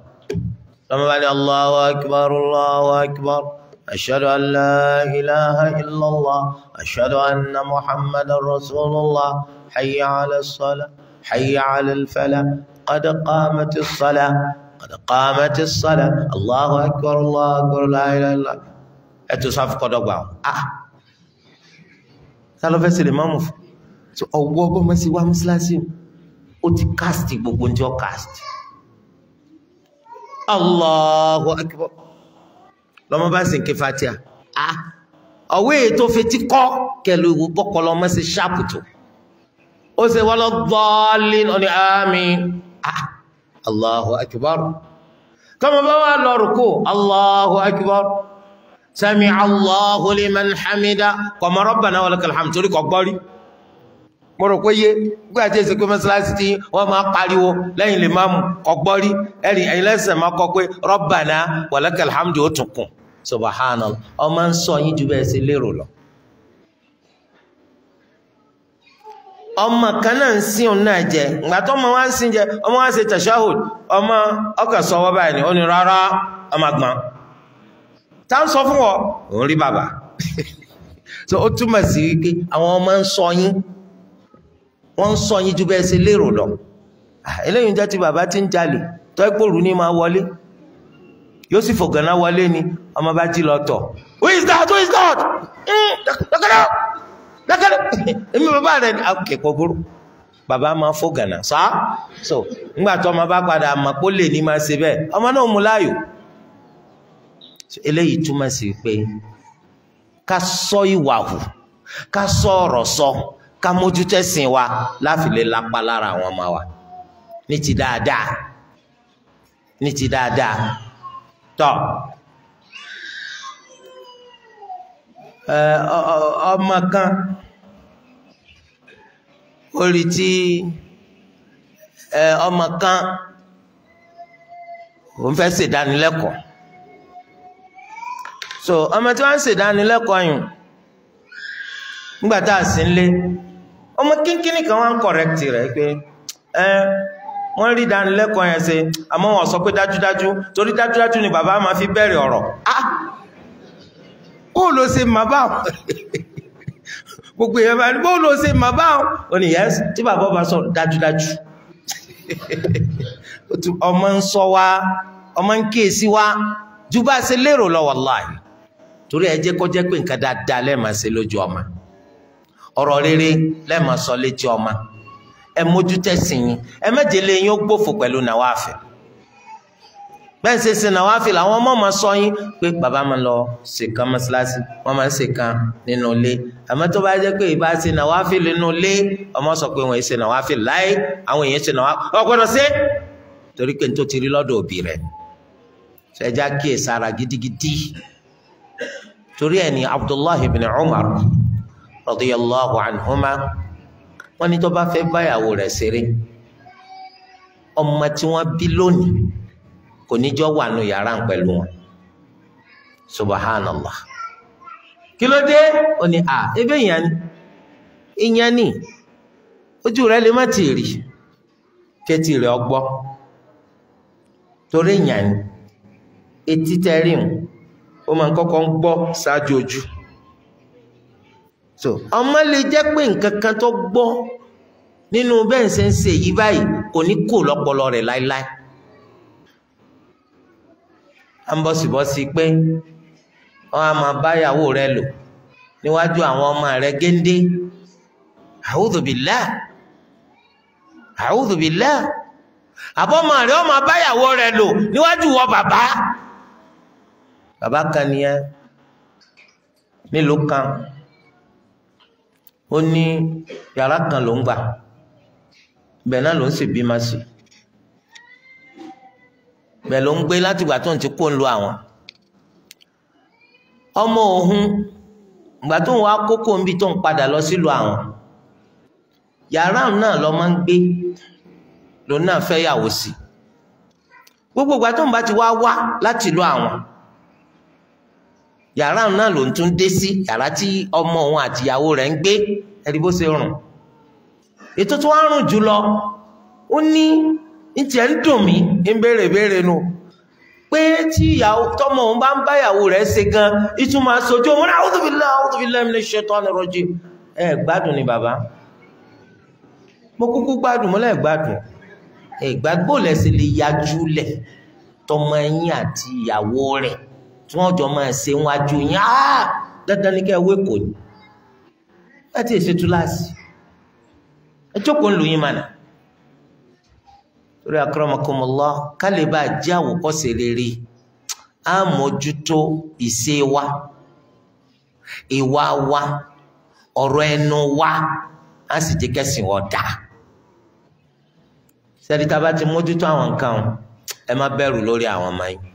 lọmọ bá ní Allahu akbar Allahu akbar. أشهد أن لا إله إلا الله أشهد أن محمد رسول الله حي على الصلاة حي على الفلاح قد قامت الصلاة قد قامت الصلاة الله أكبر الله أكبر لا إله إلا الله أتصف قد أقوى آه سألو فسي الإمام so ọwọ́ gbọ́mọ sí wa mọ́sálásí ó ti cast gbogbo ní ọ lọ́mọ bá sì ń ké fatia a ọ̀wé ètò fetí kọ́ kẹlẹ́ ìwò kọ́kọ́ lọ́mọ sí ṣáàpù tó ó ṣe wọ́n lọ gbọ́ọ́lì ọ̀nì àmì a Allahu akbar tọ́mọ bá wà lọ rúkú Allahu akbar sami Allahu liman hamida kọ̀mọ rabbana walakal hamd torí kọ̀ gbọ́rí mo rò pé yé gbé àti èsì pé mọ́sálásí tí wọ́n máa pariwo lẹ́yìn lè máa mú kọ̀ gbọ́rí ẹ̀rìn ẹ̀yìn lẹ́sẹ̀ máa kọ pé rabbana walakal hamd ó tún kùn. subhanallah ọmọ ń sọ ju bẹ́ẹ̀ sí lérò lọ. ọmọ kan náà ń sìn òun náà jẹ ìgbà tó ọmọ wa ń jẹ ọmọ wa ń se tashahud ọmọ ọkàn sọ wọ́n báyìí ni ó ní rárá ọmọ àgbọn tá ń sọ ọ òun rí so ó túmọ̀ sí wípé àwọn ọmọ ń sọ yín wọ́n ń lọ ah, eléyìí jẹ́ ti bàbá tí ń jalè ẹ́ pòrú ní máa yóò sì fògànná wọlé ni ọmọ bá jí lọ tọ̀ who is that who is that dákẹ́dá dákẹ́dá èmi bàbá rẹ̀ ni akẹ́kọ̀ọ́ ah, gbòòrò bàbá máa fògànná sá so ńgbà tó ọmọ bá padà mọ̀ pé ó lè ní máa ṣe bẹ́ẹ̀ ọmọ náà mú láàyò eléyìí túmọ̀ sí pé ká sọ ìwà hù ká sọ ọ̀rọ̀ sọ ká mójútó ẹ̀sìn wa láfilé lápá lára àwọn ọmọ wa ní ti dáadáa ní ti dáadáa. tọ ọmọ kan orí tí ọmọ kan òun fẹ́ ṣèdánilẹ́kọ̀ọ́ so ọmọ tí wọ́n ń ṣèdánilẹ́kọ̀ọ́ yìí nígbà tá a sì ń lé ọmọ kínkínní kan wá ń kọ̀rẹ́kìtì rẹ̀ pé wọ́n rí ìdánilẹ́kọ̀ọ́ yẹn ṣe àmọ́ wọ́n sọ pé dájúdájú torí dájúdájú ni bàbá máa fi bẹ̀rẹ̀ ọ̀rọ̀ ó ló ṣe máa bá gbogbo èèyàn bá ní bó ló ṣe máa bá ò ní yẹn tí bàbá bá sọ dájúdájú ọmọ ń sọ wá ọmọ ń kíyèsí wá ju bá ṣe lérò torí ẹ jẹ́ pé nǹkan dáadáa lẹ́ẹ̀ máa lójú ọmọ ọ̀rọ̀ rere lẹ́ẹ̀ máa sọ létí ọmọ ẹ mójútẹ́sìn yín ẹ mẹ́jẹ̀lẹ́ yín ó gbòfò pẹ̀lú nàwáfẹ́ bẹ́ẹ̀ ṣe ṣe làwọn ọmọ máa sọ yín pé bàbá máa lọ ṣèkan mọ́ṣáláṣí wọ́n máa ń ṣèkan nínú ilé àmọ́ tó bá jẹ́ pé ìbá ṣe nàwáfẹ́ nínú ilé ọmọ sọ pé wọ́n ṣe nàwáfẹ́ láì àwọn èèyàn ṣe nàwáfẹ́ ọ̀gbọ́dọ̀ ṣe torí gidigidi torí Abdullahi Umar wọ́n ní tó bá fẹ́ báyàwó rẹ̀ ṣeré ọmọ tí wọ́n bí lónìí kò ní jọ wà nù yàrá pẹ̀lú wọn subahánàlá kí ló dé ó ní à ebe ìyàn ni ìyàn ni ojú rẹ lè má ti rí kétí rẹ ọgbọ torí ìyàn ni etí tẹrí ń ó máa ń kọ́kọ́ ń ṣáájú ojú so ọmọ lè jẹ́ pé nǹkan kan tó gbọ́ nínú bẹ́ẹ̀ ṣe ń ṣe yìí báyìí kò ní kò lọ́pọlọ rẹ̀ láéláé à ń bọ̀sibọ́sí pé wọ́n á máa báyàwó rẹ lò níwájú àwọn ọmọ rẹ géńdé àwùdùbílà àwùdùbílà àbọ̀mọ̀ rẹ ọmọ báyàwó rẹ lò níwájú wọ bàbá bàbá kan nìyẹn nílùú kan ó ní yàrá kan ló ń gbà bẹ́ẹ̀ náà ló ń sì bímọ sí bẹ́ẹ̀ ló ń gbé látìgbà tó ń ti kó ń lo àwọn ọmọ òun ìgbà tó ń wá kókó níbi tó ń padà lọ sílùú àwọn yàrá náà lọ máa ń gbé lòun náà fẹ́ yàwó sí gbogbo ìgbà tó ń bá ti wá wá láti ìlú àwọn yàrá náà ló ń tún dé sí yàrá tí ọmọ òun àtìyàwó rẹ̀ ń gbé ẹ̀rí bó ṣe rùn ètò tó wá rùn jù lọ ó ní ní tiẹ̀ ń dùn mí ń béèrè béèrè nu pé tí tọmọ òun bá ń bá ìyàwó rẹ̀ ṣe gan ìtumọ̀ aṣojú òun ní a'udhu billahi a'udhu billahi minash shaitanir rajim ẹ gbádùn ni bàbá mo kúkú gbádùn mọ́lẹ̀ gbádùn ẹ gbàgbọ́ lẹ́sìn lè yájú lẹ̀ tọmọ ẹ̀yìn àti ìyàwó rẹ̀ tí wọ́n jọ máa ṣe wájú yín áá ah! dandan ní kẹ́ ẹ wé kò ní láti èsì túláàsì ẹ jókòó ń lù yín mànà torí akramakumullah ká lè bá a jẹ́ àwòkọ́ṣe rere á mójútó ìṣe wa ìwà wa ọ̀rọ̀ ẹnu wa á sì jẹ́ kẹ́sìn ọ̀dà sẹ́ni a bá ti mójútó àwọn nǹkan ẹ má bẹ̀rù lórí àwọn ọmọ yìí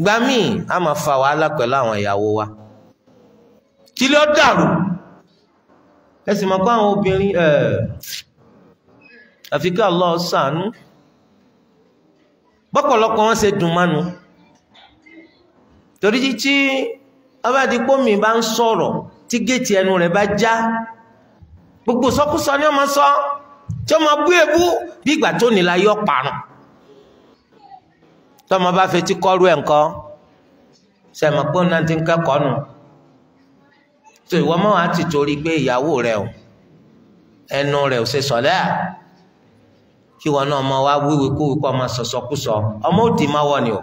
gba míì a máa fa wàhálà pẹ̀lú àwọn ìyàwó wa kí ló dàrú ẹ sì mọ̀ pé àwọn obìnrin ẹ̀ àfi kí Allah ṣàánú bọ́pọ̀lọpọ̀ wọn ṣe dùn mánu torí títí abádìpọ́mì bá ń sọ̀rọ̀ tí géètì ẹnu rẹ̀ bá já gbogbo sọkúsọ ni ó sọ tí ó bú èbú bí ìgbà tó nílá yọ parun tọ́mọ bá fetí kọ́rú ẹ̀ ńkọ́ sẹ̀mọ̀ pé náà ti ń kẹ́kọ̀ọ́ nù tó ìwọ mọ́ wàá ti torí pé ìyàwó rẹ o ẹnu rẹ ò ṣe sọ̀lẹ́ à kí wọn náà mọ wá wíwí kú wípé ọmọ sọ̀sọ̀kúsọ ọmọ òdì má wọ ni o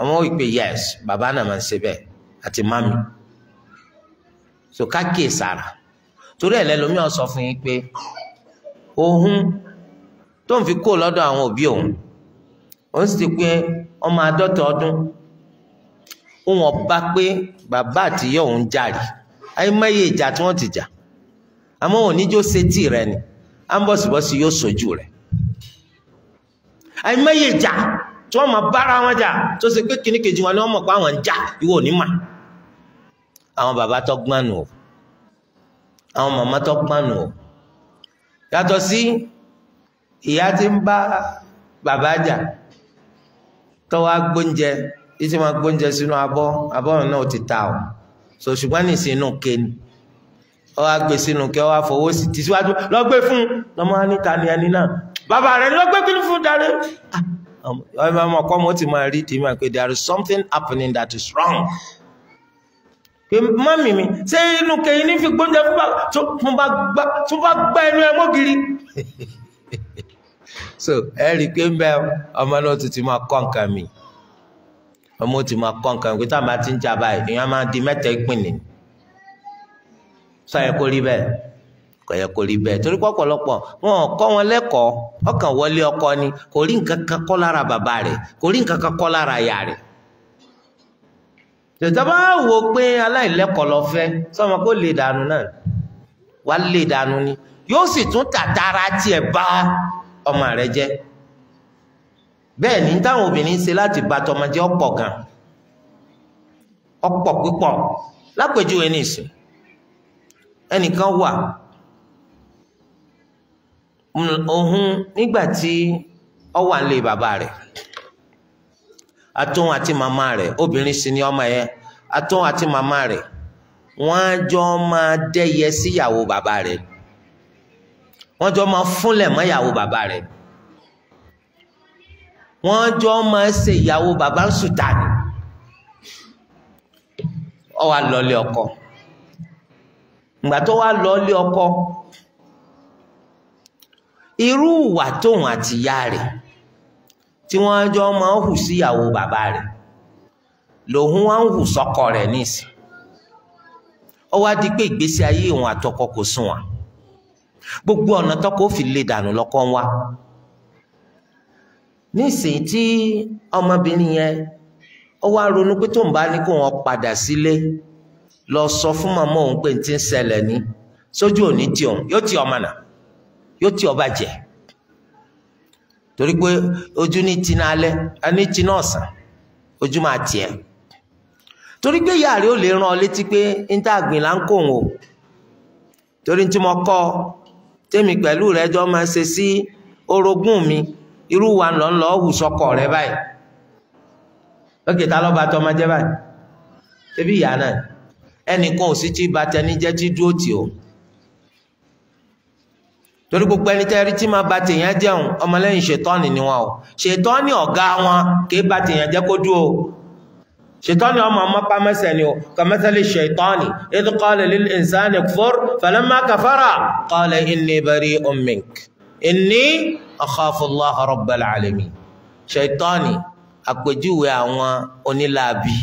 ọmọ ìpè yes bàbá náà máa ń ṣe bẹ́ẹ̀ àti mami so ká kíyè sára torí ẹ̀ lẹ́lòmíràn sọ fún yín pé ohun tó ń fi kó lọ́dọ̀ àwọn òbí òun. ó sì pé ọmọ àádọ́ta ọdún wọn ọba, pé bàbá àtìyá òun jàre àìmọye ìjà tí wọ́n ti jà àmọ́ òní jó sétí rẹ ni ambọ̀sibọ́sì yóò sojú rẹ̀ àìmọye ìjà tí wọ́n máa bára wọn jà tó pé kíní kejì wọn ni wọ́n mọ̀ pé àwọn ń jà ìwọ ò ní mà àwọn bàbá tó gbọ́n nù o àwọn màmá tó gbọ́n nù o yàtọ̀ sí ìyá ń bá tọ́wọ́ agbóúnjẹ títí máa gbóúnjẹ sínú abọ́ abọ́ náà ti ta o so ṣùgbọ́n nìsín inú ke ni ọ wá gbé sínú kẹ ọ wá fọwọ́ sí ti síwájú lọ gbé fún lọmọ níta ni ẹni náà bàbá rẹ lọ gbé kíni fún darí ah, ọmọ ọmọ ọkọ mo ti máa rí tèmi àpè there is something happening that is wrong pé mọ́mì mi ṣé inú kẹyìn ní fi gbóúnjẹ fún bá gbá ẹnu ẹ mọ́gìrì. so ẹ rí i pé ń bẹ ọmọ náà ti ti máa kọ́ nǹkan mi ọmọ ti máa kọ́ nǹkan mi pé táwọn bá ti ń jà báyìí ìyẹn máa di mẹ́tẹ̀ẹ́ ìpínlẹ̀ sọ yẹ kó rí bẹ́ẹ̀ kò yẹ kó rí bẹ́ẹ̀ torí pọ̀pọ̀lọpọ̀ wọn kọ́ wọn lẹ́kọ̀ọ́ ọkàn wọlé ọkọ ni kò rí nǹkan kan kọ́ lára bàbá rẹ̀ kò rí nǹkan kan kọ́ lára ìyá rẹ̀ tẹ̀tẹ̀bá wo pé aláìlẹ́kọ̀ọ́ lọ fẹ́ sọmọ kó lè dànù náà wá lè dànù ni yóò sì tún tàtàrà tiẹ̀ bá ọmọ rẹ jẹ́ bẹ́ẹ̀ ni táwọn obìnrin ṣe láti ba tọmọ jẹ́ ọpọ gan ọ̀pọ̀ púpọ̀ lápèjúwe ní ìsìn ẹnìkan wà òun nígbà tí ọ wà nílé bàbá rẹ̀ atún àti màmá rẹ̀ obìnrin sì ni ọmọ yẹn atún àti màmá rẹ̀ wọn á jọ máa dẹ́yẹ síyàwó bàbá rẹ̀ ni. wọ́n jọ máa fúnlẹ̀ mọ́ ìyàwó bàbá rẹ̀ wọ́n jọ máa ṣe ìyàwó bàbá ń sùn dànù ọ wá lọlé ọkọ ìgbà tó wá lọlé ọkọ irú ìwà tóun àti ìyá rẹ̀ tí wọ́n jọ máa hù sí ìyàwó bàbá rẹ̀ lòun wá ń hù sọ́kọ rẹ̀ nísìn ó wá di pé ìgbésí ayé òun àtọkọ kò sunwọ̀n. gbogbo ọ̀nà tọ́kọ ó fi lè dànù lọ́kọ́ wa nísìnyí tí ọmọbìnrin yẹn ó wá ronú pé tóun bá ní kó wọn padà sílé lọ sọ fún màmá òun pé n ti ń ṣẹlẹ̀ ní sójú òní tí òun yóò ti ọmọ nà yóò ti ọba jẹ torí pé ojú ní tiná alẹ́ ní tiná ọ̀sán ojú máa tiẹ̀ torí pé ìyá rẹ ó lè rán ọ létí pé ń tá àgbìn là ń òun o torí tí mo kọ́ ọ tèmi pẹ̀lú rẹ jọ máa ṣe sí orogún mi irú wa lọ lọ hù sọkọ rẹ báyìí lókè tá lọ́ba tọ́ máa jẹ́ báyìí ebi ìyá náà ẹnìkan ò sí tí ba tẹni jẹ́ tí dúró tì ó torí gbogbo ẹni tẹ́rí tí máa ba tèèyàn jẹun ọmọlẹ́yìn ṣètọ́ni ni o ṣètọ́ni ọ̀gá wọn kì í ba tèèyàn jẹ́ kó dúró ṣètọ́nì ọmọ ọmọpá mẹ́sẹ̀ ni ó kàmẹ́sẹ̀lẹ̀ ṣètọ́nì idh qala lil insani kfur falamma kafara qala inni bari'un mink inni akhafullaha rabbal alamin ṣètọ́nì àpèjúwe àwọn onílàábí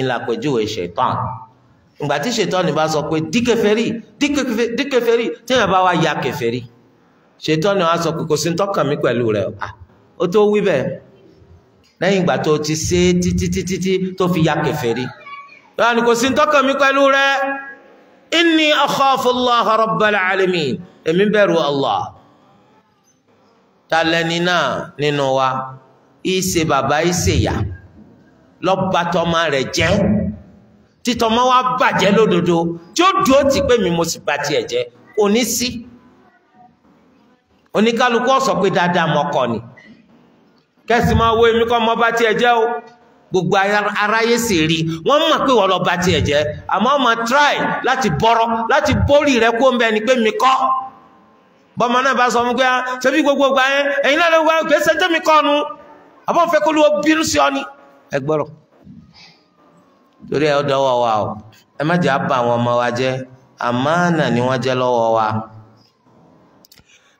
ńlá àpèjúwe ṣètọ́nì ìgbà tí ṣètọ́nì bá sọ pé díkẹfẹ́rí díkẹfẹ́rí téèyàn bá wá ya kẹfẹ́rí ṣètọ́nì wá sọ lẹ́yìn hmm. ìgbà tó ti ṣe títí títí tí tó fi ya kèfèrí yóò ní kò sí tọ́kàn mi pẹ̀lú rẹ inni akhafu Allah rabbal alamin èmi bẹ̀rù Allah talẹni náà nínú wa ìṣe bàbá ìṣe yá lọ́ba tọ́mọ rẹ̀ jẹ́ títọ́mọ wa bàjẹ́ lódodo tí ó dúró ti pé mi mo sì bá tiẹ̀ jẹ́ kò ní sí oníkálukú ọ̀sọ̀ pé dáadáa mọ́kọ ni. Si kẹ́sì máa wo èmi kọ́ mọ́ bá tiẹ̀ jẹ́ o gbogbo aráyé sì rí wọ́n mọ̀ pé wọ́n lọ bá tiẹ̀ jẹ́ àmọ́ ọmọ try láti bọ́rọ̀ láti bórí rẹ kó ń bẹ ni pé mi kọ́ bọ́mọ náà bá sọ fún pé ah, ṣebí gbogbo gbà yẹn ẹ̀yin náà lọ́wọ́ kìí ṣe tẹ́mi kọ́ nu àbọ̀ fẹ́ kó ló bínú sí ọ ni ẹ gbọ́rọ̀ torí ẹ dọ́wọ́ wa o ẹ má jẹ́ àbá àwọn ọmọ wa jẹ́ àmánà ni wọ́n jẹ́ lọ́wọ́ wa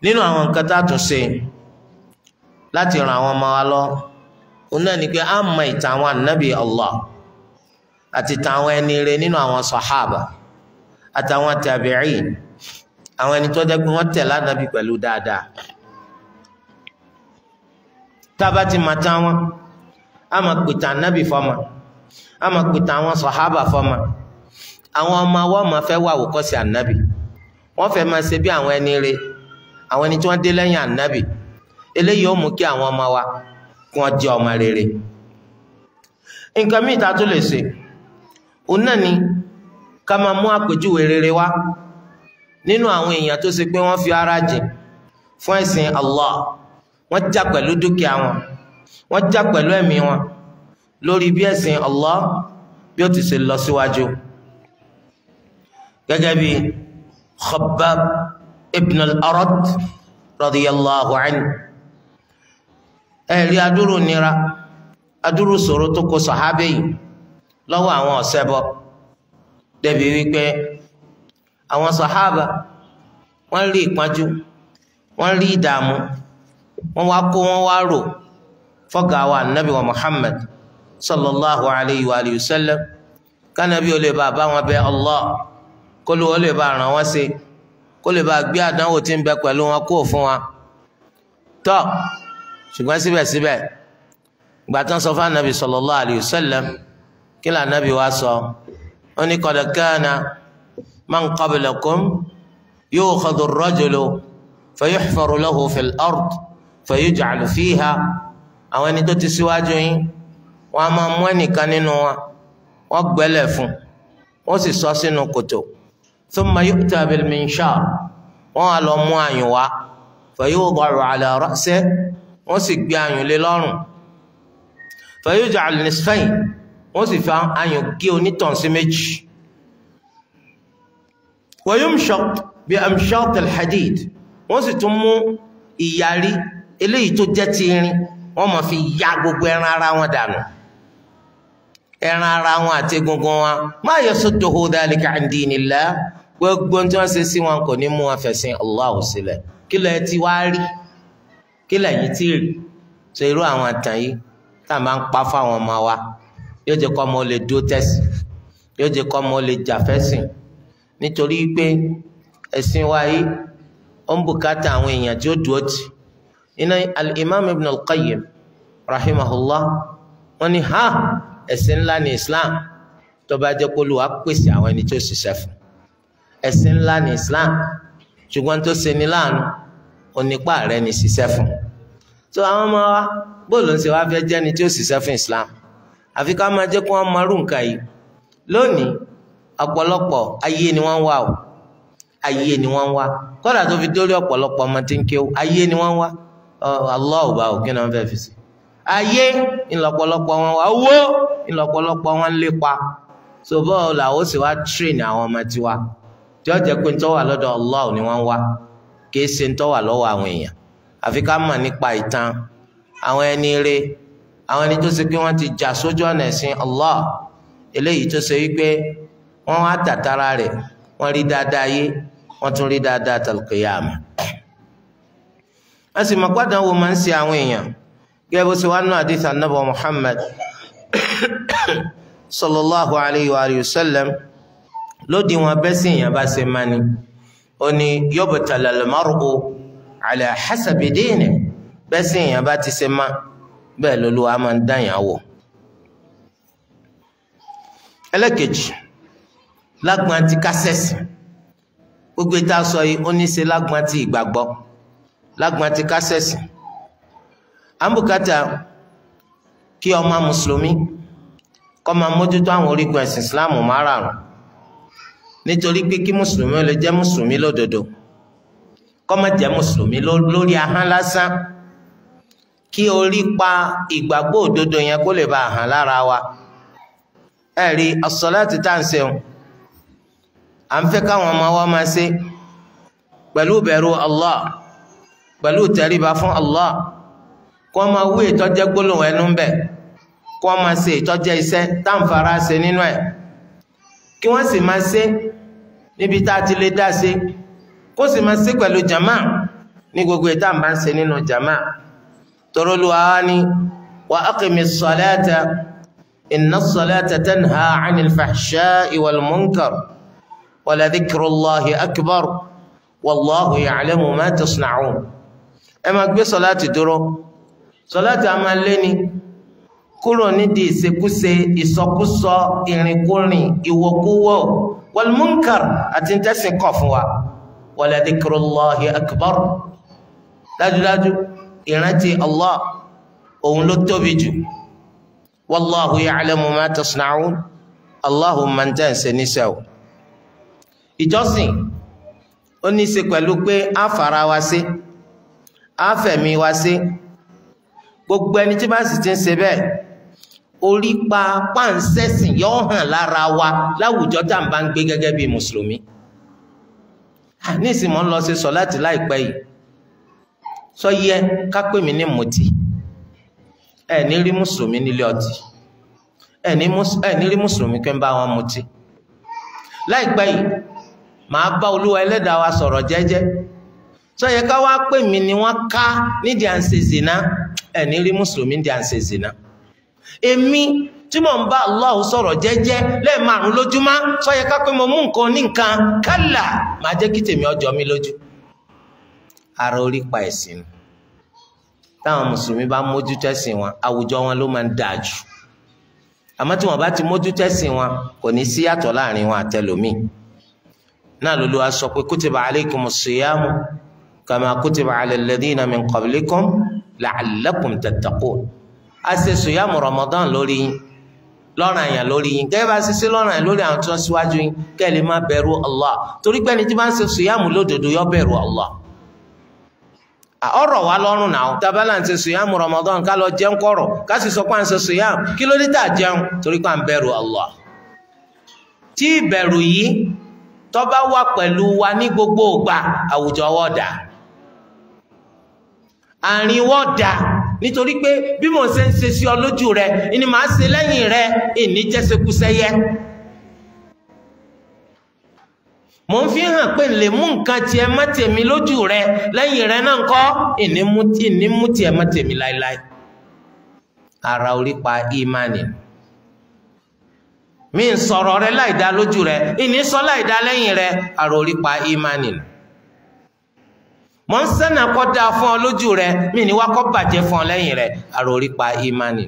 nínú àwọn nǹkan tá a tún ṣe láti ràn àwọn ọmọ wa lọ òun náà ni pé a mọ ìtàn àwọn ànábì Allah àti ìtàn àwọn ẹni rẹ nínú àwọn sàhábà àtàwọn tàbíìn àwọn ẹni tó jẹ́ pé wọ́n tẹ̀lé ànábì pẹ̀lú dáadáa tába ti máa tán wọn a máa pètè ànábì fọmọ a máa pètè àwọn sahaba fọmọ àwọn ọmọ wa máa fẹ́ wà wòkọ́sí ànábì wọ́n fẹ́ máa ṣe bí àwọn ẹni rẹ àwọn ẹni tí wọ́n dé lẹ́yìn eléyìí ó mú kí àwọn ọmọ wa kí wọ́n jẹ́ ọmọ rere nǹkan míì ta tó lè ṣe òun náà ni ká máa mú àpèjúwe rere wá nínú àwọn èèyàn tó ṣe pé wọ́n fi ara jìn fún ẹ̀sìn Allah wọ́n jà pẹ̀lú dúkìá wọn wọ́n jà pẹ̀lú ẹ̀mí wọn lórí bí ẹ̀sìn Allah bí ó ti ṣe lọ síwájú gẹ́gẹ́ bí Khabbab ibn al-Arat radiyallahu anhu. ẹ̀rí adúrú nira adúrú ṣòro tó kó sọ̀hábẹ́ yìí lọ́wọ́ àwọn ọ̀sẹ́bọ débi wípé àwọn sọ̀hábà wọ́n rí ìpájú wọ́n rí ìdààmú wọ́n wá kó wọ́n wá rò fọ́gà wa wa muhammad sallallahu alayhi wa alihi wa sallam kánabi ó bá bá wọn bẹ bá ràn bá gbé àdánwò tí ń bẹ pẹ̀lú wọn kó fún wa tọ́. ṣùgbọ́n síbẹ̀síbẹ̀ ìgbà tó ń sọ fún anabi sallallahu alayhi wa sallam kí lè anabi wa sọ ó ní qad kana man qablakum yukhadhu ar-rajulu fayuhfaru lahu fil ard fayuj'alu fiha àwọn ẹni tó ti síwájú yín wọ́n á máa mú ẹnìkan nínú wa wọ́n gbẹ́lẹ̀ fún wọ́n sì sọ sínú kòtò thumma yu'ta bil minshar wọ́n á lọ mú àyùn wá fayudaru ala ra'sihi wọ́n sì gbé ayùn lé lọ́rùn fẹ̀yọ́jà alìnísfẹ́yìn wọ́n sì fi ayùn gé onítàn sí méjì wayumshaq bí amshaq alhadid wọ́n sì tún mú ìyàrí eléyìí tó jẹ́ ti irin wọ́n máa fi ya gbogbo ẹran ara wọn dànù ẹran ara wọn àti egungun wọn ma yasudduhu dhalika an dinillah gbogbo tí wọ́n ṣe sí wọn kò ní mú wọn fẹ̀sìn Allah sílẹ̀ kí ló ti wá rí kílẹ̀ yìí tí ì rí so irú àwọn àtàn yìí tá a máa ń pa fáwọn ọmọ wa yóò jẹ́ kọ́ ọmọ lè dúró tẹ̀sìn yóò jẹ́ kọ́ ọmọ lè jàfẹ́sìn nítorí pé ẹ̀sìn wa yìí ó ń bùkátà àwọn èèyàn tí ó dúró tì iná al-imam ibn al-qayyim rahimahullah wọn ni ha ẹ̀sìn ńlá ni islam tó bá jẹ́ pé Olúwa pèsè àwọn ẹni tó ṣiṣẹ́ fún ẹ̀sìn ńlá ni islam ṣùgbọ́n tó ṣe ni láàánú onípa rẹ̀ ni ṣiṣẹ́ fún so àwọn ọmọ wa bóòlù ń ṣe wá fẹ́ jẹ́ni tí ó ṣiṣẹ́ fún Islam àfi ká máa jẹ́ kí wọ́n marú nǹkan yìí lónìí ọ̀pọ̀lọpọ̀ ayé ni wọ́n wà o ayé ni wọ́n wá kódà tó fi dórí ọ̀pọ̀lọpọ̀ ọmọ tí ń ké o ayé ni wọ́n wá Allah ò bá o kí ni wọ́n fẹ́ fi sí ayé ńlọ́pọ̀lọpọ̀ wọn wá owó ńlọ́pọ̀lọpọ̀ wọn ń lépa so bọ́ọ̀ làwọn ó sì wá train àwọn ọmọ tiwa tí ó jẹ́ pé ń tọ́wà lọ́dọ̀ Allah ni wọ́n wá kì í ṣe ń tọ́wà lọ́wọ́ àwọn èèyàn àfi ká mà nípa ìtàn àwọn ẹni rè àwọn ẹni tó ṣe pé wọ́n ti jà sójú ọ̀nà ẹ̀sìn Allah eléyìí tó ṣe wípé wọ́n wá tàtàrà rẹ̀ wọ́n rí dáadáa yé wọ́n tún rí dáadáa tàlùkìyàmù. a sì mọ̀ gbọ́dọ̀ wo máa ń ṣe àwọn èèyàn gẹ́gẹ́ bó ṣe wá nù àdìsá nàbọ̀ Muhammad sallallahu alayhi wa sallam lódì wọn bẹ́sìn èèyàn bá ṣe máa ní. ó ní yóò lọ́mọ́rùkú ala hasabi dini bẹ́ẹ̀ sì èèyàn bá ti ṣe má bẹ́ẹ̀ lolúwa máa ń dáyàn wò. ẹlẹ́kejì lágbọ́n ti kásẹ̀sì gbogbo ìta sọ yìí ó ní í ṣe lágbọ́n ti ìgbàgbọ́ lágbọ́n ti kásẹ̀sì àmbùkátà kí ọmọ mùsùlùmí kọ́ máa mójútó àwọn orígun ẹ̀sìn islam márààrún nítorí pé kí mùsùlùmí ó lè jẹ́ mùsùlùmí lódodo kọ́mọ jẹ́ mùsùlùmí lórí ahọ́n lásán kí orí pa ìgbàgbọ́ òdodo yẹn kó lè ba hàn lára wa ẹ rí as-salati tá à ń ṣeun à ń fẹ́ káwọn ọmọ wa máa ṣe pẹ̀lú bẹ̀rù Allah pẹ̀lú tẹríba fún Allah kó ọmọ wí ìtọ́jẹ́ gbólóhùn ẹnu ń bẹ̀ kó ọmọ ṣe ìtọ́jẹ́ iṣẹ́ tá à ń fara ṣe nínú ẹ̀ kí wọ́n sì máa ṣe níbi tá a ti lè dá ṣe kó sì máa ṣe pẹ̀lú jama ní gbogbo ìta máa ń ṣe nínú jama tọrọ lu àwa ni wa aqimis salata inna salata tanha anil fahsha'i wal munkar wala dhikrullahi akbar wallahu ya'lamu ma tasna'un ẹ máa gbé sọláàtì dúró sọláàtì a máa lé ni kúrò nídìí ìṣekúṣe ìsọkúsọ ìrìnkúrìn ìwòkúwò wal munkar àti ń tẹ́sìn kọ̀ fún wa waladhikrullahi akbar dájúdájú ìrántí allah òun ló tóbi jù wallahu ya'lamu ma tasna'un allahu máa ń tẹ̀ ń ṣe níṣẹ́ o ìjọsìn ó ní í ṣe pẹ̀lú pé a fara wa sí a fẹ̀mí wa sí gbogbo ẹni tí bá sì ti ń ṣe bẹ́ẹ̀ orí pa páńsẹ́sìn yóò lára wa láwùjọ tá à ń bá ń gbé gẹ́gẹ́ bí mùsùlùmí ní ìsìn mò ń lọ ṣe sọ láti láìpẹ́ yìí sọ yẹ ká pè mí ní mutí ẹ ní rí mùsùlùmí nílé ọtí ẹ ní rí mùsùlùmí kí n bá wọn mutí láìpẹ́ yìí màá bá olúwa ẹlẹ́dàá wa sọ̀rọ̀ jẹ́jẹ́ sọ yẹ ká wá pè mí ni wọ́n ká nídìí à ń ṣe zina ẹ ní rí mùsùlùmí nídìí à ń ṣe zina èmi tí mò ń bá Allah sọ̀rọ̀ jẹ́jẹ́ lẹ́ẹ̀márùn lójúmọ́ sọ́yẹ ká pé mo mú nǹkan ní nǹkan kálà máa jẹ́ kí tèmi ọjọ́ mi lójú. ara orí pa ẹ̀sìn ni táwọn mùsùlùmí bá mójútó ẹ̀sìn wọn àwùjọ wọn ló máa ń dáa jù àmọ́ tí wọ́n bá ti mójútó ẹ̀sìn wọn kò ní sí yàtọ̀ láàrin wọn àtẹlómìn náà lólu wa sọ pé kutiba alaykumus siyamu kama kutiba ala alladhina min qablikum la'allakum tattaqun a ṣe sùyàmù Ramadan lórí yín lọ́ràn àyàn lórí yín gẹ́gẹ́ bá ṣiṣẹ́ lọ́ràn àyàn lórí àwọn tó ń síwájú yín kẹ́ ẹ lè má bẹ̀rù Allah torí pé ẹni tí bá ń ṣe sùyàmù lódodo yó bẹ̀rù Allah. ọ̀rọ̀ wa lọ́rùn náà tabalà ń ṣe sùyàmù Ramadan ká lọ jẹun kọ̀rọ̀ ká sì sọ pé à ń ṣe sùyàmù kí ló dé tà jẹun torí pé à ń bẹ̀rù Allah. tí ìbẹ̀rù yìí tó bá wà pẹ̀lú wa ní gbogbo ìgbà àwùjọ wọ́ọ̀dà àárín wọ́ọ̀dà nítorí pé bí mò ń ṣe ń ṣe sí ọ lójú rẹ ìní màá ṣe lẹ́yìn rẹ ìní jẹ́sẹkúsẹ́yẹ mò ń fi hàn pé lè mú nǹkan tiẹ̀ má tèmi lójú rẹ lẹ́yìn rẹ náà kọ́ ìní mú tiẹ̀ má tèmi láéláé ara orípa ìmánì mi ń sọ̀rọ̀ rẹ láìdá lójú rẹ ìní sọ láìdá lẹ́yìn rẹ ara orípa ìmánì mọ̀ ń sẹ́nà kọ́ dáa fún ọ lójú rẹ mí ní wá kọ́ bàjẹ́ fún ọ lẹ́yìn rẹ àròrí pa ìmánì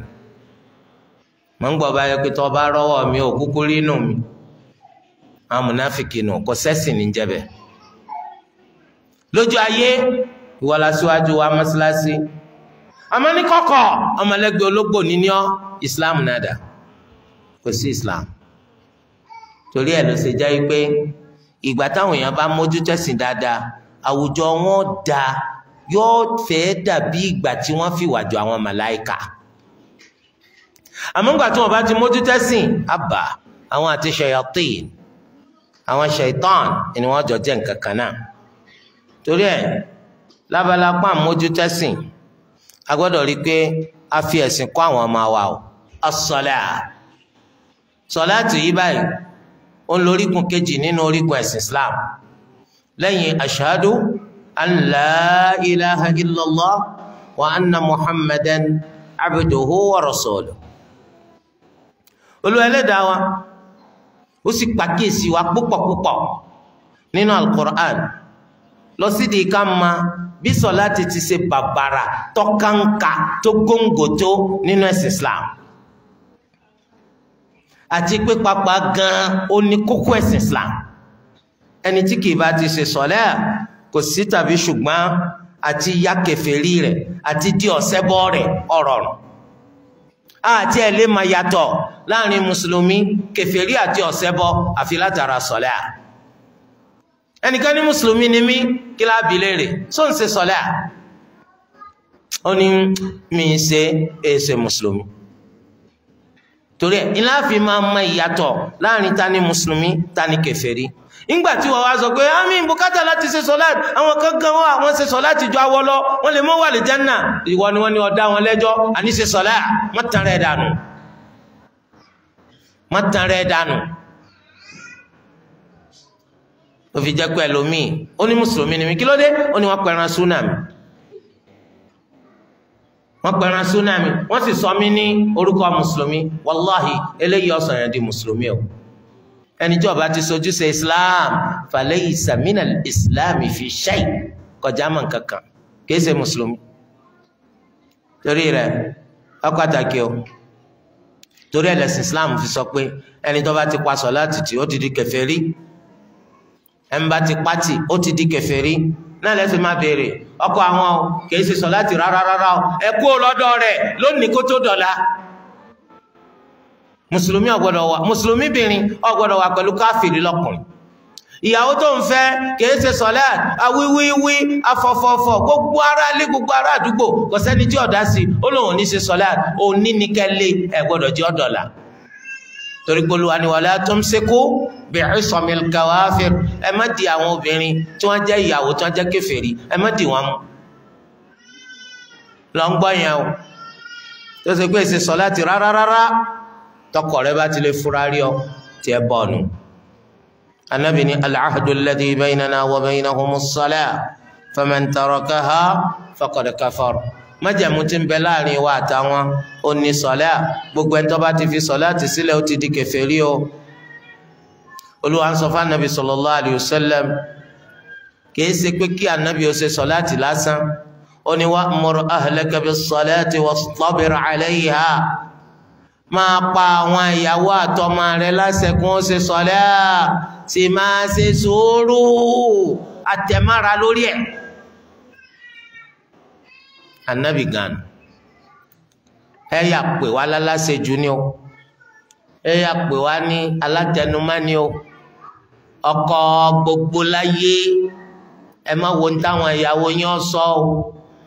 mọ̀ ń gbọ́ bá yẹ pé tọ́ bá rọ́wọ́ mi ò kúkú rí mi àwọn nù kò sẹ́sìn ní jẹ́bẹ̀ lójú ayé ìwọ la síwájú wa mọ́sálásí àmọ́ ọmọlẹ́gbẹ́ ológbò níní ọ́ islam nàdà kò sí islam torí ẹ̀ ló ṣe jẹ́ pé ìgbà táwọn èèyàn bá mójú tẹ̀sìn dáadáa àwùjọ wọn da yóò fẹ́ dàbí ìgbà tí wọ́n fi wàjọ àwọn màláìka àmọ́ ńgbà tí wọ́n bá ti mójú tẹ́sìn àbá àwọn àti ṣayatin àwọn ṣaitan ni wọ́n jọ jẹ́ nǹkan kan náà torí ẹ̀ lábala pa mójú tẹ́sìn a gbọ́dọ̀ rí i pé a fi ẹ̀sìn kọ́ àwọn ọmọ wa o as-sala sọlá tì yí báyìí ó ń lo orígun kejì nínú orígun ẹ̀sìn Islam lẹ́yìn ashhadu an la ilaha illallah wa anna muhammadan abduhu wa rasuluhu olú ẹlẹ́dàá wa ó sì pàkíyèsí wa púpọ̀púpọ̀ nínú alukur'an lọ sídìí ká ma bí sọláàtì ti ṣe bàbàrà tọkànkà tó góńgò tó nínú ẹ̀sìn islam àti pé pàápàá gan-an ó ní kókó ẹ̀sìn islam ẹni tí kì í bá ti ṣe sọ̀lẹ́ à kò sí tàbí ṣùgbọ́n àti ya kèfèrí rẹ̀ àti di ọ̀sẹ́bọ́ rẹ̀ ọ̀rọ̀rùn àti ẹ̀ lè máa yàtọ̀ láàrin mùsùlùmí kèfèrí àti ọ̀sẹ́bọ́ àfi látara sọ̀lẹ́ ẹnìkan ní mùsùlùmí ni mí kí láàbí léèrè só ń ṣe sọ̀lẹ́ ó ní mi ṣe èsè e mùsùlùmí torí ẹ̀ ńlá fi máa ma ìyàtọ̀ láàrin ta mùsùlùmí ta ni ìgbà tí wọ́n wá sọ pé àmì bùkátà láti ṣe sọ́láàtì àwọn kankan wọ́n àwọn ṣe sọ́láàtì jọ awọ lọ wọ́n lè mọ́ wà lè jẹ́nà ìwọ ni wọ́n ni ọ̀dá wọn lẹ́jọ́ àní ṣe sọ́láà mọ́tàn rẹ̀ dànù mọ́tàn rẹ̀ dànù ó fi jẹ́ pé ẹlòmíì ó ní mùsùlùmí ni mi kí ló dé ó ní wọ́n pẹran súnà mi wọ́n pẹran súnà mi wọ́n sì ẹni tí ó bá ti sojú ṣe islam falaysa minal islam fi shay kọjá mọ́ kankan kìí ṣe mùsùlùmí torí rẹ̀ ó pàtàkì o torí ẹlẹ́sìn islam fi sọ pé ẹni tó bá ti pa sọ̀láàtì tì ó ti di kèfèrí ẹni bá ti pátì ó ti di kèfèrí náà lẹ́sìn máa béèrè ọkọ àwọn kìí ṣe sọ̀láàtì rárá rárá ẹ kú lọ́dọ̀ rẹ̀ lónìí kó tó dọ̀la mùsùlùmí ọ̀gbọ́dọ̀ wà mùsùlùmí bìnrin ọ̀gbọ́dọ̀ wà pẹ̀lú káfìrí lọ́kùnrin ìyàwó tó ń fẹ́ kìí ṣe sọ̀lẹ́ awíwíwí afọ̀fọ̀fọ̀ gbogbo ará lé gbogbo ará àdúgbò kò sẹ́ni tí ọ̀dá sí ó lóun ní ṣe sọ̀lẹ́ òní ní kẹ́lé ẹ̀gbọ́dọ̀ jẹ́ ọ̀dọ̀là torí polu àníwàlẹ́ tó ń sekú bẹ̀rẹ̀ sọ̀mìl kàwáfẹ́ ẹ má di àwọn obìnrin tí wọ́n jẹ́ ìyàwó tí wọ́n jẹ́ kèfèrí ẹ má di wọn mú lọ́ngbọ́n yẹn o tó ṣe pé ṣe sọ̀lẹ́ ti rárá tọkọ rẹ bá ti lè fura rí ọ tiẹ bọnu anabi ni alahadu alladhi baynana wa baynahumu s-salah faman tarakaha faqad kafara májàmú ti ń bẹ láàrin wa àtàwọn ó ní sọlá gbogbo ẹni tó bá ti fi sọlá ti sílẹ̀ ó ti di kèfèrí o olúwa ń sọ fún anabi sallallahu alayhi wa kìí ṣe pé kí anabi ó ṣe sọlá ti lásán ó ní wa'mur ahlaka bis-salati wastabir alayha máa pa àwọn ìyàwó àtọmọ rẹ lásẹkùn ó ṣe sọlẹ sì máa ṣe sùúrù àtẹmára lórí ẹ. anabi gan ẹ yà pè wá lálásẹjù ni o ẹ yà pè wá ní alátẹnumá ni o ọkọ gbogbo láyé ẹ má wo ní táwọn ìyàwó yín ọ sọ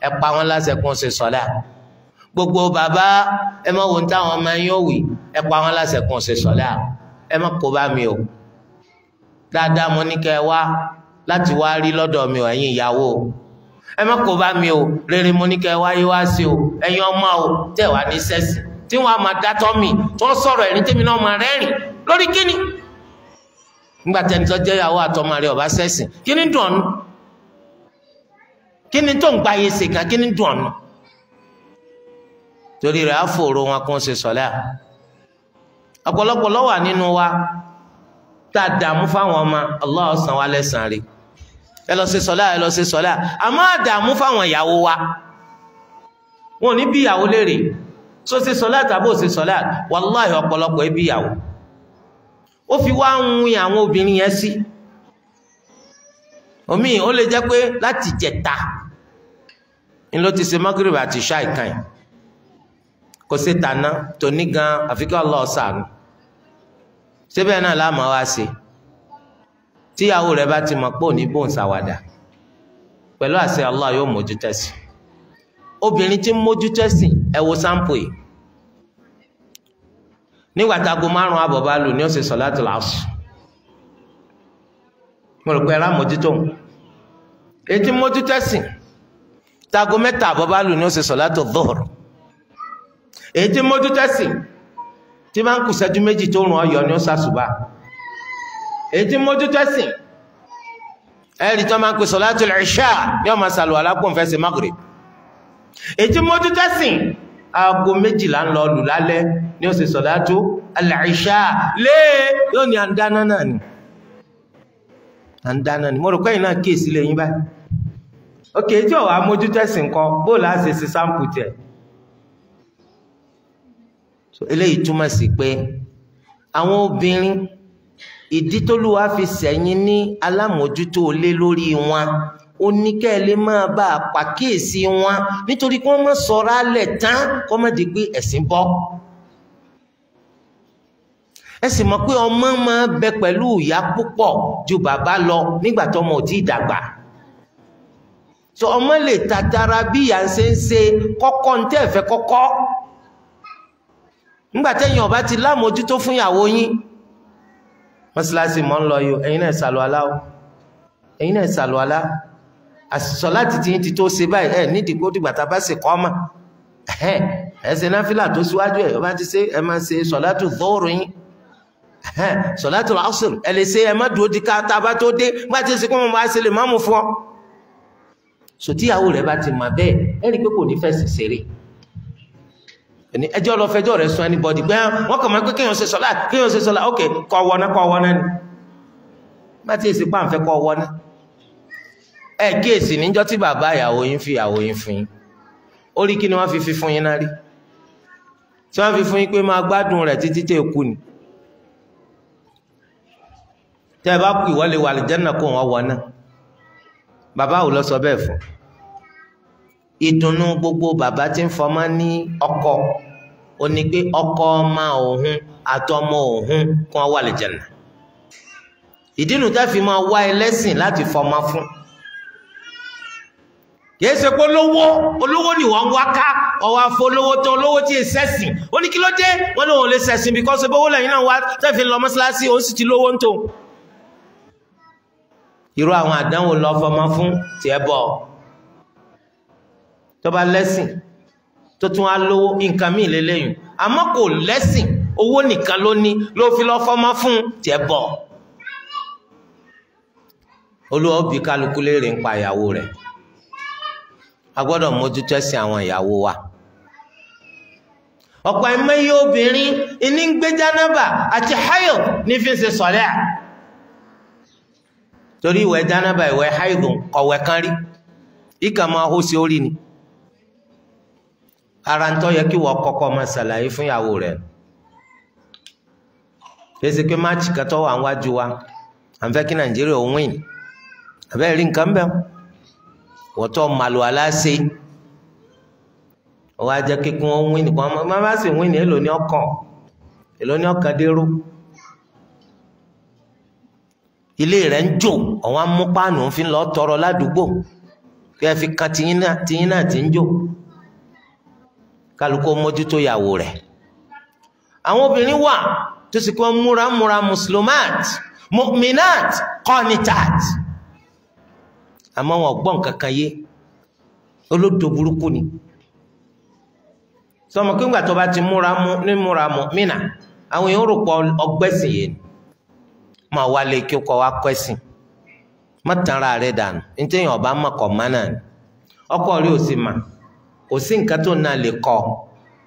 ẹ pa wọn lásẹkùn ṣe sọlẹ. So gbogbo Baba, ẹ m'a wo ní táwọn ọmọ yín ò wí ẹ pa wọn láṣẹ kan ṣe sọlá ẹ má kó bá mi o dáadáa mo ní kẹ́ wá láti wá rí lọ́dọ̀ mi o ẹ̀yin ìyàwó o ẹ má kó bá mi o rere mo ní kẹ́ wá yé wá sí o ẹ̀yin ọmọ o tẹ wá ní sẹẹsì tí wọn máa dátọ mi tí wọn sọ̀rọ̀ ẹni tèmi náà máa rẹ́rìn lórí kíni nígbà tẹni tó jẹ́ ìyàwó àtọmọ rẹ̀ ọba sẹẹsì kíni dùn ọnu kíni tó ń gbáyé ṣe kan kíni dùn ọnu torí rẹ̀ àfòrò wọn kún ṣe sọ̀lá ọ̀pọ̀lọpọ̀ ló nínú wa tá a dààmú fáwọn ọmọ Allah ó san wá lẹ́san rẹ̀ ẹ lọ ṣe sọ̀lá ẹ lọ ṣe sọ̀lá àmọ́ àdààmú fáwọn ìyàwó wa wọn ò ní bí ìyàwó léèrè so ṣe sọ̀lá tàbí ò ṣe sọ̀lá wàláhì ọ̀pọ̀lọpọ̀ ẹ bí ìyàwó ó fi wá ń win àwọn obìnrin yẹn sí omi ó lè jẹ́ pé láti jẹ̀ta ni ló ti ṣe mọ́gírìbà àti ṣáìkan yìí kò sí tàná ní gan àfi kí Allah ṣàánú síbẹ̀ náà láàmú wá sí tíyàwó rẹ bá ti mọ̀ pé òní bò ń ṣàwàdà pẹ̀lú àṣẹ Allah yóò mójútó sí obìnrin tí ń mójútó sí ẹ wo sampo yìí nígbà tágo márùn-ún àbọ̀ ní mo rò pé ètí mójútó sí mẹ́ta ní èyí tí mójú tẹ́sì tí máa ń kù sẹ́jú méjì tó rùn ọyọ ní ó sàṣùbà èyí tí mójú tẹ́sì ẹ̀rì tó máa ń pè sọ̀látùl ìṣà yóò máa sàlùwà lápòun fẹ́ èyí tí mójú tẹ́sì aago méjìlá ń lọ lù lálẹ́ ní ó sì sọ̀látù al-ìṣà lé yóò ní àndáná náà ni àndáná ni mo rò pé ìná kíyèsí lè yín báyìí ok tí ọ̀wà mójú tẹ́sì ń kọ bóòlù á sì sí sáǹpù tiẹ̀ so eléyìí túmọ̀ sí pé àwọn obìnrin ìdí t'Olúwa fi sẹ̀yìn ní alámòójútó lé lórí wọn ó ní kẹ́ ẹ lè máa bá a pàkíyèsí wọn nítorí kí wọ́n má sọ̀rọ̀ alẹ̀ tán kó má di pé ẹ̀sìn bọ́ ẹ sì mọ̀ pé ọmọ máa bẹ pẹ̀lú ìyá púpọ̀ ju bàbá lọ nígbà tọmọ ò tí ì dàgbà ọmọ lè tatara bí ìyá ń ṣe ń ṣe kọ́kọ́ ń tẹ́ ẹ̀fẹ́ kọ́kọ́ ńgbàtẹ́yìn ọba ti lámójútó fún ìyàwó yín mọ́síláṣí mọ́ ń lọ yóò ẹ̀yin náà ṣàlù alá o ẹ̀yin náà ṣàlù alá àṣìṣọ láti ti yín ti tó ṣe báyìí ẹ̀ nídìí kó dìgbà tá a bá ṣe kọ́ mà ẹ̀ ẹ̀ ṣe náfìlà tó síwájú ẹ̀ ọba ti ṣe ẹ̀ máa ṣe sọ̀látù dọ́ọ̀rù yín ẹ̀ sọ̀látù lásìrì ẹ̀ lè ṣe ẹ̀ má dúró di ká tá a bá tó dé bá ti ṣe kó wọn bá ṣe lè má mú fún ọ. sòtíyàwó rẹ̀ ẹni ẹjọ́ lọ fẹjọ́ rẹ̀ sun anybody pé wọ́n kàn máa pé kéèyàn ṣe sọ́lá kéèyàn ṣe sọ́lá ok kọ́ wọná kọ́ wọná ni bá tí èsì pàǹfẹ́ kọ́ wọná ẹ kíyèsí níjọ́ tí bàbá ìyàwó yín fi ìyàwó yín fún yín ó rí kí ni wọ́n fi fi fún yín náà rí tí wọ́n fi fún yín pé máa gbádùn rẹ̀ títí tẹ̀ kú ni tẹ́ ẹ bá kú ìwọ́lẹ̀ wà lìjẹ́ náà kó wọ́n wọ náà bàbá ò lọ sọ bẹ́ẹ̀ fún un ìdùnnú gbogbo bàbá tí ń fọmọ ní ọkọ ó ní pé ọkọ ọmọ òun àtọmọ òun kún wà lè jẹnà ìdínú tá fi máa wá ẹlẹ́sìn láti fọmọ fún kìí ṣe pé olówó olówó ni wọ́n ń wá ká ọwọ́ afọ olówó tó olówó tí ì sẹ́sìn ó ní kí ló dé wọ́n lóun ò lè sẹ́sìn bí kọ́sọ́ bówó lẹ́yìn náà wá tẹ́fì lọ mọ́ṣáláṣí òun sì ti lówó ń tó irú àwọn àdánwò lọ fọmọ fún tiẹ̀ bọ̀ tó bá lẹ́sìn tó tún á lówó nǹkan míì lélẹ́yìn àmọ́ kò lẹ́sìn owó nìkan ló ní ló fi lọ́ fọ́mọ́ fún tiẹ̀ bọ̀ olúwa ó bi kálukú léèrè ń pa ìyàwó rẹ̀ a gbọ́dọ̀ mójútó ẹ̀sìn àwọn ìyàwó wa ọ̀pọ̀ ẹ̀mẹ́yẹ obìnrin iní ń gbé jánábà àti hayo ní fi ṣe sọ̀lẹ́ à torí ìwẹ̀ jánábà ìwẹ̀ hayo kọ̀wẹ̀ kan rí ìkà máa hó sí orí ni. ara ń tọ́ yẹ kí wọ́n kọ́kọ́ máa ṣàlàyé fún ìyàwó rẹ̀ fèsì pé máàcì wájú wa à ń fẹ́ kí nàìjíríà ò win àbẹ́ rí nǹkan bẹ́ẹ̀ wọ́n tọ́ màlúù aláṣẹ wọ́n á jẹ́ kíkún ó win nìkan má má sì win ní èlò ní ọkàn èlò ní ọkàn dérò ilé rẹ̀ ń jò fi tọrọ ládùúgbò kí ẹ fi kan tiyín náà náà ti ń jò. kálukó mójútó ìyàwó rẹ̀ àwọn obìnrin wà tó sì kí wọ́n múra múra muslimat mu'minat qanitat àmọ́ wọn gbọ́n kankan yé olódò burúkú ni sọmọ pé ńgbà tó bá ti múra mú ní múra mú mínà àwọn èèyàn rò pọ̀ ọgbẹ́sìn yẹn máa wá kí ó kọ́ wá kọ́sìn má tanra rẹ̀ dànù ní téèyàn ọba mọ̀kọ́ mánà ni ọkọ rẹ̀ ò sì mà. kò sí nǹkan tó náà lè kọ́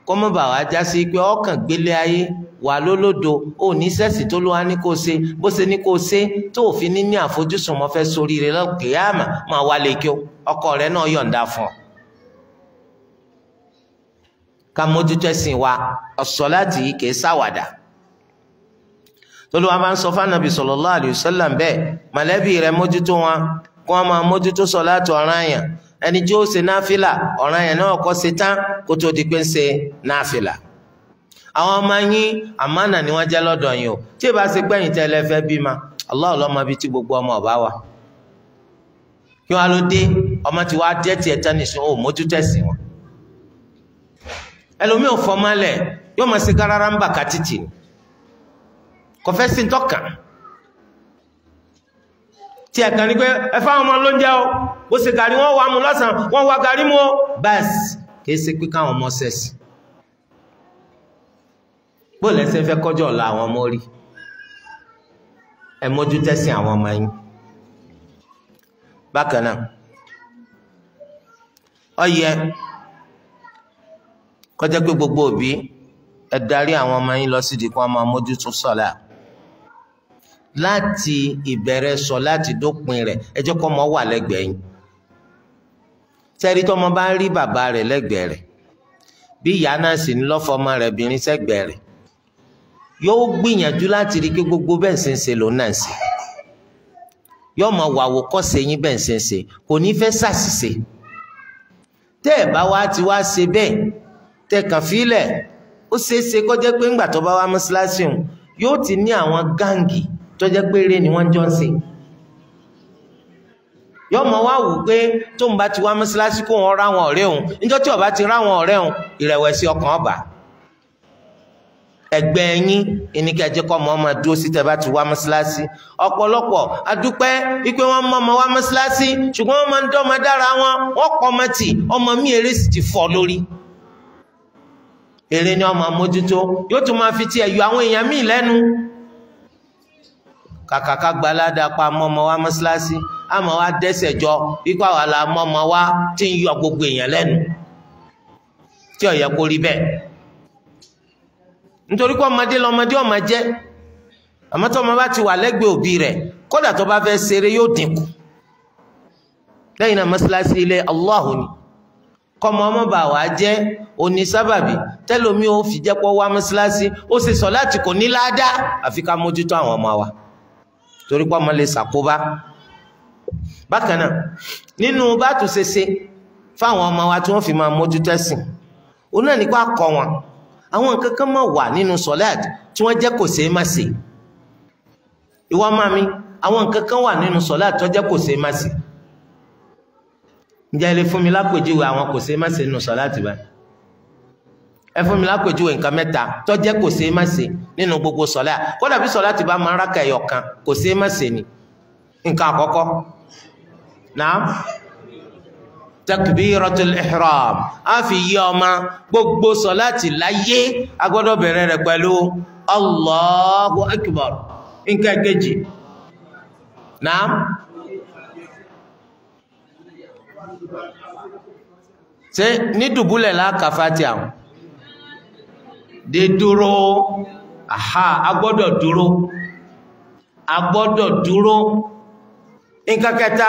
kó mọ́ já sí ọkàn gbélé ayé wà lólódo ó ní sẹ́ẹ̀sì tó ní kó ṣe bó ní kó ṣe tó òfin ní ní àfojúsùn mọ́ fẹ́ sórí rẹ lọ́kẹ́yàmà máa wà lè kí o ọkọ rẹ náà yọ̀ǹda fún ọ. ká mójútó ẹsìn wa yìí kìí ṣàwàdà máa fánàbì ẹni tí ó ṣe náfìlà ọ̀ràn yẹn náà kọ́ ṣe tán kó tó di pé ń ṣe náfìlà àwọn ọmọ yín àmánà ni wọ́n jẹ o tí ì bá ṣe pẹ́yìn tẹ́ ẹ ma bi Allah gbogbo ọmọ ọba wà kí wọ́n á dé ọmọ tí wọ́n á dẹ́ tán nìṣó wọn tí ẹ̀kàn ní pé ẹfá ọmọ ló ń jẹ́ o ó ṣe gàrí wọ́n wà mú lọ́sàn wọ́n wà gàrí mú o bẹ́ẹ̀sì kìí ṣe pé káwọn ọmọ sẹ́sì bóòlẹ́sẹ̀ fẹ́ kọjọ́ ọ̀la àwọn ọmọ rí ẹ mójú àwọn ọmọ yín bákan náà ó kọjá pé gbogbo òbí ẹ darí àwọn ọmọ yín lọ sídìí kí máa mójútó sọ̀lá láti ìbẹ̀rẹ̀ sọ láti dópin rẹ̀ ẹ jẹ́ kó ọmọ wà lẹ́gbẹ̀ẹ́ yín sẹ́rí tọ́mọ bá rí bàbá rẹ̀ lẹ́gbẹ̀ẹ́ rẹ̀ bí ìyá náà sì ń lọ́fọ ọmọ rẹ̀ bìnrin sẹ́gbẹ̀ẹ́ rẹ̀ yóò gbìyànjú láti rí pé gbogbo bẹ́ẹ̀ ṣe ń ṣe lòun náà ṣe yóò mọ wà wò yín bẹ́ẹ̀ ṣe ń ṣe kò ní fẹ́ ṣàṣìṣe tẹ́ ẹ̀ bá wá ti wá ṣe bẹ́ẹ̀ tẹ́ kàn fílẹ̀ ó ṣeé ṣe kó pé ńgbà tó bá wá mọ́ṣáláṣí òun yóò ti ní àwọn gáǹgì tọ́jẹ́ pé ni wọ́n jọ ń ṣe yóò mọ wá wò pé tó ń bá ti wá mọ́ṣáláṣí kó wọn rá wọn ọ̀rẹ́ òun níjọ́ tí ọba ti rá wọn ọ̀rẹ́ òun ìrẹ̀wẹ̀sì ọkàn ọba ẹgbẹ́ yín ìníkẹ́jẹ́ kọ́ ọmọ ọmọ dúró sí tẹ́ bá ti wá mọ́ṣáláṣí ọ̀pọ̀lọpọ̀ adúpẹ́ wípé wọ́n mọ ọmọ wá mọ́ṣáláṣí ṣùgbọ́n wọ́n máa ń dọ́mọ dára wọn wọ́n kọ́ ọmọ tì ọmọ mi eré sì ti fọ́ lórí eré ni ọmọ mójútó yóò tún máa fi ti ẹ̀yọ àwọn èèyàn míì lẹ́nu kàkà ká gbalada pa mọ́mọ wa mọ́sálásí àmọ́ wa dẹ́sẹ̀ jọ ikú àwa la mọ́mọ wa ti ń yọ gbogbo èèyàn lẹ́nu tí ó yẹ kó rí bẹ́ẹ̀ nítorí pé ọmọdé lọmọdé ọmọ jẹ́ àmọ́ tó ọmọ bá ti wà lẹ́gbẹ̀ẹ́ òbí rẹ̀ kódà tó bá fẹ́ ṣeré yóò dínkù lẹ́yìn náà mọ́sálásí ilé Allahu ni kọ́mọ ọmọ bá wàá jẹ́ onísábàbí tẹ́lómi ó fi jẹ́pọ̀ wá ó sì sọ láti kò ní ládàá àfi ká mójútó àwọn ọmọ wa torí pé ọmọ lè ṣàkóbá bákan náà nínú bátù ṣeṣe fáwọn ọmọ wa tí wọ́n fi máa mójútó ẹ̀sìn òun náà nípa kọ wọn àwọn nǹkan kan máa wà nínú sọláàtì tí wọ́n jẹ́ kò ṣeé má ṣe ìwọ máa mi àwọn nǹkan kan wà nínú sọláàtì tí wọ́n jẹ́ kò ṣeé má ṣe ǹjẹ́ ilé fún mi lápèjúwe àwọn kò ṣeé má ṣe nínú sọláàtì báyìí ẹ fún mi lápèjúwe nǹkan mẹ́ta tó jẹ́ kò ṣeé má ṣe nínú gbogbo sọ̀lá kódà bí sọ̀lá ti bá máa ń rákà ẹ̀yọ̀ kan kò ṣeé má ṣe ni nǹkan àkọ́kọ́ náà takbiratul ihram a fi yí ọmọ gbogbo sọ̀lá ti láyé a gbọ́dọ̀ bẹ̀rẹ̀ rẹ̀ pẹ̀lú Allahu akbar nǹkan kejì náà. ṣe ní dùbúlẹ̀ la ka àwọn. dé dúró àhá agbọ́dọ̀ dúró agbọ́dọ̀ dúró nǹkan kẹta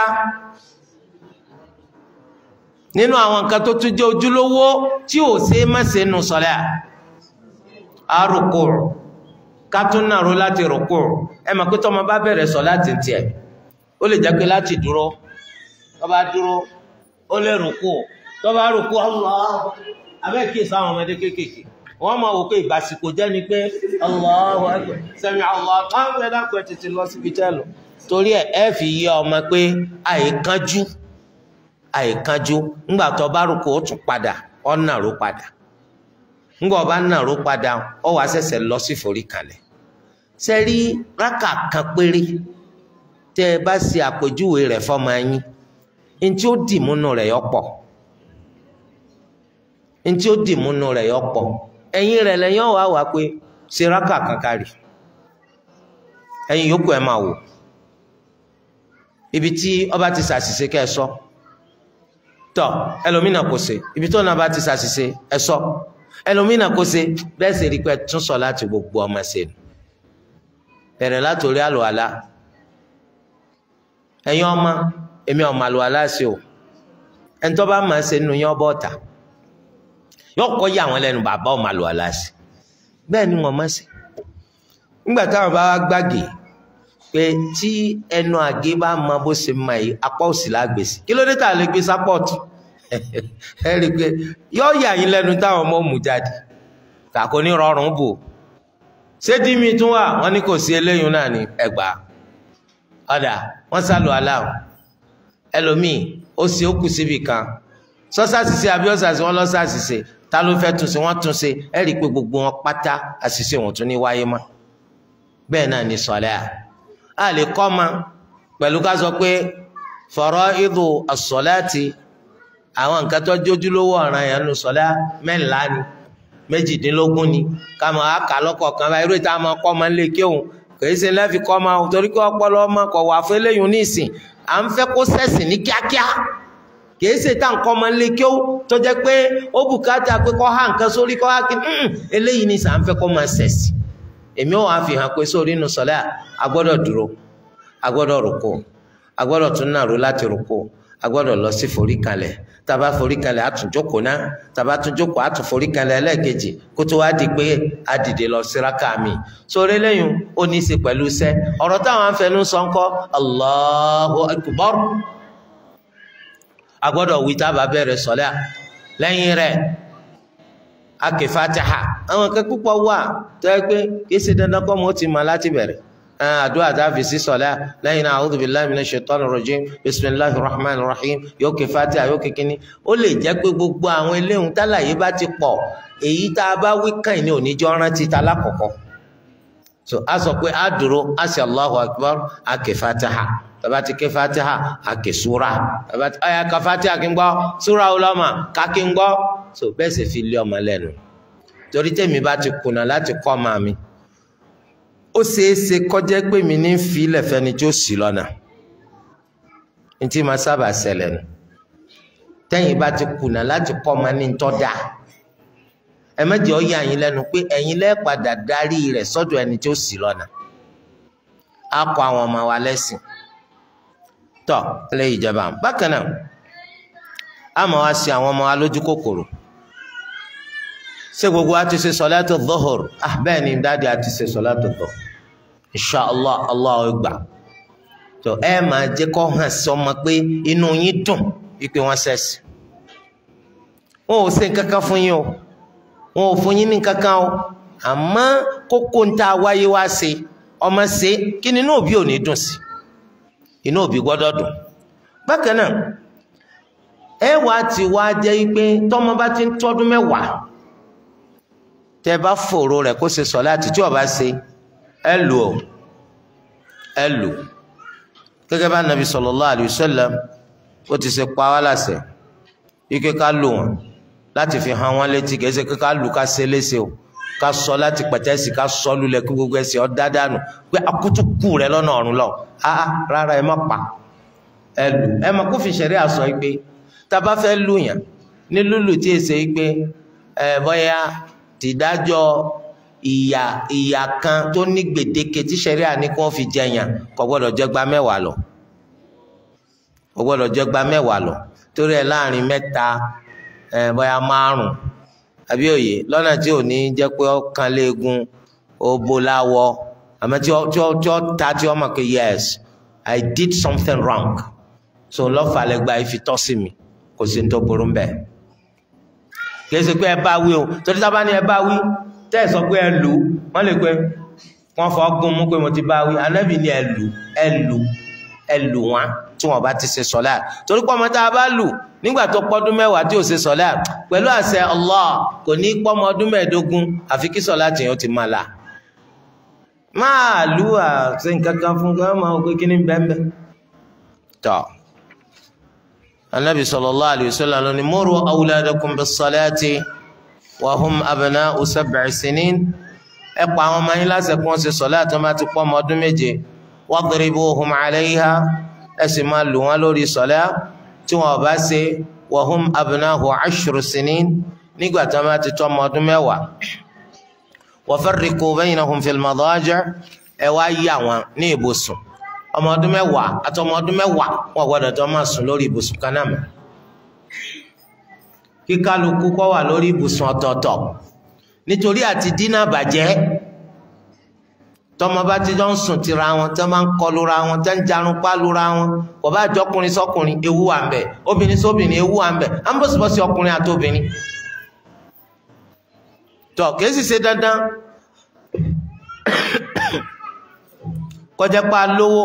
nínú àwọn nǹkan tó tún jẹ́ ojúlówó tí ò ṣe mẹ́sẹ̀ nù sọ́lẹ̀ àrùkù kátúnnàró láti rùkù ẹ mọ̀ pé tọ́mọ bá bẹ̀rẹ̀ sọ láti tiẹ̀ ó lè jẹ́ láti dúró tó bá dúró ó lè rùkù tó bá rùkù Allah abẹ́ kí sáwọn ọmọdé kéékèèké wọ́n máa wò pé jẹ́ ni pé Allahu Akbar sẹ́mi Allahu Akbar ẹ̀dàpọ̀ tètè lọ síbi torí ẹ̀ ẹ́ fi ọmọ pé àìkánjú àìkánjú ńgbà tó bá padà ó nàró padà ńgbà ọba bá padà wà sẹsẹ lọ sí ṣe rí rákà kan péré ẹ bá ṣe àpèjúwe ó dì múnú yọpọ̀. ẹ̀yìn rẹ̀ lẹ́yìn ọ̀wá wà pé ṣe rákà kankan rì máa ibi tí ọba ti ṣàṣìṣe kẹ́ ẹ sọ tọ ẹlòmínà kò ṣe ibi tó ọba ti ṣàṣìṣe ẹ sọ ẹlòmínà kò ṣe bẹ́ẹ̀ sì rí pé tún sọ láti gbogbo ọmọ ṣe bẹ̀rẹ̀ látòrí àlùwàlá ẹ̀yin ọmọ èmi ọmọ o ẹni mma bá máa ṣe nù yín yóò ya àwọn bàbá ọ̀ máa ni mọ̀ sí. nígbà táwọn bá wá gbàgé tí ẹnu àgé bá mọ bó ṣe mọ yìí apá òsì kí ló dé tà lè gbé sápọ̀tù ẹ rí i pé yóò yà yín táwọn ọmọ mú jáde kàkó ní rọrùn bò ṣé wọn kò sí eléyìí náà ní kan àbí wọn ta ló fẹ́ túnṣe wọ́n túnṣe ẹ rí i pé gbogbo wọn pátá àṣìṣe wọn tún ní wáyé mọ́ bẹ́ẹ̀ náà ní sọ̀lẹ́ à á lè kọ́ ma pẹ̀lú ká sọ pé faraidu as-salati àwọn nǹkan tó jójúlówó ọ̀ràn yẹn ló sọ̀lẹ́ mẹ́ńlá ni méjìdínlógún ni ká máa kà lọ́kọ̀ọ̀kan bá irú ìta máa kọ́ máa ń lè kéwòn kèé ṣe lẹ́fi kọ́ máa torí pé ọpọlọ ọmọ kọ̀ wà fún eléyìí nísìn à ń fẹ́ kó sẹ̀sìn ní kíákíá. kìí ṣe ta nǹkan ọmọ ilé kí ó tó jẹ pé ó bùkátà pé kọ́ ha nǹkan sórí kọ́ há kí eléyìí ní sàn fẹ́ kọ́ máa ṣẹ̀sì èmi ò wá fi hàn pé sórí inú agbọ́dọ̀ dúró agbọ́dọ̀ rúkó agbọ́dọ̀ tún rú láti rúkó agbọ́dọ̀ lọ sí foríkalẹ̀ tàbá foríkalẹ̀ àtúnjókòó náà tàbá túnjókòó ẹlẹ́ẹ̀kejì kó tó wá di pé lọ sórí lẹ́yìn ó ní í ṣe pẹ̀lú iṣẹ́ ọ̀rọ̀ táwọn a gbọ́dọ̀ wí tá a bá bẹ̀rẹ̀ sọlá lẹ́yìn rẹ̀ a ké fatiha àwọn akẹ́ púpọ̀ wà tó yẹ pé kí ṣe dandan kọ́ mo ti mọ̀ láti bẹ̀rẹ̀ àdúrà tá a fi sí sọlá lẹ́yìn náà a'udhu billahi minash shaitanir rajim bismillahir rahmanir rahim yóò ké fatiha yóò ké kínní ó lè jẹ́ pé gbogbo àwọn eléhùn tálàyé bá ti pọ̀ èyí tá a bá wí kàn ní òníjọ́ rántí ta lákọ̀ọ́kọ́ so a sọ pé a dúró a sì Allahu Akbar a kè fatiha tàbá ti fatiha a kè súra tàbá ti ọyà ká fatiha kí n gbọ́ ọlọ́mà ká so bẹ́ẹ̀ sì fi lé ọmọ lẹ́nu torí tèmi bá ti kùnà láti kọ́ ọmọ mi ó ṣeéṣe kọjá pé mi ní fi lẹ́fẹ̀ẹ́ni tí ó sì lọ́nà ní tí ma sábà ṣẹlẹ̀ nù tẹ́yìn bá ti kùnà láti kọ́ ọmọ ní tọ́ ẹ má jẹ́ ó yà yín pé ẹ̀yin lẹ padà darí rẹ sọ́dọ̀ ẹni tí ó sì lọ́nà á kọ àwọn ọmọ wa lẹ́sìn Tọ ilé ìjọba bákan náà á mọ̀ wá sí àwọn ọmọ wa lójú kòkòrò ṣé gbogbo wa ti ṣe sọ̀látù dhuhur ah ni dáàdi a ti ṣe sọ̀látù dhuhur insha allah allah ó gbà tó ẹ máa jẹ́ kó hàn sí ọmọ pé inú yín dùn wọn ò ṣe nǹkan fún yín o. wọn ò fún yín ní kankan o àmọ́ kókó ń ta wáyé wá ṣe ọmọ ṣe kí ni inú òbí ò ní dùn sí inú òbí gbọ́dọ̀ dùn bákan náà ẹ wàá ti wá jẹ́ pé tọ́mọ bá ti ń tọ́dún mẹ́wàá tẹ́ bá fòrò rẹ̀ kó ṣe sọ̀láàtì tí ó ṣe ẹ lù ọ ẹ lù gẹ́gẹ́ bá nàbì sallallahu alaihi wasallam ó ti ṣe pa wá láṣẹ ike ká lù wọn láti fi hàn wọn létí kìí ṣe kí ká lù ká ṣe léṣe o ká sọ láti pẹ̀tẹ́sì ká sọ lulẹ̀ kí gbogbo ẹsẹ̀ ọ dáadáa pé akutuku rẹ lọ́nà ọ̀run lọ ah rárá ẹ má pa ẹ lù ẹ má kó fi ṣẹ̀rí àsọ igbe tá a bá fẹ́ lù yàn ní lùlù tí èsè igbe ẹ bọ́yá tìdájọ́ ìyà ìyà kan tó ní gbèdéke tí ṣẹ̀rí àní kí fi jẹyàn kò gbọ́dọ̀ jẹ́ gba mẹ́wàá lọ kò gbọ́dọ̀ jẹ́ gba mẹ́wàá lọ torí ẹ láàrin mẹ́ta bóyá márùn àbí òye lọ́nà tí ò ní jẹ́ pé ó léegun ó àmọ́ tí ó tí ó ta tí ó mọ̀ pé yes I did something wrong so lọ́fà lẹ́gbàá ifi tọ́ sí mi kò sí ní tó burú bẹ́ẹ̀ kì í ṣe pé ẹ bá wí o torí tá a ẹ bá wí tẹ́ ẹ sọ pé ẹ lù ú wọ́n lè pé wọ́n fọ́ gún mú pé mo ti bá wí anábì ní ẹ lù ẹ lù ẹ lù wọ́n tí wọn bá ti ṣe sọlá torí pé ọmọ tá a bá lù nígbà tó pọ́dún mẹ́wàá tí ò ṣe sọlá pẹ̀lú àṣẹ Allah kò ní pọ́mọ ọdún mẹ́ẹ̀ẹ́dógún àfi kí sọlá tìyẹn ó ti máa là máa lù àṣẹ nǹkan kan fún kí wọn máa pé kí ni bẹ́ẹ̀ tọ́ anabi sallallahu alayhi wa sallam ló ní muru awladakum bis-salati wa hum abna'u sab'i sinin ẹ pa àwọn ọmọ yín láṣẹ kí wọn ṣe sọlá tó máa ti pọ́mọ ọdún méje wadribuhum alayha ẹ sì máa lù wọ́n lórí sọ̀lá tí wọ́n bá ṣe wahum abnahu ashru sinin nígbà tí wọ́n bá ti tọ́ ọmọ ọdún mẹ́wàá wa farriqu baynahum fil madaji' ẹ wá yà wọ́n ní ibùsùn ọmọ ọdún mẹ́wàá àti ọmọ ọdún mẹ́wàá wọ́n gbọ́dọ̀ tó máa sùn lórí ibùsùn kan náà mọ́ kíkálukú kó wà lórí ibùsùn ọ̀tọ̀ọ̀tọ̀ nítorí àti dínà bàjẹ́ tọmọ bá ti jọ ń sùn tira wọn tí wọn máa ń kọlu ra wọn tí wọn ń jarun pálu ra wọn kò bá jọkùnrin sọkùnrin ewu wà ń bẹ obìnrin sóbìnrin ewu wà ń bẹ à ń bọ̀sibọ̀sì ọkùnrin àti obìnrin. tọ kìí sì ṣe dandan kọjá pa lówó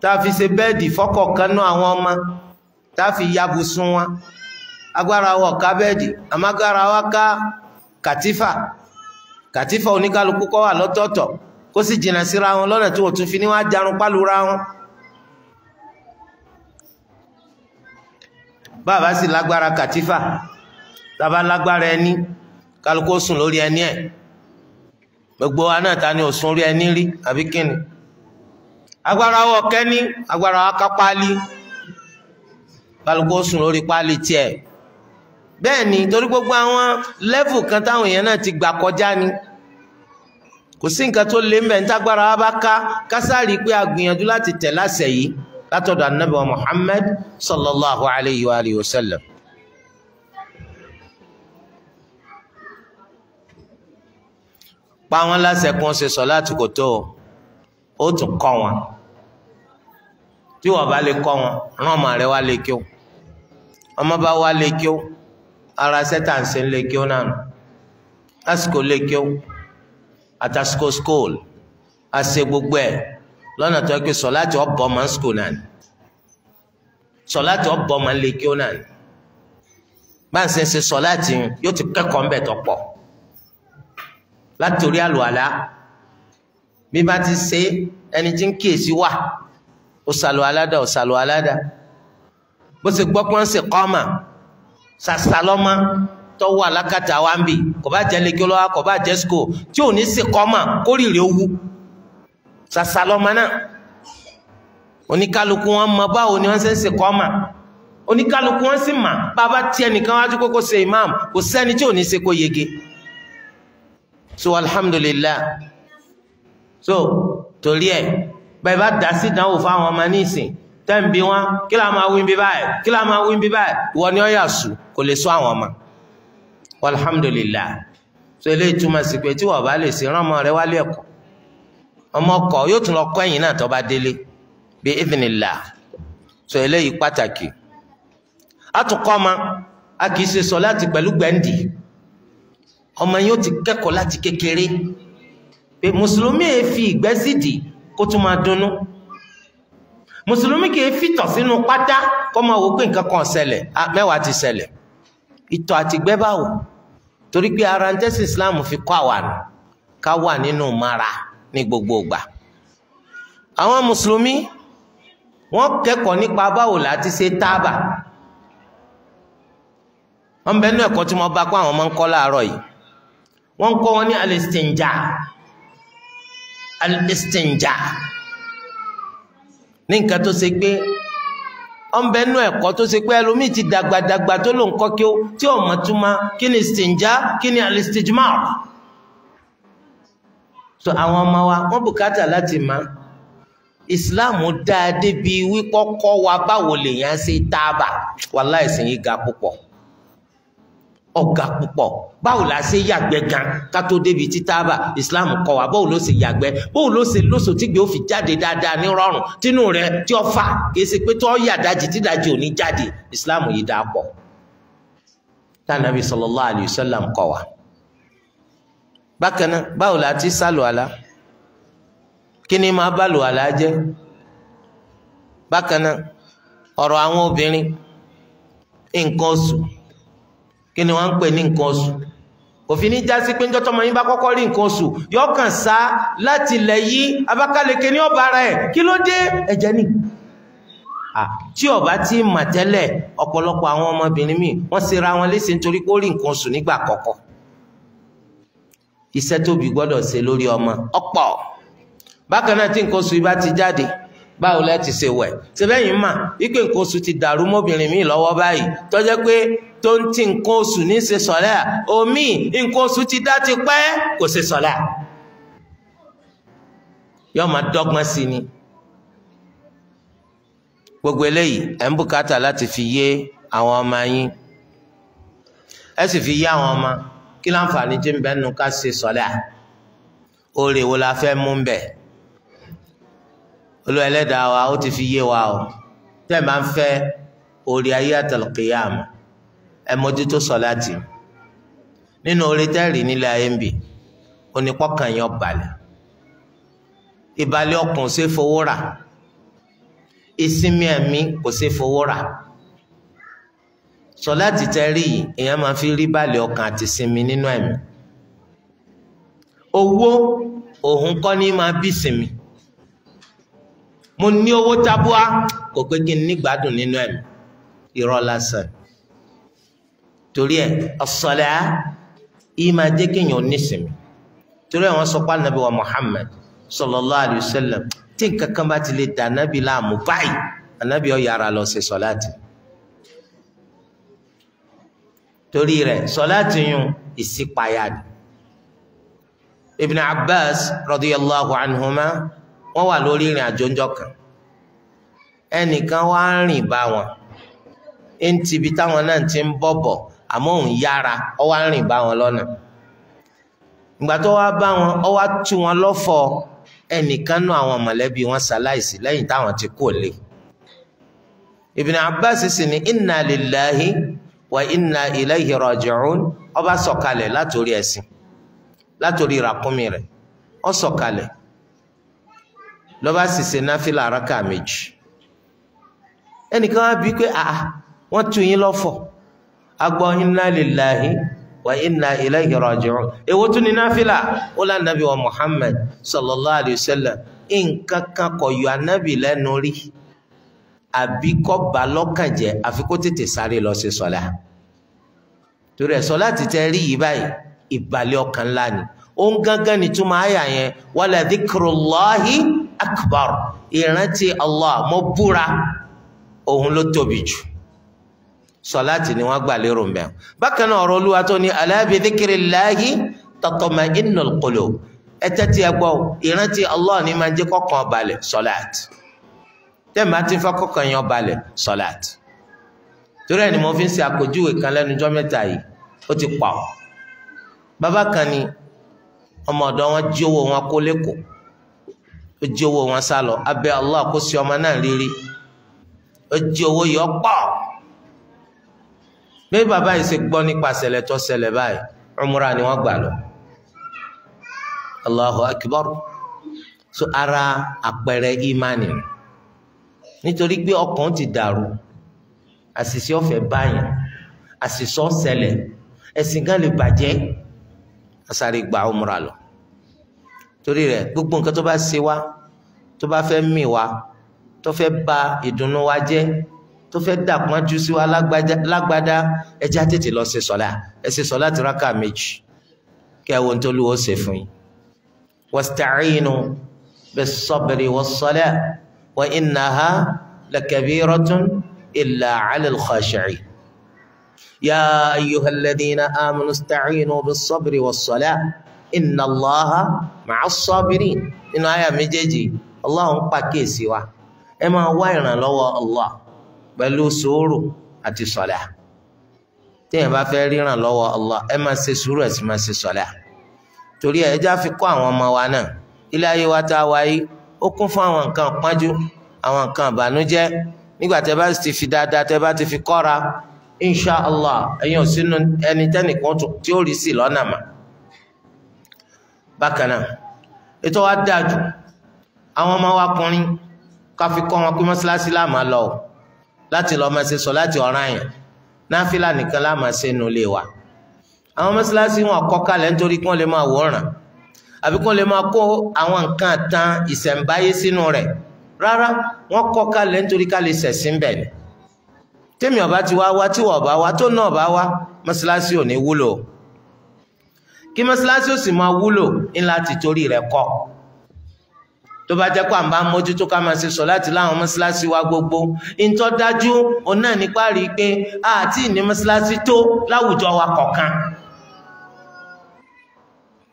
tá a fi ṣe bẹ́ẹ̀dì fọ́kọ̀ọ̀kan náà àwọn ọmọ tá a fi yabusun wọn agbára wọ̀ ká bẹ́ẹ̀dì àmọ́ agbára wa ká kàtífà kàtífà oníkálukú kó wà lọ́tọ̀ọ̀tọ̀ kó sì jìnnà síra wọn lọ́nà tí wọ́n tún fi ní wá jarun pálura wọn. bàbá sì lágbára kàtífà tàbá lágbára ẹni kálukú sùn lórí ẹni ẹ gbogbo wa náà ta ni òsùn orí ẹni rí àbí kíni agbára wọ kẹ́ni agbára wa ká páálí kálukú sùn lórí páálí tiẹ̀ bẹ́ẹ̀ ni torí gbogbo àwọn lẹ́fù kan táwọn èèyàn náà ti gbà kọjá ni kò sí nǹkan tó lé mbẹ̀ ntágbára wa bá ká kásárì pé a gbìyànjú láti tẹ̀ láṣẹ yìí látọ̀dọ̀ anabi wa Muhammad sallallahu alayhi wa alihi wa sallam. pa wọn láṣẹ kún ṣe sọ láti kò tó o tún kọ́ wọn tí wọn bá lè kọ́ wọn rán ọmọ rẹ̀ wá lè kí o ọmọ bá wá lè kí o. ara sẹ́tàǹsì ń lè kí ó nànú lásìkò lè kí skool àṣe gbogbo ẹ lọ́nà tó yẹ kí sọ̀láàtì ọ̀bọ̀ máa ń skool nàní sọ̀láàtì ọ̀bọ̀ máa ń lè kí ó nàní bá ń ṣe ṣe sọ̀láàtì yóò ti kẹ́kọ̀ọ́ ńbẹ̀ tó pọ̀ látòrí àlùhàlà bí bá ti ṣe ẹni tí ń kíyèsí wà dá dá bó ṣe gbọ́ ṣe kọ́ ọ́ mà. sàṣà lọ́mọ tọ́wọ́ alákàtà wa ń bì kò bá jẹ́ lẹ́kí ọlọ́wà kò bá jẹ́ sùkò tí ò ní sí kọ́mà kórìrì owó sàṣà lọ́mọ náà oníkálukú wọn mọ báwo ni wọn ṣe ń ṣe kọ́mà oníkálukú wọn sì mà bàbá tí ẹnìkan wájú kókó ṣe imam kò sẹ́ni tí ò ní ṣe kó yege so alhamdulillah so torí ẹ bẹ́ẹ̀ bá dá sí ìdánwò fáwọn ọmọ nísìnyí tẹ́m̀bí wọn kí la máa wín bí báyìí kí la máa wín bí báyìí ìwọ ni ó yà sù kò lè sọ àwọn ọmọ alhamdulillah so ilé ìtumọ̀ sí pé tí wọ́n bá lè sí rán ọmọ rẹ wálé ẹ̀kọ́ ọmọ kọ yóò tún lọ kọ́ ẹ̀yìn náà tó bá délé bí idhnillah so ilé yìí pàtàkì àtúnkọ́ ọmọ a kì í ṣe sọ láti pẹ̀lú gbẹ̀ǹdì ọmọ yóò ti kẹ́kọ̀ọ́ láti kékeré pé mùsùlùmí èéfì ìgbẹ́sídìí kó tún máa dunnú mùsùlùmí kì í fìtọ̀ sínú pátá kọ́ máa wò pé nǹkan kan ṣẹlẹ̀ mẹ́wàá ti ṣẹlẹ̀ ìtọ̀ àti gbẹ́ báwò torí pé ara ń tẹ́sí islam fi kọ́ àwa nù ká wà nínú mara ní gbogbo ìgbà àwọn mùsùlùmí wọ́n kẹ́kọ̀ọ́ nípa báwo láti ṣe tábà wọ́n bẹ nú ẹ̀kọ́ tí wọ́n bá kó àwọn ọmọ ń kọ́ láàárọ̀ yìí wọ́n ń wọn ní alistinja alistinja. Al ní nǹkan tó ṣe pé ọ̀nbẹ nú ẹ̀kọ́ tó ṣe pé ẹlòmíì ti dàgbàdàgbà tó ló ń kọ́ kí ó tí ò mọ̀ túmọ̀ kí ni stinja kí ni alistijma so àwọn ọmọ wa wọ́n bùkátà láti mọ̀ Islam dáa débi wípọ́kọ́ wa báwo lèèyàn ṣe tábà wàláì sìn yí ga púpọ̀. ọ̀gá púpọ̀ báwo la ṣe yàgbẹ́ gan ká tó débi títàbà islam kọ́ wa báwo ló ṣe yàgbẹ́ báwo ló ṣe lóṣò tí gbé fi jáde dáadáa ní rọrùn tínú rẹ tí ó fà kìí ṣe pé tó yà dájì tí dájì ò ní jáde islam yìí dáa pọ̀ tànàbí sallallahu alayhi wa sallam kọ́ wa. bákan náà báwo la ti sálò àlá kí ni máa bá lò àlá jẹ́ bákan náà ọ̀rọ̀ àwọn obìnrin nǹkan oṣù. kí ni wọ́n ń pè ní nǹkan oṣù òfin ní já sí pé níjọ́ tọ́mọ yín bá kọ́kọ́ rí nǹkan oṣù yóò kàn sá láti ilẹ̀ yìí Abakaliki ní ọba ara ẹ̀ kí ló dé ẹ̀jẹ̀ ni tí ọba tí mà tẹ́lẹ̀ ọ̀pọ̀lọpọ̀ àwọn ọmọbìnrin míì wọ́n ṣe ra wọn léṣe nítorí pé ó rí nǹkan oṣù nígbà kọ̀kọ̀ iṣẹ́ tóbi gbọ́dọ̀ ṣe lórí ọmọ ọ̀pọ̀ bákan náà tí nǹkan oṣù ibà ti jáde báwo lẹ ti ṣe wẹ̀ ṣẹbẹ́yìn mà wípé nǹkan oṣù ti dàrú mọ́bìnrin mi lọ́wọ́ báyìí tó jẹ́ pé tó ń ti nǹkan oṣù ní ṣe sọ̀lẹ́ à omi nǹkan oṣù ti dá ti pẹ́ kò ṣe sọ̀lẹ́ à yóò máa dọ́gbọ́n sí ni gbogbo eléyìí ẹ̀ ń bùkátà láti fi yé àwọn ọmọ yín ẹ sì fi yé àwọn ọmọ kí láǹfààní tí ń ká ṣe sọ̀lẹ́ à oore wo la fẹ́ mú bẹ́ẹ̀ olúwa ẹlẹ́dàá wa ó ti fi yé wa o tẹ́ ẹ máa ń fẹ́ orí ayé àtàlùkìyàm ẹ mójútó sọ̀láàtì nínú orí tẹ́rì nílé ayé ń bì onípọ̀kàn yẹn balẹ̀ ìbalẹ̀ ọkàn ṣe fowó rà ìsinmi ẹ̀mí kò ṣe fowó rà sọ̀láàtì tẹ́rì yìí èèyàn máa fi rí balẹ̀ ọkàn àti sinmi nínú ẹ̀mí owó òun kọ́ ni máa bí sinmi mo ní owó tabua kò pé kí n nígbádùn nínú ẹ̀mí irọ́ lásán torí ẹ ọ̀sọ̀lá yìí máa jẹ́ kéèyàn nísìmí torí ẹ wọ́n sọ pé anabi wa Muhammad sallallahu alayhi wa sallam tí nǹkan kan bá ti lè dà anabi láàmú báyìí anabi ó yára lọ ṣe sọláàtì torí rẹ̀ sọláàtì yun ìṣípayà Ibn Abbas radiyallahu anhuma. wọ́n wà lórí ìrìn àjò kan ẹnìkan wá ń rìn bá wọn ń tibi táwọn náà ti ń bọ̀bọ̀ àmọ́ òun yára ọ ń rìn bá wọn lọ́nà ìgbà tó wá bá wọn ọ wá tú wọn lọ́fọ̀ ẹnìkan nú àwọn mọ̀lẹ́bí wọn ṣaláìsí táwọn ti sì ní lọ́ba sì ṣe náfìlà araka méjì ẹnìkan wá bí pé àá wọ́n tu yín lọ́fọ̀ agbọ́ inna lillahi wa inna ilayhi raji'un èwo tún ní náfìlà ó lá nàbí wa Muhammad sallallahu alayhi wa sallam nǹkan kan kò yọ anábì lẹ́nu rí àbí kọ́ bá lọ́kàn jẹ́ àfi kó tètè sáré lọ sí sọ́lá torí ẹ̀ sọ́lá ti tẹ́ rí yìí báyìí ìbàlẹ̀ ọkàn ńlá ni ó ń gángan ní túmọ̀ àyà yẹn wala dhikrullahi akbar ìrántí allah mo búra òun ló tóbi jù sọláàtì ni wọn gbà lérò mbẹ bákan náà ọ̀rọ̀ olúwa tó ní ala bi dhikrillahi tatma'innul qulub ẹ tẹ́tí ẹ gbọ́ ìrántí allah ni máa ń jẹ́ kọ́kàn balẹ̀ sọláàtì tẹ́ẹ̀mà ti fẹ́ kọ́kàn yẹn balẹ̀ sọláàtì torí ẹ ni mo fi ń ṣe àpèjúwe kan lẹ́nu jọ́ mẹ́ta yìí ó ti pa ọ́ bàbá kan ni ọmọ ọ̀dọ́ wọn jí owó wọn kó lẹ́kọ̀ọ́ ó jí owó wọn sá lọ abẹ́ Allah kó sí ọmọ náà rírí ó jí owó yọ pọ̀ bí bàbá yìí ṣe gbọ́ nípa ṣẹlẹ̀ tó ṣẹlẹ̀ báyìí umra ni wọ́n gbà lọ Allahu akbar so ara àpẹẹrẹ imani nítorí pé ọkàn ti dàrú àṣìṣe ọ̀fẹ́ báyìí àṣìṣe ọ̀ṣẹlẹ̀ ẹ̀sìn gan lè bàjẹ́ asáré gba lọ torí rẹ̀ gbogbo nǹkan tó bá ṣe wá tó bá fẹ́ mì wá tó fẹ́ ba ìdùnnú wa jẹ́ tó fẹ́ dàpọ́njú sí wa lágbádá ẹ jẹ́ á tètè lọ ṣe sọ́lá ẹ ṣe sọ́lá ti rákà méjì kí ẹ wo tó lù ó ṣe fún yín. wasta'inu bis-sabri was-salā wa innahā lakabiratun illā 'alā al-khāshi'īn. yā ayyuhal ladhīna āmanū ista'īnū bis-sabri was-salā inna Allāha màá sọ́bírì nínú àyà méjèèjì Allah ń pàkíyèsí wa ẹ máa wá ìrànlọ́wọ́ Allah pẹ̀lú sùúrù àti sọ̀lá téèyàn bá fẹ́ rí ìrànlọ́wọ́ Allah ẹ máa ṣe sùúrù ẹ sì máa ṣe sọ̀lá torí ẹ já fi kọ́ àwọn ọmọ wa náà ilé ayé wa tá a wáyé ó kún fún àwọn nǹkan pọ́njú àwọn nǹkan ìbànújẹ́ nígbà tẹ bá ti fi dáadáa tẹ bá ti fi kọ́ra insha Allah ò sínú ẹni tí ó rí sí lọ́nà mà bákan náà ètò wa dáa jù àwọn ọmọ wa kùnrin ká kọ́ wọn pé mọ́ṣáláṣí la máa lọ láti lọ́ọ́ máa ṣe sọ láti ọ̀ràn yẹn náfìlà nìkan la máa ṣe nulẹ̀ wa àwọn mọ́ṣáláṣí wọn kọ́ kalẹ̀ nítorí kí wọ́n lè máa wòran àbí kí wọ́n lè máa kó àwọn nǹkan tán ìṣẹ̀ǹbáyé sínú rẹ̀ rárá wọ́n kọ́ kalẹ̀ nítorí ká lè ṣẹ̀sìn bẹ̀ ni tèmi ọba ti wá wá tí ọba wá tó náà ọba wá mọ́ṣáláṣí ò ní wúlò o kí mọ́sálásí ò sì máa wúlò ńlá ti torí rẹ̀ kọ́ tó bá jẹ́ pé à ń bá mójútó ká máa ṣe sọ láti láwọn mọ́sálásí wa gbogbo ńtọ́ dájú òun náà nípa rí i pé àti ìní mọ́sálásí tó láwùjọ wa kọ̀ọ̀kan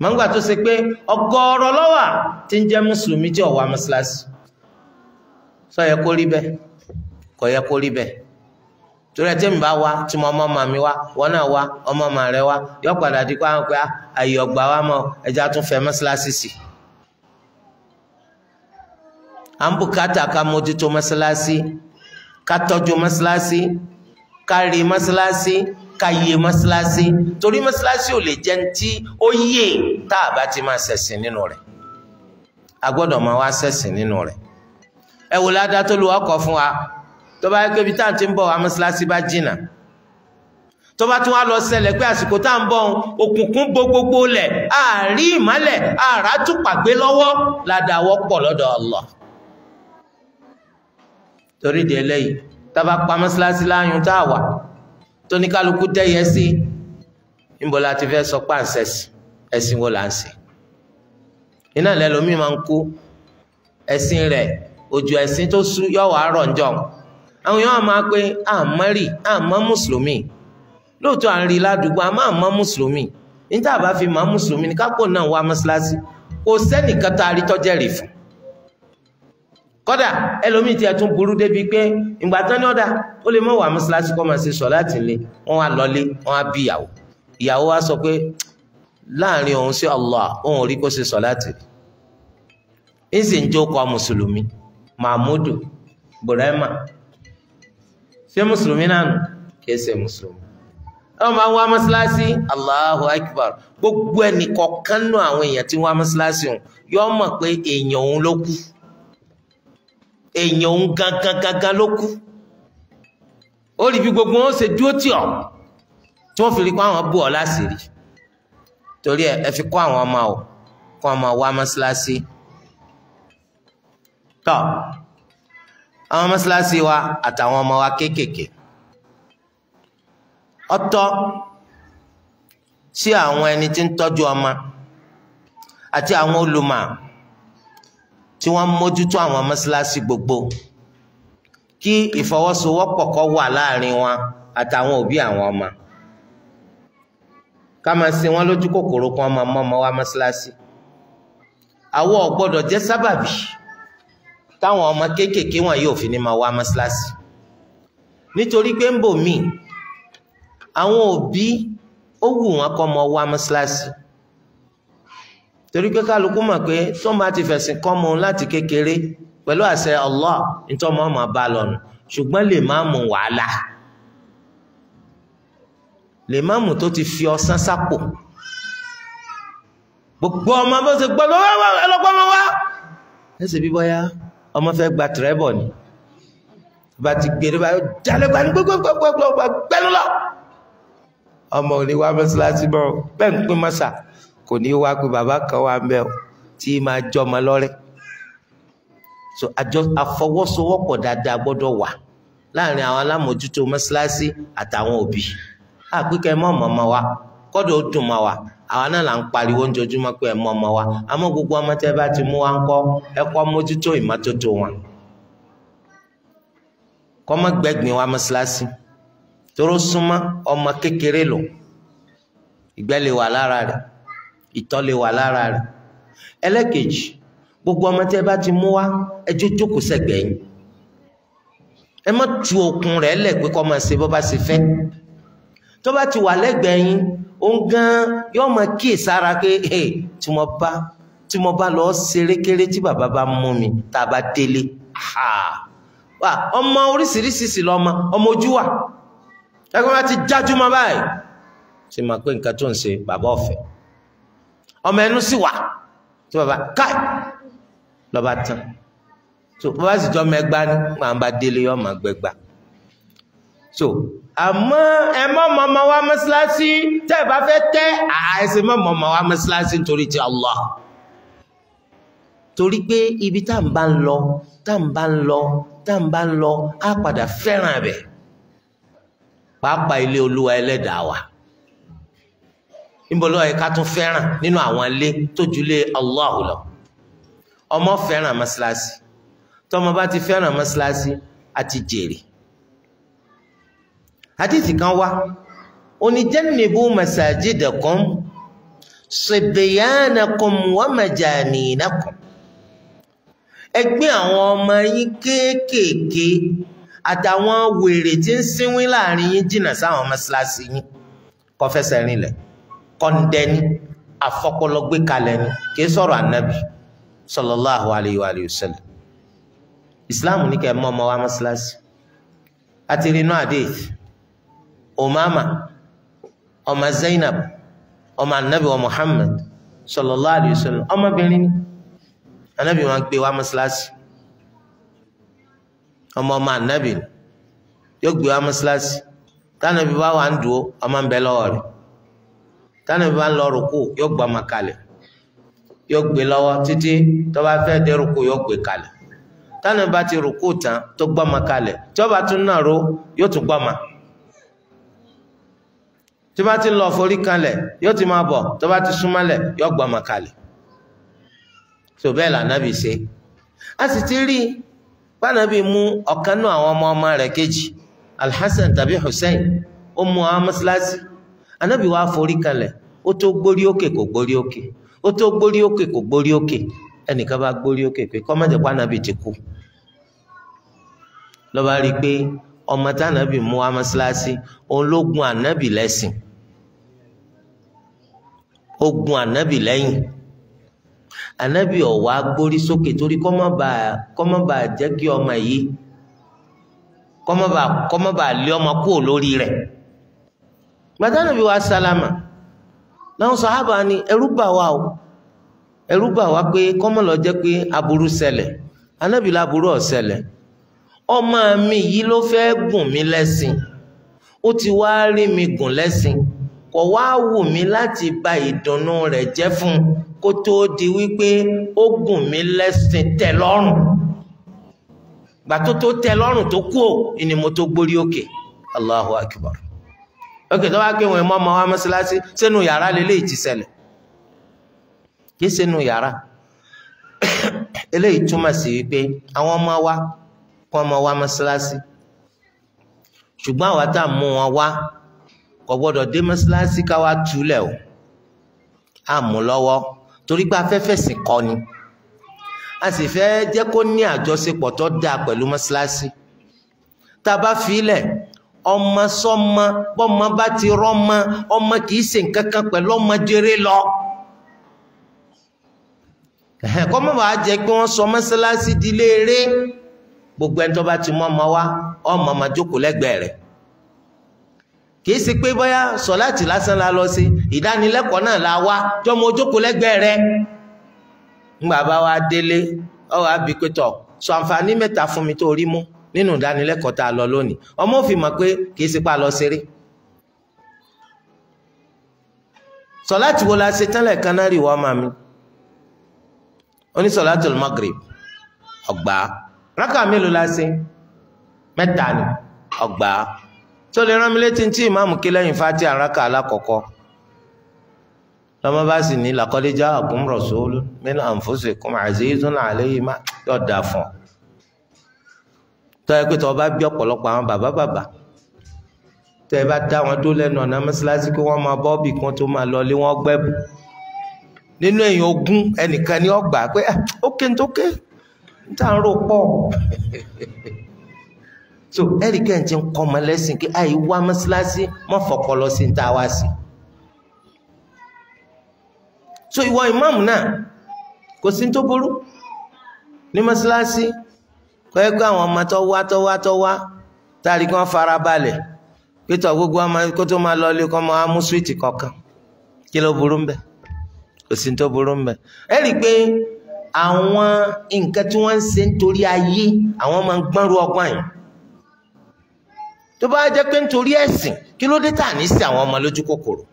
mọ̀ngbà tó ṣe pé ọgọ́rọ̀ lọ́wà tí ń jẹ́ mùsùlùmí tí ó wá sọ yẹ kó rí bẹ́ẹ̀ kò yẹ kó rí bẹ́ẹ̀ torí ẹtí mi bá wá tí mo ọmọ wá wọn wá ọmọ rẹ wá yọ padà dípò àwọn pé àyè ọgbà wa mọ ẹja tún fẹ́ mọ́ṣáláṣí sí. à ń bùkátà ká mójútó mọ́ṣáláṣí ká tọ́jú mọ́ṣáláṣí ká rí mọ́ṣáláṣí ká yé torí ò lè ó yé tá a bá ti máa ṣẹ̀sìn nínú rẹ̀ a gbọ́dọ̀ máa wá ṣẹ̀sìn nínú rẹ̀ ẹ wò ládàá tó lu tó bá yẹ taa ibi tá ti bọ̀ bá jìnnà tó bá tún wá lọ ṣẹlẹ̀ pé àsìkò tá ń bọ̀ òkùnkùn bo gbogbo lẹ̀ àárí ìmọ́lẹ̀ àrá tún pàgbé lọ́wọ́ ládàáwọ́ pọ̀ lọ́dọ̀ ọ̀lọ́. torí di eléyìí tábà pa mọ́sálásí láàyùn tá a wà ti fẹ́ sọ àwọn èèyàn máa pé àmọ́rì àmọ́ mùsùlùmí lóòótọ́ à ń rí i ládùúgbò àmọ́ àmọ́ mùsùlùmí níta àbá fi mọ́ mùsùlùmí ní kápò náà wá mọ́ṣáláṣí kò sẹ́nìkan tá a rí tọ́jẹ́ rè fún kódà ẹlòmíì tí ẹ tún burú débi pé ìgbà tán ní ọ̀dà ó lè mọ̀ wá mọ́ṣáláṣí kọ́ máa ṣe sọ láti lé wọ́n wá lọlé wọ́n wá bí ìyàwó ìyàwó wa sọ pé láàrin òun sí Allah òun ò rí kó ṣe sọ láti rí ń ṣé mùsùlùmí náà nù kìí ṣe mùsùlùmí ọmọ máa ń wá Allahu Akbar gbogbo ẹnì kọ̀ọ̀kan nù àwọn èèyàn tí ń wá mọ́ṣáláṣí yọ mọ̀ pé èèyàn òun ló èèyàn òun gangan gangan ló ó gbogbo wọn ṣe dúró tì ọ́ tí wọ́n fi rí àwọn láṣìírí torí ẹ ẹ fi àwọn àwọn mọ́ṣáláṣí wa àtàwọn ọmọ wa kéékèèké ọ̀tọ̀ sí àwọn ẹni tí ń tọ́jú ọmọ àti àwọn olùmọ̀ tí wọ́n mójútó àwọn mọ́ṣáláṣí gbogbo kí ìfọwọ́sowọ́pọ̀ kó wà láàrin wọn àtàwọn òbí àwọn ọmọ ká máa ṣe wọn lójú kòkòrò kan máa ọmọ wa mọ́ṣáláṣí àwọn ò jẹ́ sábàbí táwọn ọmọ kéékèèké wọn yóò fi ní máa wá mọ́ṣáláṣí nítorí pé ń bò mí àwọn òbí ó wù wọn kọ́ mọ wá mọ́ṣáláṣí torí pé kálukú mọ̀ pé tó máa ti fẹ̀sìn kọ́ mọ láti kékeré pẹ̀lú àṣẹ Allah nítọ́mọ́ ọmọ bá lọ́nu ṣùgbọ́n lè má mú wàhálà lè má mú tó ti fi ọsán sápò gbogbo ọmọ bó ṣe gbọ́dọ̀ wá ẹlọ́gbọ́n wá ẹ sì bí bọ́yá ọmọ fẹ́ gba tìrẹ́bọ̀ ni bá ti gbèrè bá jalè gba ní gbogbogbogbogbò gbẹ́nu lọ. ọmọ ò ní wá mọ́ṣáláṣí mọ́ bẹ́ẹ̀ ń pín mọ́ṣà kò ní wá so àjọ àfọwọ́sowọ́pọ̀ dáadáa gbọ́dọ̀ wà láàrin àwọn alámòjútó mọ́ṣáláṣí àtàwọn òbí àpíkẹ́ mọ́ wa. Kọdụ ó dùn mọ́ wa àwa náà là ń pariwo ojoojúmọ́ pé ẹ mọ ọmọ wa àmọ́ gbogbo ọmọ tẹ́ bá ti mú wa ń kọ́ ẹ kọ́ mójútó ìmọ́tótó wọn kọ́ wa mọ́ṣáláṣí toró súnmọ́ ọmọ kékeré lò ìgbẹ́ lè wà lára rẹ̀ ìtọ́ wà lára rẹ̀ gbogbo ọmọ tẹ́ bá ti mú wa ẹ jó jókòó sẹ́gbẹ̀ẹ́ yín ẹ má tu okùn rẹ̀ lẹ̀ pé kọ́ máa ṣe bó bá ṣe ti wà lẹ́gbẹ̀ẹ́ òun gan yóò máa kíyè sára pé tí mo bá tí mo bá lọ ṣerékeré tí bàbá bá mú mi tá a bá délé ọmọ oríṣiríṣi lọmọ ọmọ ojú wà ẹgbẹ́ bá ti jájú mọ́ báyìí ṣe máa pé nǹkan tó ń ṣe bàbá ọ̀fẹ́ ọmọ ẹnu sì wà tí bàbá káì lọ́ba tán tó bàbá sì jọ́ mẹ́gbá ní màá bá délé yọ́ màá gbẹ́gbàá so àmọ́ ẹ mọ́ mọ́mọ́ wá mọ́síláṣí tẹ́ ẹ bá fẹ́ tẹ́ àìsí mọ́ mọ́mọ́ wá mọ́síláṣí nítorí ti Allah torí pé ibi tá à ń bá ń lọ tá à ń bá ń lọ tá à ń bá ń lọ á padà fẹ́ràn abẹ pàápàá ilé olúwa ẹlẹ́dàá wa níbọ̀lọ́ ẹ̀ka tún fẹ́ràn nínú àwọn ilé tó jùlé Allah lọ ọmọ fẹ́ràn mọ́síláṣí tọmọ bá ti fẹ́ràn mọ́síláṣí á jèrè hadithi kan wá oníjẹ́nìbù masajidakum sibyanakum wa majaninakum ẹ gbé àwọn ọmọ yín kéékèèké àtàwọn wèrè tí ń sínwín láàrin yín jìnnà sáwọn mọ́ṣáláṣí yín kó fẹsẹ̀ rinlẹ̀ kọ́ńdẹ́ni afọpọlọgbé kalẹ̀ ni kì í sọ̀rọ̀ ànábì sallallahu alayhi wa alihi ní kẹ́ mọ́ ọmọ wa mọ́ṣáláṣí àti rinú àdéhìí. umama ọmọ zainab ọmọ anabi muhammad sallallahu alayhi ọmọbìnrin ni anabi ọmọ ọmọ anabi yóò wà ń dúró ọmọ ń bẹ lọ́wọ́ ndụ tánàbí bá ń lọ rùkú yóò ọmọ kalẹ̀ yóò gbé lọ́wọ́ títí tó bá dé rùkú yóò gbé tánàbí bá ti rùkú tán tó ọmọ tí yóò tún tí bá ti lọ forí kanlẹ̀ yóò ti máa bọ̀ tó bá ti súnmọ́lẹ̀ yóò ṣe a sì ti rí bánàbì mú ọ̀kan àwọn ọmọ ọmọ rẹ kejì alhassan tàbí hussein ó mú àwọn mọ́ṣáláṣí anábì wá forí kanlẹ̀ ó tó gbórí òkè kò gbórí òkè ó tó gbórí òkè kò gbórí òkè ẹnìkan bá gbórí ogun anabi lẹ́yìn anabi ọ̀wá gbórí sókè torí kọ́mọ́bà jẹ́ kí ọmọ yìí kọ́mọ́bà lé ọmọ kúrò lórí rẹ̀ gbadanabi wa salama láwọn sàhábà ni ẹ̀rù bà wá o ẹ̀rù bà wá pé kọ́mọ́lọ́ jẹ́ pé aburú ṣẹlẹ̀ anabi laburú ó ṣẹlẹ̀ ọmọ mi yìí ló fẹ́ gùn mí lẹ́sìn ó ti wá rí mi gùn lẹ́sìn. kò wá wù mí láti ba ìdùnnú rẹ̀ jẹ́ fún un kó tóó di wípé ó gùn mí lẹ́sìn tẹ́ lọ́rùn gbà tó tó tẹ́ lọ́rùn tó kú ò ni mo tó gbórí òkè Allahu Akbar òkè tó wá pé wọn mọ ọmọ wa mọ́sálásí sínú yàrá lélẹ́yìí ti ṣẹlẹ̀ kí sínú yàrá eléyìí túmọ̀ sí wípé àwọn ọmọ wa kọ́ ọmọ wa mọ́sálásí ṣùgbọ́n àwa tá a mú wọn wá kò gbọ́dọ̀ dé mọ́ṣáláṣí ká wá túlẹ̀ o á mú lọ́wọ́ torí pé afẹ́fẹ́ sì kọ́ ni a sì fẹ́ jẹ́ kó ní àjọṣepọ̀ tó dáa pẹ̀lú mọ́ṣáláṣí tá a bá fi í lẹ̀ ọmọ sọmọ bọmọ bá ti rọmọ ọmọ kì í ṣe nǹkan kan pẹ̀lú ọmọ jẹrẹ lọ kọ́mọ̀ wàá pé wọ́n sọ mọ́ṣáláṣí di léèrè gbogbo ẹni tó bá ti mọ́ ọmọ wa ọmọ ọmọ jókòó lẹ́gbẹ̀ẹ́ rẹ̀. kìí ṣe pé bóyá sọ̀láàtì lásán la lọ sí ìdánilẹ́kọ̀ọ́ náà la wá jọmọ ojókòó lẹ́gbẹ̀ẹ́ rẹ ńgbà bá wa délé ọ̀rọ̀ àbí pé tọ̀ sọ àǹfààní mẹ́ta fún mi tó rí mú nínú ìdánilẹ́kọ̀ọ́ tá a lọ lónìí ọmọ òfin mọ̀ pé kìí ṣe pa lọ ṣeré sọ̀láàtì wo la ṣe tẹ́lẹ̀ kan náà rí wọ́n máa mi onísọ̀láàtì Maghrib ọgbà rákà mélòó la ṣe mẹ́ta ni ọgbà. tó lè rán mi létí tí ìmáàmù ké lẹ́yìn fati àràkà alákọ̀ọ́kọ́ lọ́mọ bá sì ní laqad jā'akum rasūlun min anfusikum 'azīzun 'alayhi mā yọ̀ dà fún ọ. tó bá bí ọ̀pọ̀lọpọ̀ àwọn bàbá bàbá bá dá wọn lẹ́nu ọ̀nà mọ́ṣáláṣí wọ́n máa bọ́ọ̀bì kan tó máa lọ lé wọ́n nínú èèyàn ogún so ẹ̀rí kẹ́ ẹ̀ ti ń kọ́ ọmọ lẹ́sìn kí àyè wá mọ́síláṣí mọ́ fọpọlọ sí ta wá sí so ìwọ ìmáàmù náà kò sí tó burú ní mọ́síláṣí kọ́ ẹ́ pé àwọn ọmọ tó wá tó wá tó wá táàrí kí wọ́n fara balẹ̀ pétọ̀ gbogbo ọmọ kó tó máa lọ ilé kọ́ máa mú súwìtì kọ̀ọ̀kan kí ló burú ń kò sí tó burú ń bẹ̀ pé àwọn nǹkan tí wọ́n ń ṣe nítorí ayé àwọn máa ń gbọ́nrú ọgbọ́n yìí tó bá jẹ́ pé nítorí ẹ̀sìn kí ló dé tà ní sí àwọn ọmọ lójú kòkòrò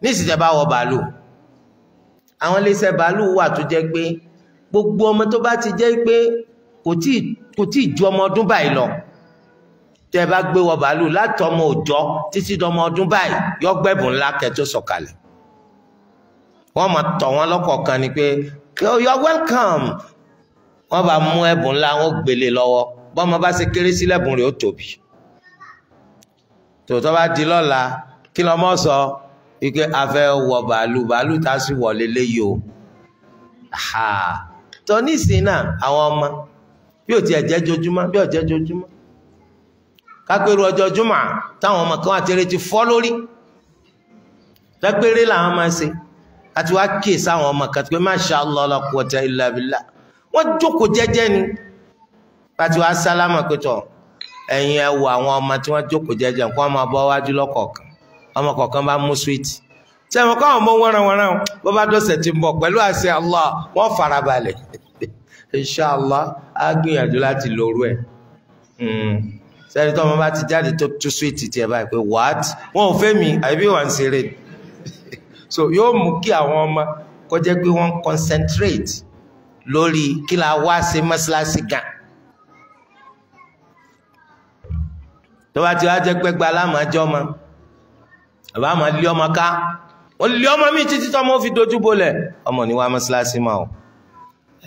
ní ìsìtẹ́ bá wọ bàálù àwọn iléeṣẹ́ bàálù wà tó jẹ́ pé gbogbo ọmọ tó bá ti jẹ́ pé kò tí ì ju ọmọ ọdún báyìí lọ tẹ bá gbé wọ bàálù láti ọmọ òòjọ́ títí dọmọ ọdún báyìí yọ ńlá kẹtó sọ̀kalẹ̀ wọ́n máa tọ̀ wọ́n lọ́kọ̀ọ̀kan ni pé you welcome wọ́n bá mú ẹ̀bùn ńlá wọn gbélé lọ́wọ́ bọ́mọ bá ṣe kéré rẹ̀ ó tóbi tòótọ́ bá di lọ́la kí lọ́mọ sọ wípé a fẹ́ wọ bàálù bàálù tá a sì wọ̀ léléyìí o tó nísìnyí náà àwọn ọmọ bí ò tiẹ̀ jẹ́ jojúmọ́ bí ò jẹ́ jojúmọ́ kápẹ́rù ọjọ́ júmọ̀ táwọn ọmọ kan àtẹ̀rẹ̀ ti fọ́ lórí lágbèrè làwọn máa ṣe àti wá kè sáwọn ọmọ kan pé masha Allah la quwwata illa billah wọ́n jókòó jẹ́jẹ́ ni àti wá sálámà pé tọ̀ ẹ̀yin ẹ wo àwọn ọmọ tí wọ́n jókòó jẹ́jẹ́ nǹkan ọmọ bọ́ wájú lọ́kọ̀ọ̀kan ọmọ kọ̀ọ̀kan bá mú swiiti ṣé mo káwọn mọ wọ́nranwọ́nran bó bá dọ̀sẹ̀ ti bọ̀ pẹ̀lú àṣẹ Allah wọ́n farabalẹ̀ inshallah á gbìyànjú láti lóru ẹ̀ sẹ́ni hmm. tó ọmọ bá ti jáde tó tú swiiti tiẹ̀ báyìí pé what wọn ò fẹ́ mi àbí wà ń ṣeré so yóò mú kí àwọn ọmọ kó pé wọ́n concentrate lórí kí la wá ṣe mọ́ṣáláṣí gan tọ́wá tí wàá jẹ́ pẹ́gbẹ́ alámàájọ́ ọmọ àbá máa lé ọmọ ká ó lé ọmọ mi títí tó ọmọ fi dojú bolẹ̀ ọmọ ní wàá mọ́ṣáláṣí máa o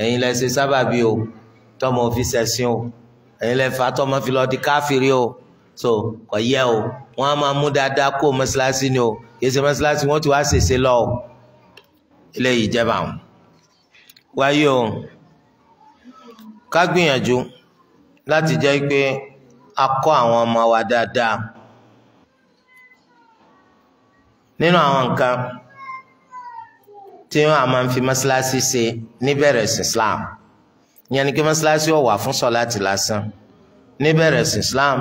ẹ̀yin lẹ ṣe sábàbí o tọ́mọ fi ṣẹ̀sìn o ẹ̀yin lẹ fà tọ́mọ fi lọ di káfíìrì o so kò yẹ o wọ́n á máa mú dáadáa kó mọ́ṣáláṣí ni o kì í ṣe mọ́ṣáláṣí wọ́n ti wá ṣèṣe lọ o eléyìí jẹba o wáyé o ká gbìyànjú láti jẹ́ pé a kọ́ àwọn ọmọ wa dáadáa nínú àwọn nǹkan tí wọn máa ń fi mọ́ṣáláṣí ṣe níbẹ̀rẹ̀ sí Islam ìyẹn ni kí mọ́ṣáláṣí ó wà fún sọ́láàtì lásán níbẹ̀rẹ̀ sí Islam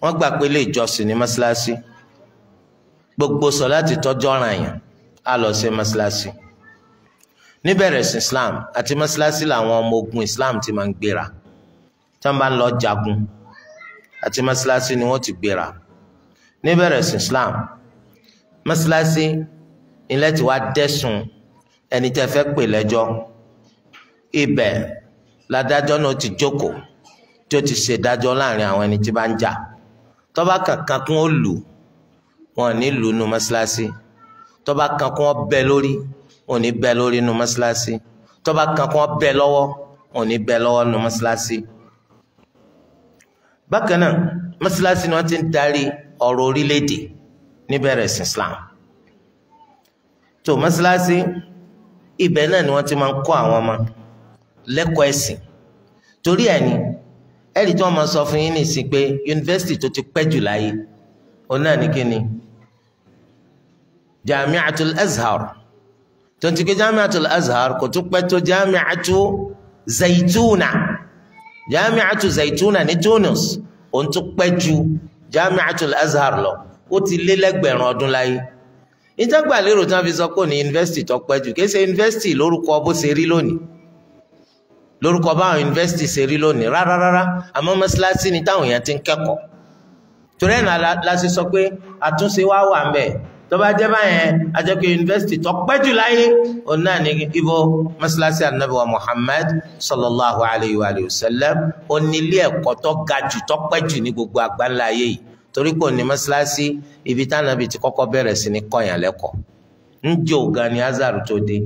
wọ́n gbà pé ilé ìjọsìn ní mọ́ṣáláṣí gbogbo sọ́láàtì tọ́jọ́ ọ̀ràn yẹn á lọ sí mọ́ṣáláṣí níbẹ̀rẹ̀ sí Islam àti mọ́ṣáláṣí làwọn ọmọ ogun Islam ti máa ń gbéra tí wọ́n bá ń lọ jagun àti mọ́sálásí ni wọ́n ti gbéra níbẹ̀rẹ̀ sí Islam mọ́sálásí ilẹ̀ tí wàá dẹ́sùn ẹni tẹ́ fẹ́ pè lẹ́jọ́ ibẹ̀ ládájọ́ náà ti jókòó tí ó ti ṣèdájọ́ láàrin àwọn ẹni tí bá ń jà tọ́ba kankan kún ó lù wọn ní lù nu mọ́sálásí tọ́ba kan kún ó bẹ lórí wọn ní bẹ lórí nu mọ́sálásí tọ́ba kan kún ó bẹ lọ́wọ́ wọn ní bẹ lọ́wọ́ nu mọ́sálásí bákan náà mọ́sálásí ni wọ́n ti ń darí ọ̀rọ̀ orílẹ̀-èdè níbẹ̀rẹ̀ sí Islam tó mọ́sálásí ibẹ̀ náà ni wọ́n ti máa ń kọ́ àwọn ọmọ lẹ́kọ̀ọ́ ẹ̀sìn torí ẹ̀ ni ẹ̀rí tí wọ́n máa sọ fún yín nìsín pé yunifásitì tó ti pẹ́ jù láyé òun náà ní kíni jamiatul azhar tó ti ké jamiatul azhar kò tún pẹ́ tó jamiatu zaituna jamiatu zaituna ní Tunis òun tún pẹ́ ju jamiatu azhar lọ ó ti lé lẹ́gbẹ̀rún ọdún láyé ìjọba lérò tí wọ́n fi sọ pé ní yunifásitì tó pẹ́ jù kì í ṣe yunifásitì lórúkọ bó ṣe rí lónìí lórúkọ báwọn yunifásitì ṣe rí lónìí rárá rárá àmọ́ ni táwọn èèyàn ti ń kẹ́kọ̀ọ́ torí ẹ̀ náà la ṣe sọ pé àtúnṣe wá wà ń tọba bá jẹ́ báyẹn ajẹ́kọ̀ yunifásitì tó pẹ́ ọ òun náà ní ibo anabi wa muhammad sallallahu alayhi wa sallam ó ní ilé ga jù tó jù ní gbogbo àgbáńlá yìí torí kò ní ibi ti sí ní ni azar tó dé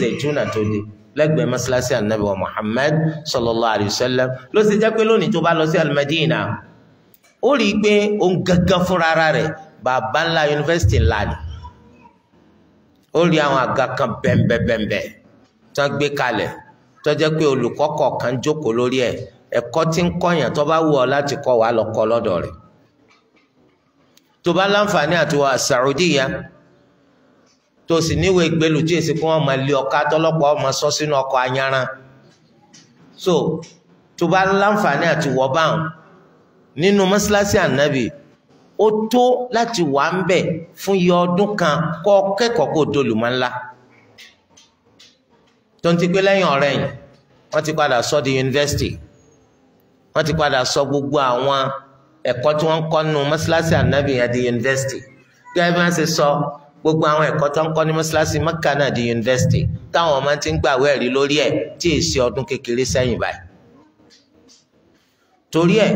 zaituna tó masalasi anabi wa muhammad sallallahu alayhi wa sallam pé lónìí tó bá lọ sí alimadina ó rí i bàbá ńlá yunifásitì ńlá ni ó rí àwọn àga kan bẹ́ẹ̀nbẹ́ẹ̀bẹ́ẹ̀ tó gbé kalẹ̀ tó jẹ́ pé olùkọ́ kọ̀ọ̀kan jókòó lórí ẹ̀ ẹ̀kọ́ tí ń kọ́yàn tó bá wù ọ́ láti kọ́ wàá lọ kọ́ lọ́dọ̀ rẹ̀ tó bá láǹfààní àti wà Saudiya tó sì níwèé ìgbélú tí èsì fún ọmọ ilé ọkọ atọ́lọ́pọ̀ ọmọ sọ sínú ọkọ̀ ayanran so tó bá láǹfààní àti wọ́ báwọn nínú mọ́ṣáláṣí ànábì ó tó láti wà ń bẹ̀ fún iye ọdún kan kọ́ kẹ́kọ̀ọ́ kó tó lùmọ́ ńlá tó ń ti pé lẹ́yìn ọ̀rẹ́ yìí wọ́n ti padà sọ di yunifásitì wọ́n ti padà sọ gbogbo àwọn ẹ̀kọ́ tí wọ́n ń kọ́ nu mọ́ṣáláṣí ànábì yẹn di yunifásitì gẹ́gẹ́ bí wọ́n ṣe sọ gbogbo àwọn ẹ̀kọ́ tó ń kọ́ ní mọ́ṣáláṣí mẹ́kà náà di yunifásitì táwọn ọmọ ti ń gbàwé ẹ̀rí lórí ẹ̀ tí èsì ọdún kékeré sẹ́yìn báyìí torí ẹ̀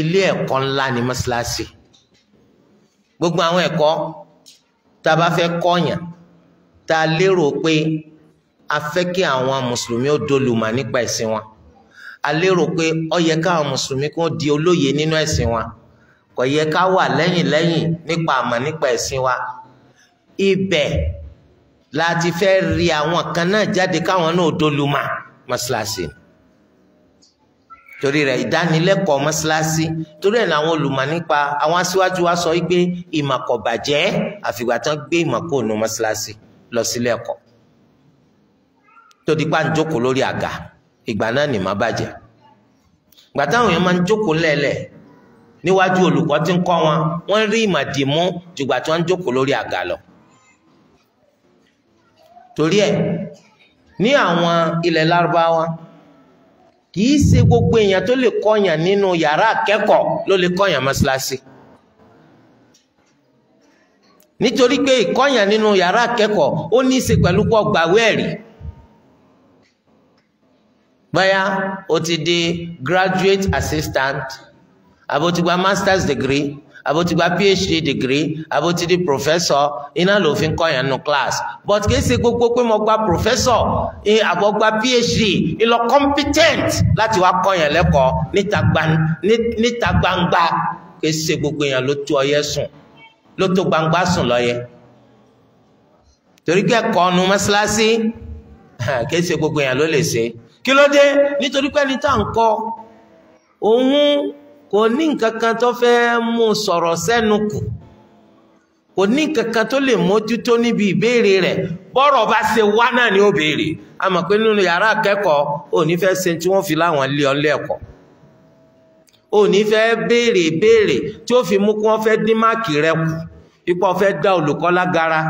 ilé ẹ̀kọ́ ńlá ni mọ́ṣáláṣí gbogbo àwọn ẹ̀kọ́ tá a bá fẹ́ kọ́yàn tá a lérò pé a fẹ́ kí àwọn mùsùlùmí ó dolùmọ̀ nípa ẹ̀sìn wọn a lérò pé ó yẹ káwọn mùsùlùmí kó di olóye nínú ẹ̀sìn wọn kò yẹ ká wà lẹ́yìn lẹ́yìn nípa àmọ̀ nípa ẹ̀sìn wa ibẹ̀ la ti fẹ́ rí àwọn kan náà jáde káwọn náà dolùmọ̀ mọ́ṣáláṣí torí rẹ̀ ìdánilẹ́kọ̀ọ́ mọ́ṣáláṣí torí ẹ̀ làwọn olùmọ̀ nípa àwọn aṣíwájú wa sọ wípé ìmọ̀ kò bàjẹ́ àfìgbà tán gbé ìmọ̀ kò nu mọ́ṣáláṣí lọ sílé ẹ̀kọ́ tó di pa ń jókòó lórí àga ìgbà náà ni màá bàjẹ́ ìgbà táwọn èèyàn máa ń jókòó lẹ́lẹ̀ níwájú olùkọ́ tí ń kọ́ wọn wọ́n rí ìmọ̀ jùgbà tí wọ́n ń jókòó lórí àga lọ torí ẹ̀ ní àwọn ilẹ̀ lárúbáwá kìí ṣe gbogbo èèyàn tó lè kọyàn nínú yàrá akẹ́kọ̀ọ́ ló lè kọyàn mọ́ṣáláṣí nítorí pé ìkọyàn nínú yàrá akẹ́kọ̀ọ́ ó ní í ṣe pẹ̀lú pọ̀ gbàwé ẹ̀rí bóyá o ti di graduate assistant àbí master's degree àbótigbà phd degree àbótidí professor iná lòfin kọyàn nù class but kì í ṣe gbogbo pé mo gba professor àbọ̀ gba phd ìlọ competent láti wá kọyàn lẹ́kọ̀ọ́ níta gbangba kì í ṣe gbogbo èèyàn ló tó ọyẹ sùn ló tó gbangba sùn lọ́yẹ torí kẹ́kọ̀ọ́ nu mọ́ṣáláṣí kì í ṣe gbogbo èèyàn ló lè ṣe kí ló dé nítorí pé ẹni tá à ń kọ òun kò ní nǹkan kan tó fẹ́ mú sọ̀rọ̀ sẹ́nu kù kò ní nǹkan kan tó lè mójútó níbi ìbéèrè rẹ̀ bọ́rọ̀ bá ṣe wá náà ni ó béèrè a mọ̀ pé nínú yàrá akẹ́kọ̀ọ́ ò ní fẹ́ ṣe tí wọ́n fi láwọn ilé ọlẹ́ ẹ̀kọ́ ò ní fẹ́ béèrè béèrè tí ó fi mú kí wọ́n fẹ́ dín máàkì rẹ kù ipò fẹ́ dá olùkọ́ lágara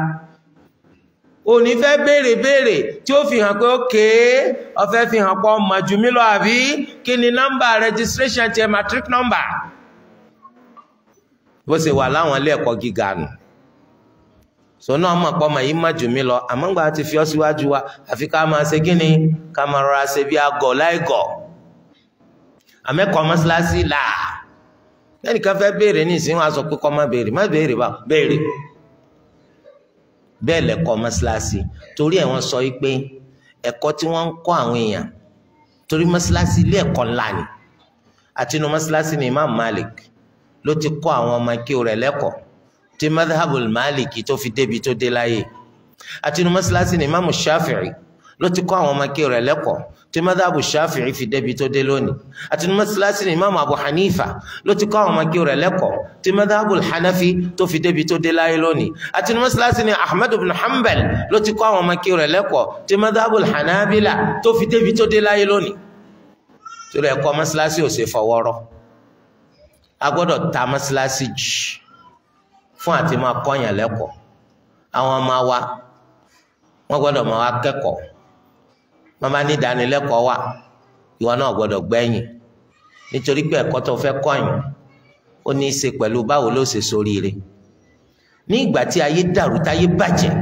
o ní fẹ́ béèrè béèrè tí ó fi hàn pé ókè ọ̀fẹ́ fi hàn pọ̀ mọ̀jú àbí kí ni nọ́mbà registration ti matric number bó ṣe wà láwọn ilé ẹ̀kọ́ gíga nù so náà mọ̀ pọ̀ mọ̀ yìí mọ̀jú mílọ àmọ́ gbà ti fi ọ́ síwájú wa àfi ká máa ṣe kíni ká máa rọra ṣe bí agọ̀ láìgọ̀ àmẹ́kọ̀ mọ́ṣáláṣí là ẹnìkan fẹ́ béèrè ní ìsìn wọn a pé kọ́ má béèrè má béèrè bá béèrè bẹ́ẹ̀ lẹ́kọ́ mọ́ṣáláṣí torí ẹ̀ wọ́n sọ wípé ẹ̀kọ́ tí wọ́n ń kọ́ àwọn èèyàn torí mọ́ṣáláṣí ilé ẹ̀kọ́ ńlá ni àtinú mọ́ṣáláṣí ni Imam Malik ló ti kọ́ àwọn ọmọ kí o rẹ̀ lẹ́kọ̀ọ́ tí madhabul Maliki tó fi débi tó dé láyé àtinú mọ́ṣáláṣí ni Imam Shafi'i ló ti kọ́ àwọn ọmọ kí rẹ̀ lẹ́kọ̀ọ́ tí madhabu shafi'i fi débi tó dé lónìí àti ní mọ́sálásí imam abu hanifa ló ti kọ́ àwọn ọmọ rẹ̀ lẹ́kọ̀ọ́ tí madhabu hanafi tó fi débi tó dé láyé lónìí àti ní mọ́sálásí ni ibn hanbal ló ti kọ́ àwọn ọmọ kí rẹ̀ lẹ́kọ̀ọ́ tí madhabu hanabila tó fi débi tó dé láyé lónìí torí ẹ̀kọ́ mọ́sálásí ò ṣe fọwọ́rọ́ a gbọ́dọ̀ ta mọ́sálásí jì fún àti máa kọ́yàn lẹ́kọ̀ọ́ àwọn ọmọ wa wọ́n gbọ́dọ̀ máa wá kẹ́kọ̀ọ́ Mama ní ìdánilẹ́kọ̀ọ́ wà ìwọ náà gbọ́dọ̀ gbẹ́yìn nítorí pé ẹ̀kọ́ tó fẹ́ kọ́yìn ó ní í ṣe pẹ̀lú báwo ló ṣe soríire ní ìgbà tí ayé dàrú táyé bàjẹ́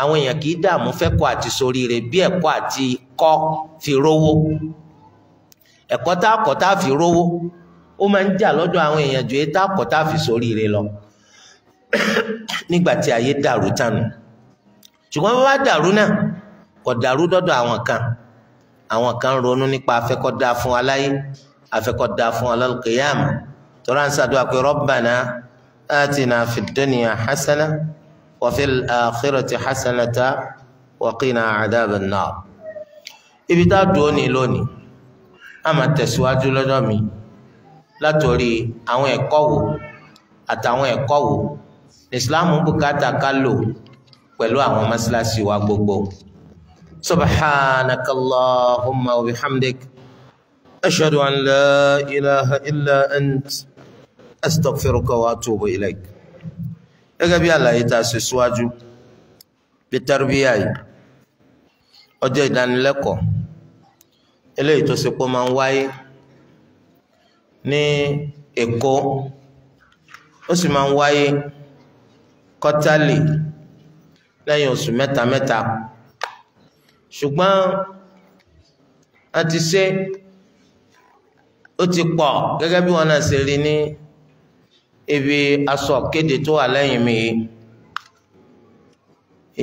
àwọn èèyàn kì í dààmú fẹ́kọ̀ọ́ àti soríire bí ẹ̀kọ́ àti kọ́ fi rówó ẹ̀kọ́ tá a kọ́ tá a fi rówó ó máa ń jà lọ́dọ̀ àwọn èèyàn ju èyí tá a kọ́ tá a fi soríire lọ nígbà tí ayé dàrú tánu ṣùgbọ́n bá dàrú náà ọ̀dàrú dọ́dọ̀ àwọn kan àwọn kan ronú nípa afẹ́kọ́dá fún wa láyé afẹ́kọ́dá fún wa lálùkìyàm tọ́lá ń ṣàdúrà pé Rabbana atina fid dunya hasana wa fil akhirati hasanata wa qina adhaban nar. ibi tá a dùn ó ní lónìí a máa tẹ̀síwájú lọ́dọ̀ mi látòrí àwọn ẹ̀kọ́ wo àtàwọn ẹ̀kọ́ wo ìsìláàmù bùkátà ká lò pẹ̀lú àwọn mọ́ṣáláṣí wa gbogbo. سبحانك اللهم وبحمدك أشهد أن لا إله إلا أنت أستغفرك وأتوب إليك gẹ́gẹ́ bí àlàyé tá a ṣe síwájú bí tẹ́rìbíyà yìí ọjọ́ ìdánilẹ́kọ̀ọ́ eléyìí tó ṣe pé máa ń wáyé ní Èkó ó sì máa ń wáyé kọ́tálì lẹ́yìn oṣù mẹ́ta mẹ́ta. mẹ́ta ṣùgbọ́n a ti ṣe ó ti pọ̀ gẹ́gẹ́ bí wọn náà ṣe rí ní ibi aṣọ kéde tó wà lẹ́yìn mi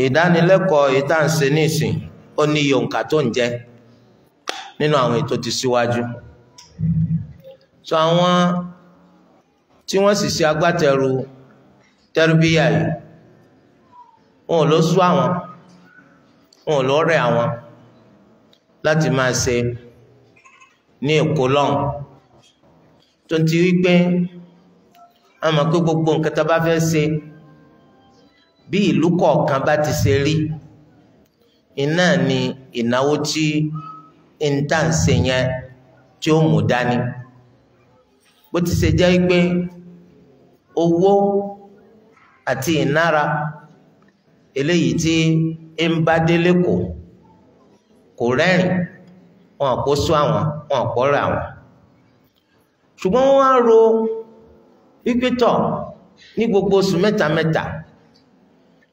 ìdánilẹ́kọ̀ọ́ ìtànṣe nísìn ó ní yonka tó ń jẹ́ nínú àwọn ètò ti síwájú so àwọn tí wọ́n sì ṣe agbátẹrù tẹ́rù yìí wọn ò lọ sú àwọn wọn ò lọ́rẹ̀ àwọn láti máa ṣe ní èkó lọ́hùn tó ti rí pé a mọ̀ pé gbogbo nǹkan tá a bá fẹ́ ṣe bí ìlú kọ̀ọ̀kan bá ti ṣe rí iná ni ìnáwó tí intanse yẹn tí ó mú dání bó ti ṣe jẹ́ pé owó àti ìnára eléyìí tí ń bá délé kò kò rẹ́rìn wọn kò sọ àwọn wọn kò rà wọn ṣùgbọ́n wọ́n á ro wípé tọ̀ ní gbogbo oṣù mẹ́ta mẹ́ta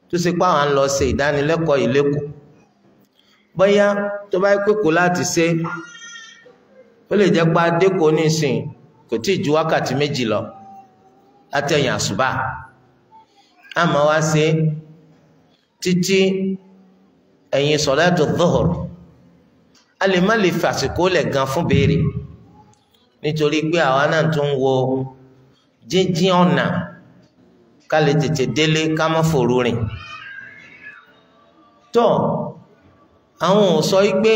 tó ṣe pé àwọn ń lọ ṣe ìdánilẹ́kọ̀ọ́ ìlẹ́kọ̀ọ́ bóyá tó bá pé kò láti ṣe ó lè jẹ́ pé adéko nísìn kò tí ì ju wákàtí méjì lọ látẹ̀yìn àṣùbà àmọ́ wá ṣe títí ẹ̀yìn sọ̀láàtù dhuhr a lè má lè fàsìkò lẹ̀ gan fún béèrè nítorí pé àwa náà tó ń wo jíjìn ọ̀nà ká lè tètè délé ká má fòrú rìn àwọn sọ pé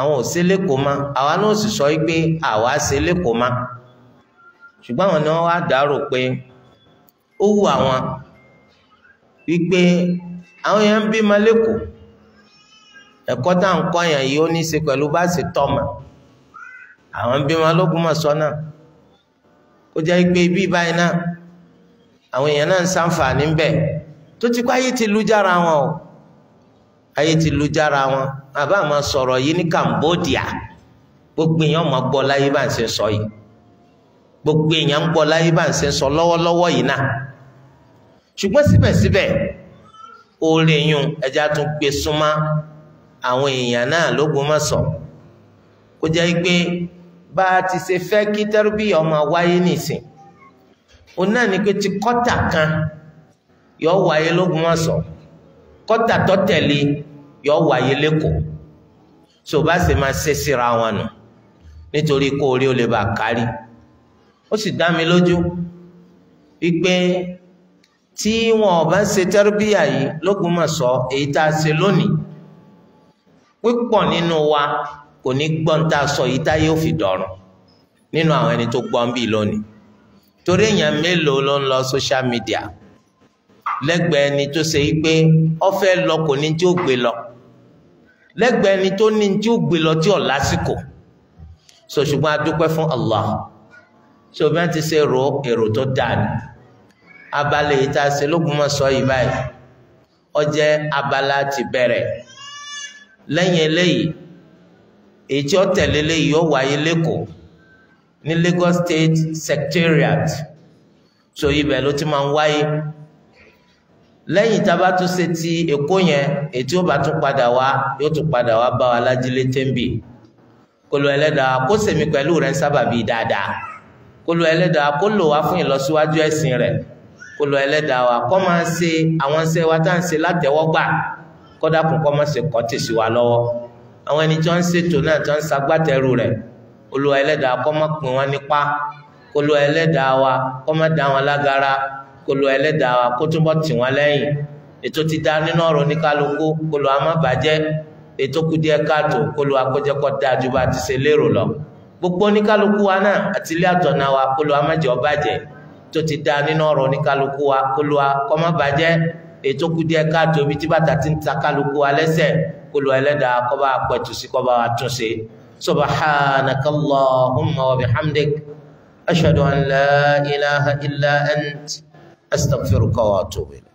àwọn ò sí lẹ́kọ̀ọ́ ma àwa náà sì sọ pé àwa sí lẹ́kọ̀ọ́ ma ṣùgbọ́n àwọn ni wọ́n wá dárò pé ó wù àwọn wípé àwọn yẹn ń ẹ̀kọ́ tá à ń kọ́ yàn yìí ó ní í ṣe pẹ̀lú bá ṣe tọ́mà àwọn bí wọn lógun mọ̀ sọ́nà kó jẹ́ pé ibi báyìí náà àwọn èèyàn náà ń ṣàǹfààní ń bẹ̀ tó ti kọ́ ayé ti lu jára wọn o ayé ti lu jára wọn àbá àwọn sọ̀rọ̀ yìí ní Cambodia gbogbo èèyàn máa gbọ́ láyé bá ń ṣe sọ yìí gbogbo èèyàn ń gbọ́ láyé bá ń ṣe sọ lọ́wọ́lọ́wọ́ yìí náà ṣùgbọ́n síbẹ̀síbẹ̀ oore yun ẹja tún gbé súnmọ́ àwọn èèyàn náà l'Ógbómọ̀ṣọ́ kó jẹ́ pé bá a ti ṣe fẹ́ kí tẹ́rùbì ọmọ wáyé nìsín òun náà ni pé ti kọ́tà kan yọ wáyé l'Ógbómọ̀ṣọ́ kọ́tà tó tẹ̀lé yọ wáyé lẹ́kọ̀ọ́ so bá ṣe máa ṣe síra wọn nù nítorí kó orí ó lè bá a kárí ó sì dá mi lójú wípé tí wọn ò bá ṣe tẹ́rùbìyà yìí l'Ógbómọ̀ṣọ́ èyí tá a ṣe lónìí pípọ̀ nínú wa kò ní gbọ́n tá a sọ yìí táyé ò fi dọ̀rùn nínú àwọn ẹni tó gbọ́n bí lónìí torí èèyàn mélòó ló ń lọ social media lẹ́gbẹ̀ẹ́ ẹni tó ṣe pé ó fẹ́ lọ kò ní tí ó gbé lọ lẹ́gbẹ̀ẹ́ ẹni tó ní tí ó gbé lọ tí ò lásìkò so ṣùgbọ́n a fún Allah so bí wọ́n ti ṣe ro èrò tó dáa ni abalẹ̀ yìí tá a ṣe lókun sọ yìí báyìí ó jẹ́ abala ti bẹ̀rẹ̀ lẹ́yìn eléyìí èyí tí ó tẹ̀lé léyìí yóò wáyé lẹ́kọ̀ọ́ ní Lagos State Secretariat so ibẹ̀ ló ti máa ń wáyé lẹ́yìn tá a bá tún ṣe ti Èkó yẹn èyí tí ó bá tún padà wá yóò tún padà wá bá wa lájílé tẹ́ḿbì kólú ẹlẹ́dàá kó sèmi pẹ̀lú rẹ̀ sábàbí dáadáa kólú ẹlẹ́dàá kó lò wá fún ìlọsíwájú ẹ̀sìn rẹ̀ kólú ẹlẹ́dàá wa kó máa ṣe àwọn iṣẹ́ wa tá à ń ṣe látẹ̀wọ́gbà kódà kún kọ́ mọ̀sẹ̀ kọ́ tì sí wa lọ́wọ́ àwọn ẹni tí wọ́n ń ṣètò náà tí wọ́n ń ṣagbátẹrù rẹ̀ olúwa ẹlẹ́dàá kó má pín wọn nípa olúwa ẹlẹ́dàá wa kó má dá wọn lágara olúwa ẹlẹ́dàá wa kó túbọ̀ tì wọ́n lẹ́yìn ètò ti dá nínú ọ̀rọ̀ oníkálukú olúwa má bàjẹ́ ètò kù díẹ̀ káàtó olúwa kó jẹ́ kó ju bá ti ṣe lérò lọ gbogbo oníkálukú wa náà àti ilé àtọ̀nà wa olúwa má jẹ́ ó bàjẹ́ tó ti dá nínú ọ̀rọ̀ oníkálukú wa olúwa kó má bàjẹ́ ètò kùdí ẹ̀ka àti omi tí bàtà ti ń ta kálukú alẹ́sẹ̀ kólú ẹlẹ́dàá kọ́ba pẹ̀tù sí kọ́ba àtúnṣe subhanaka allahumma wa bihamdik ashhadu an la ilaha illa ant astaghfiruka wa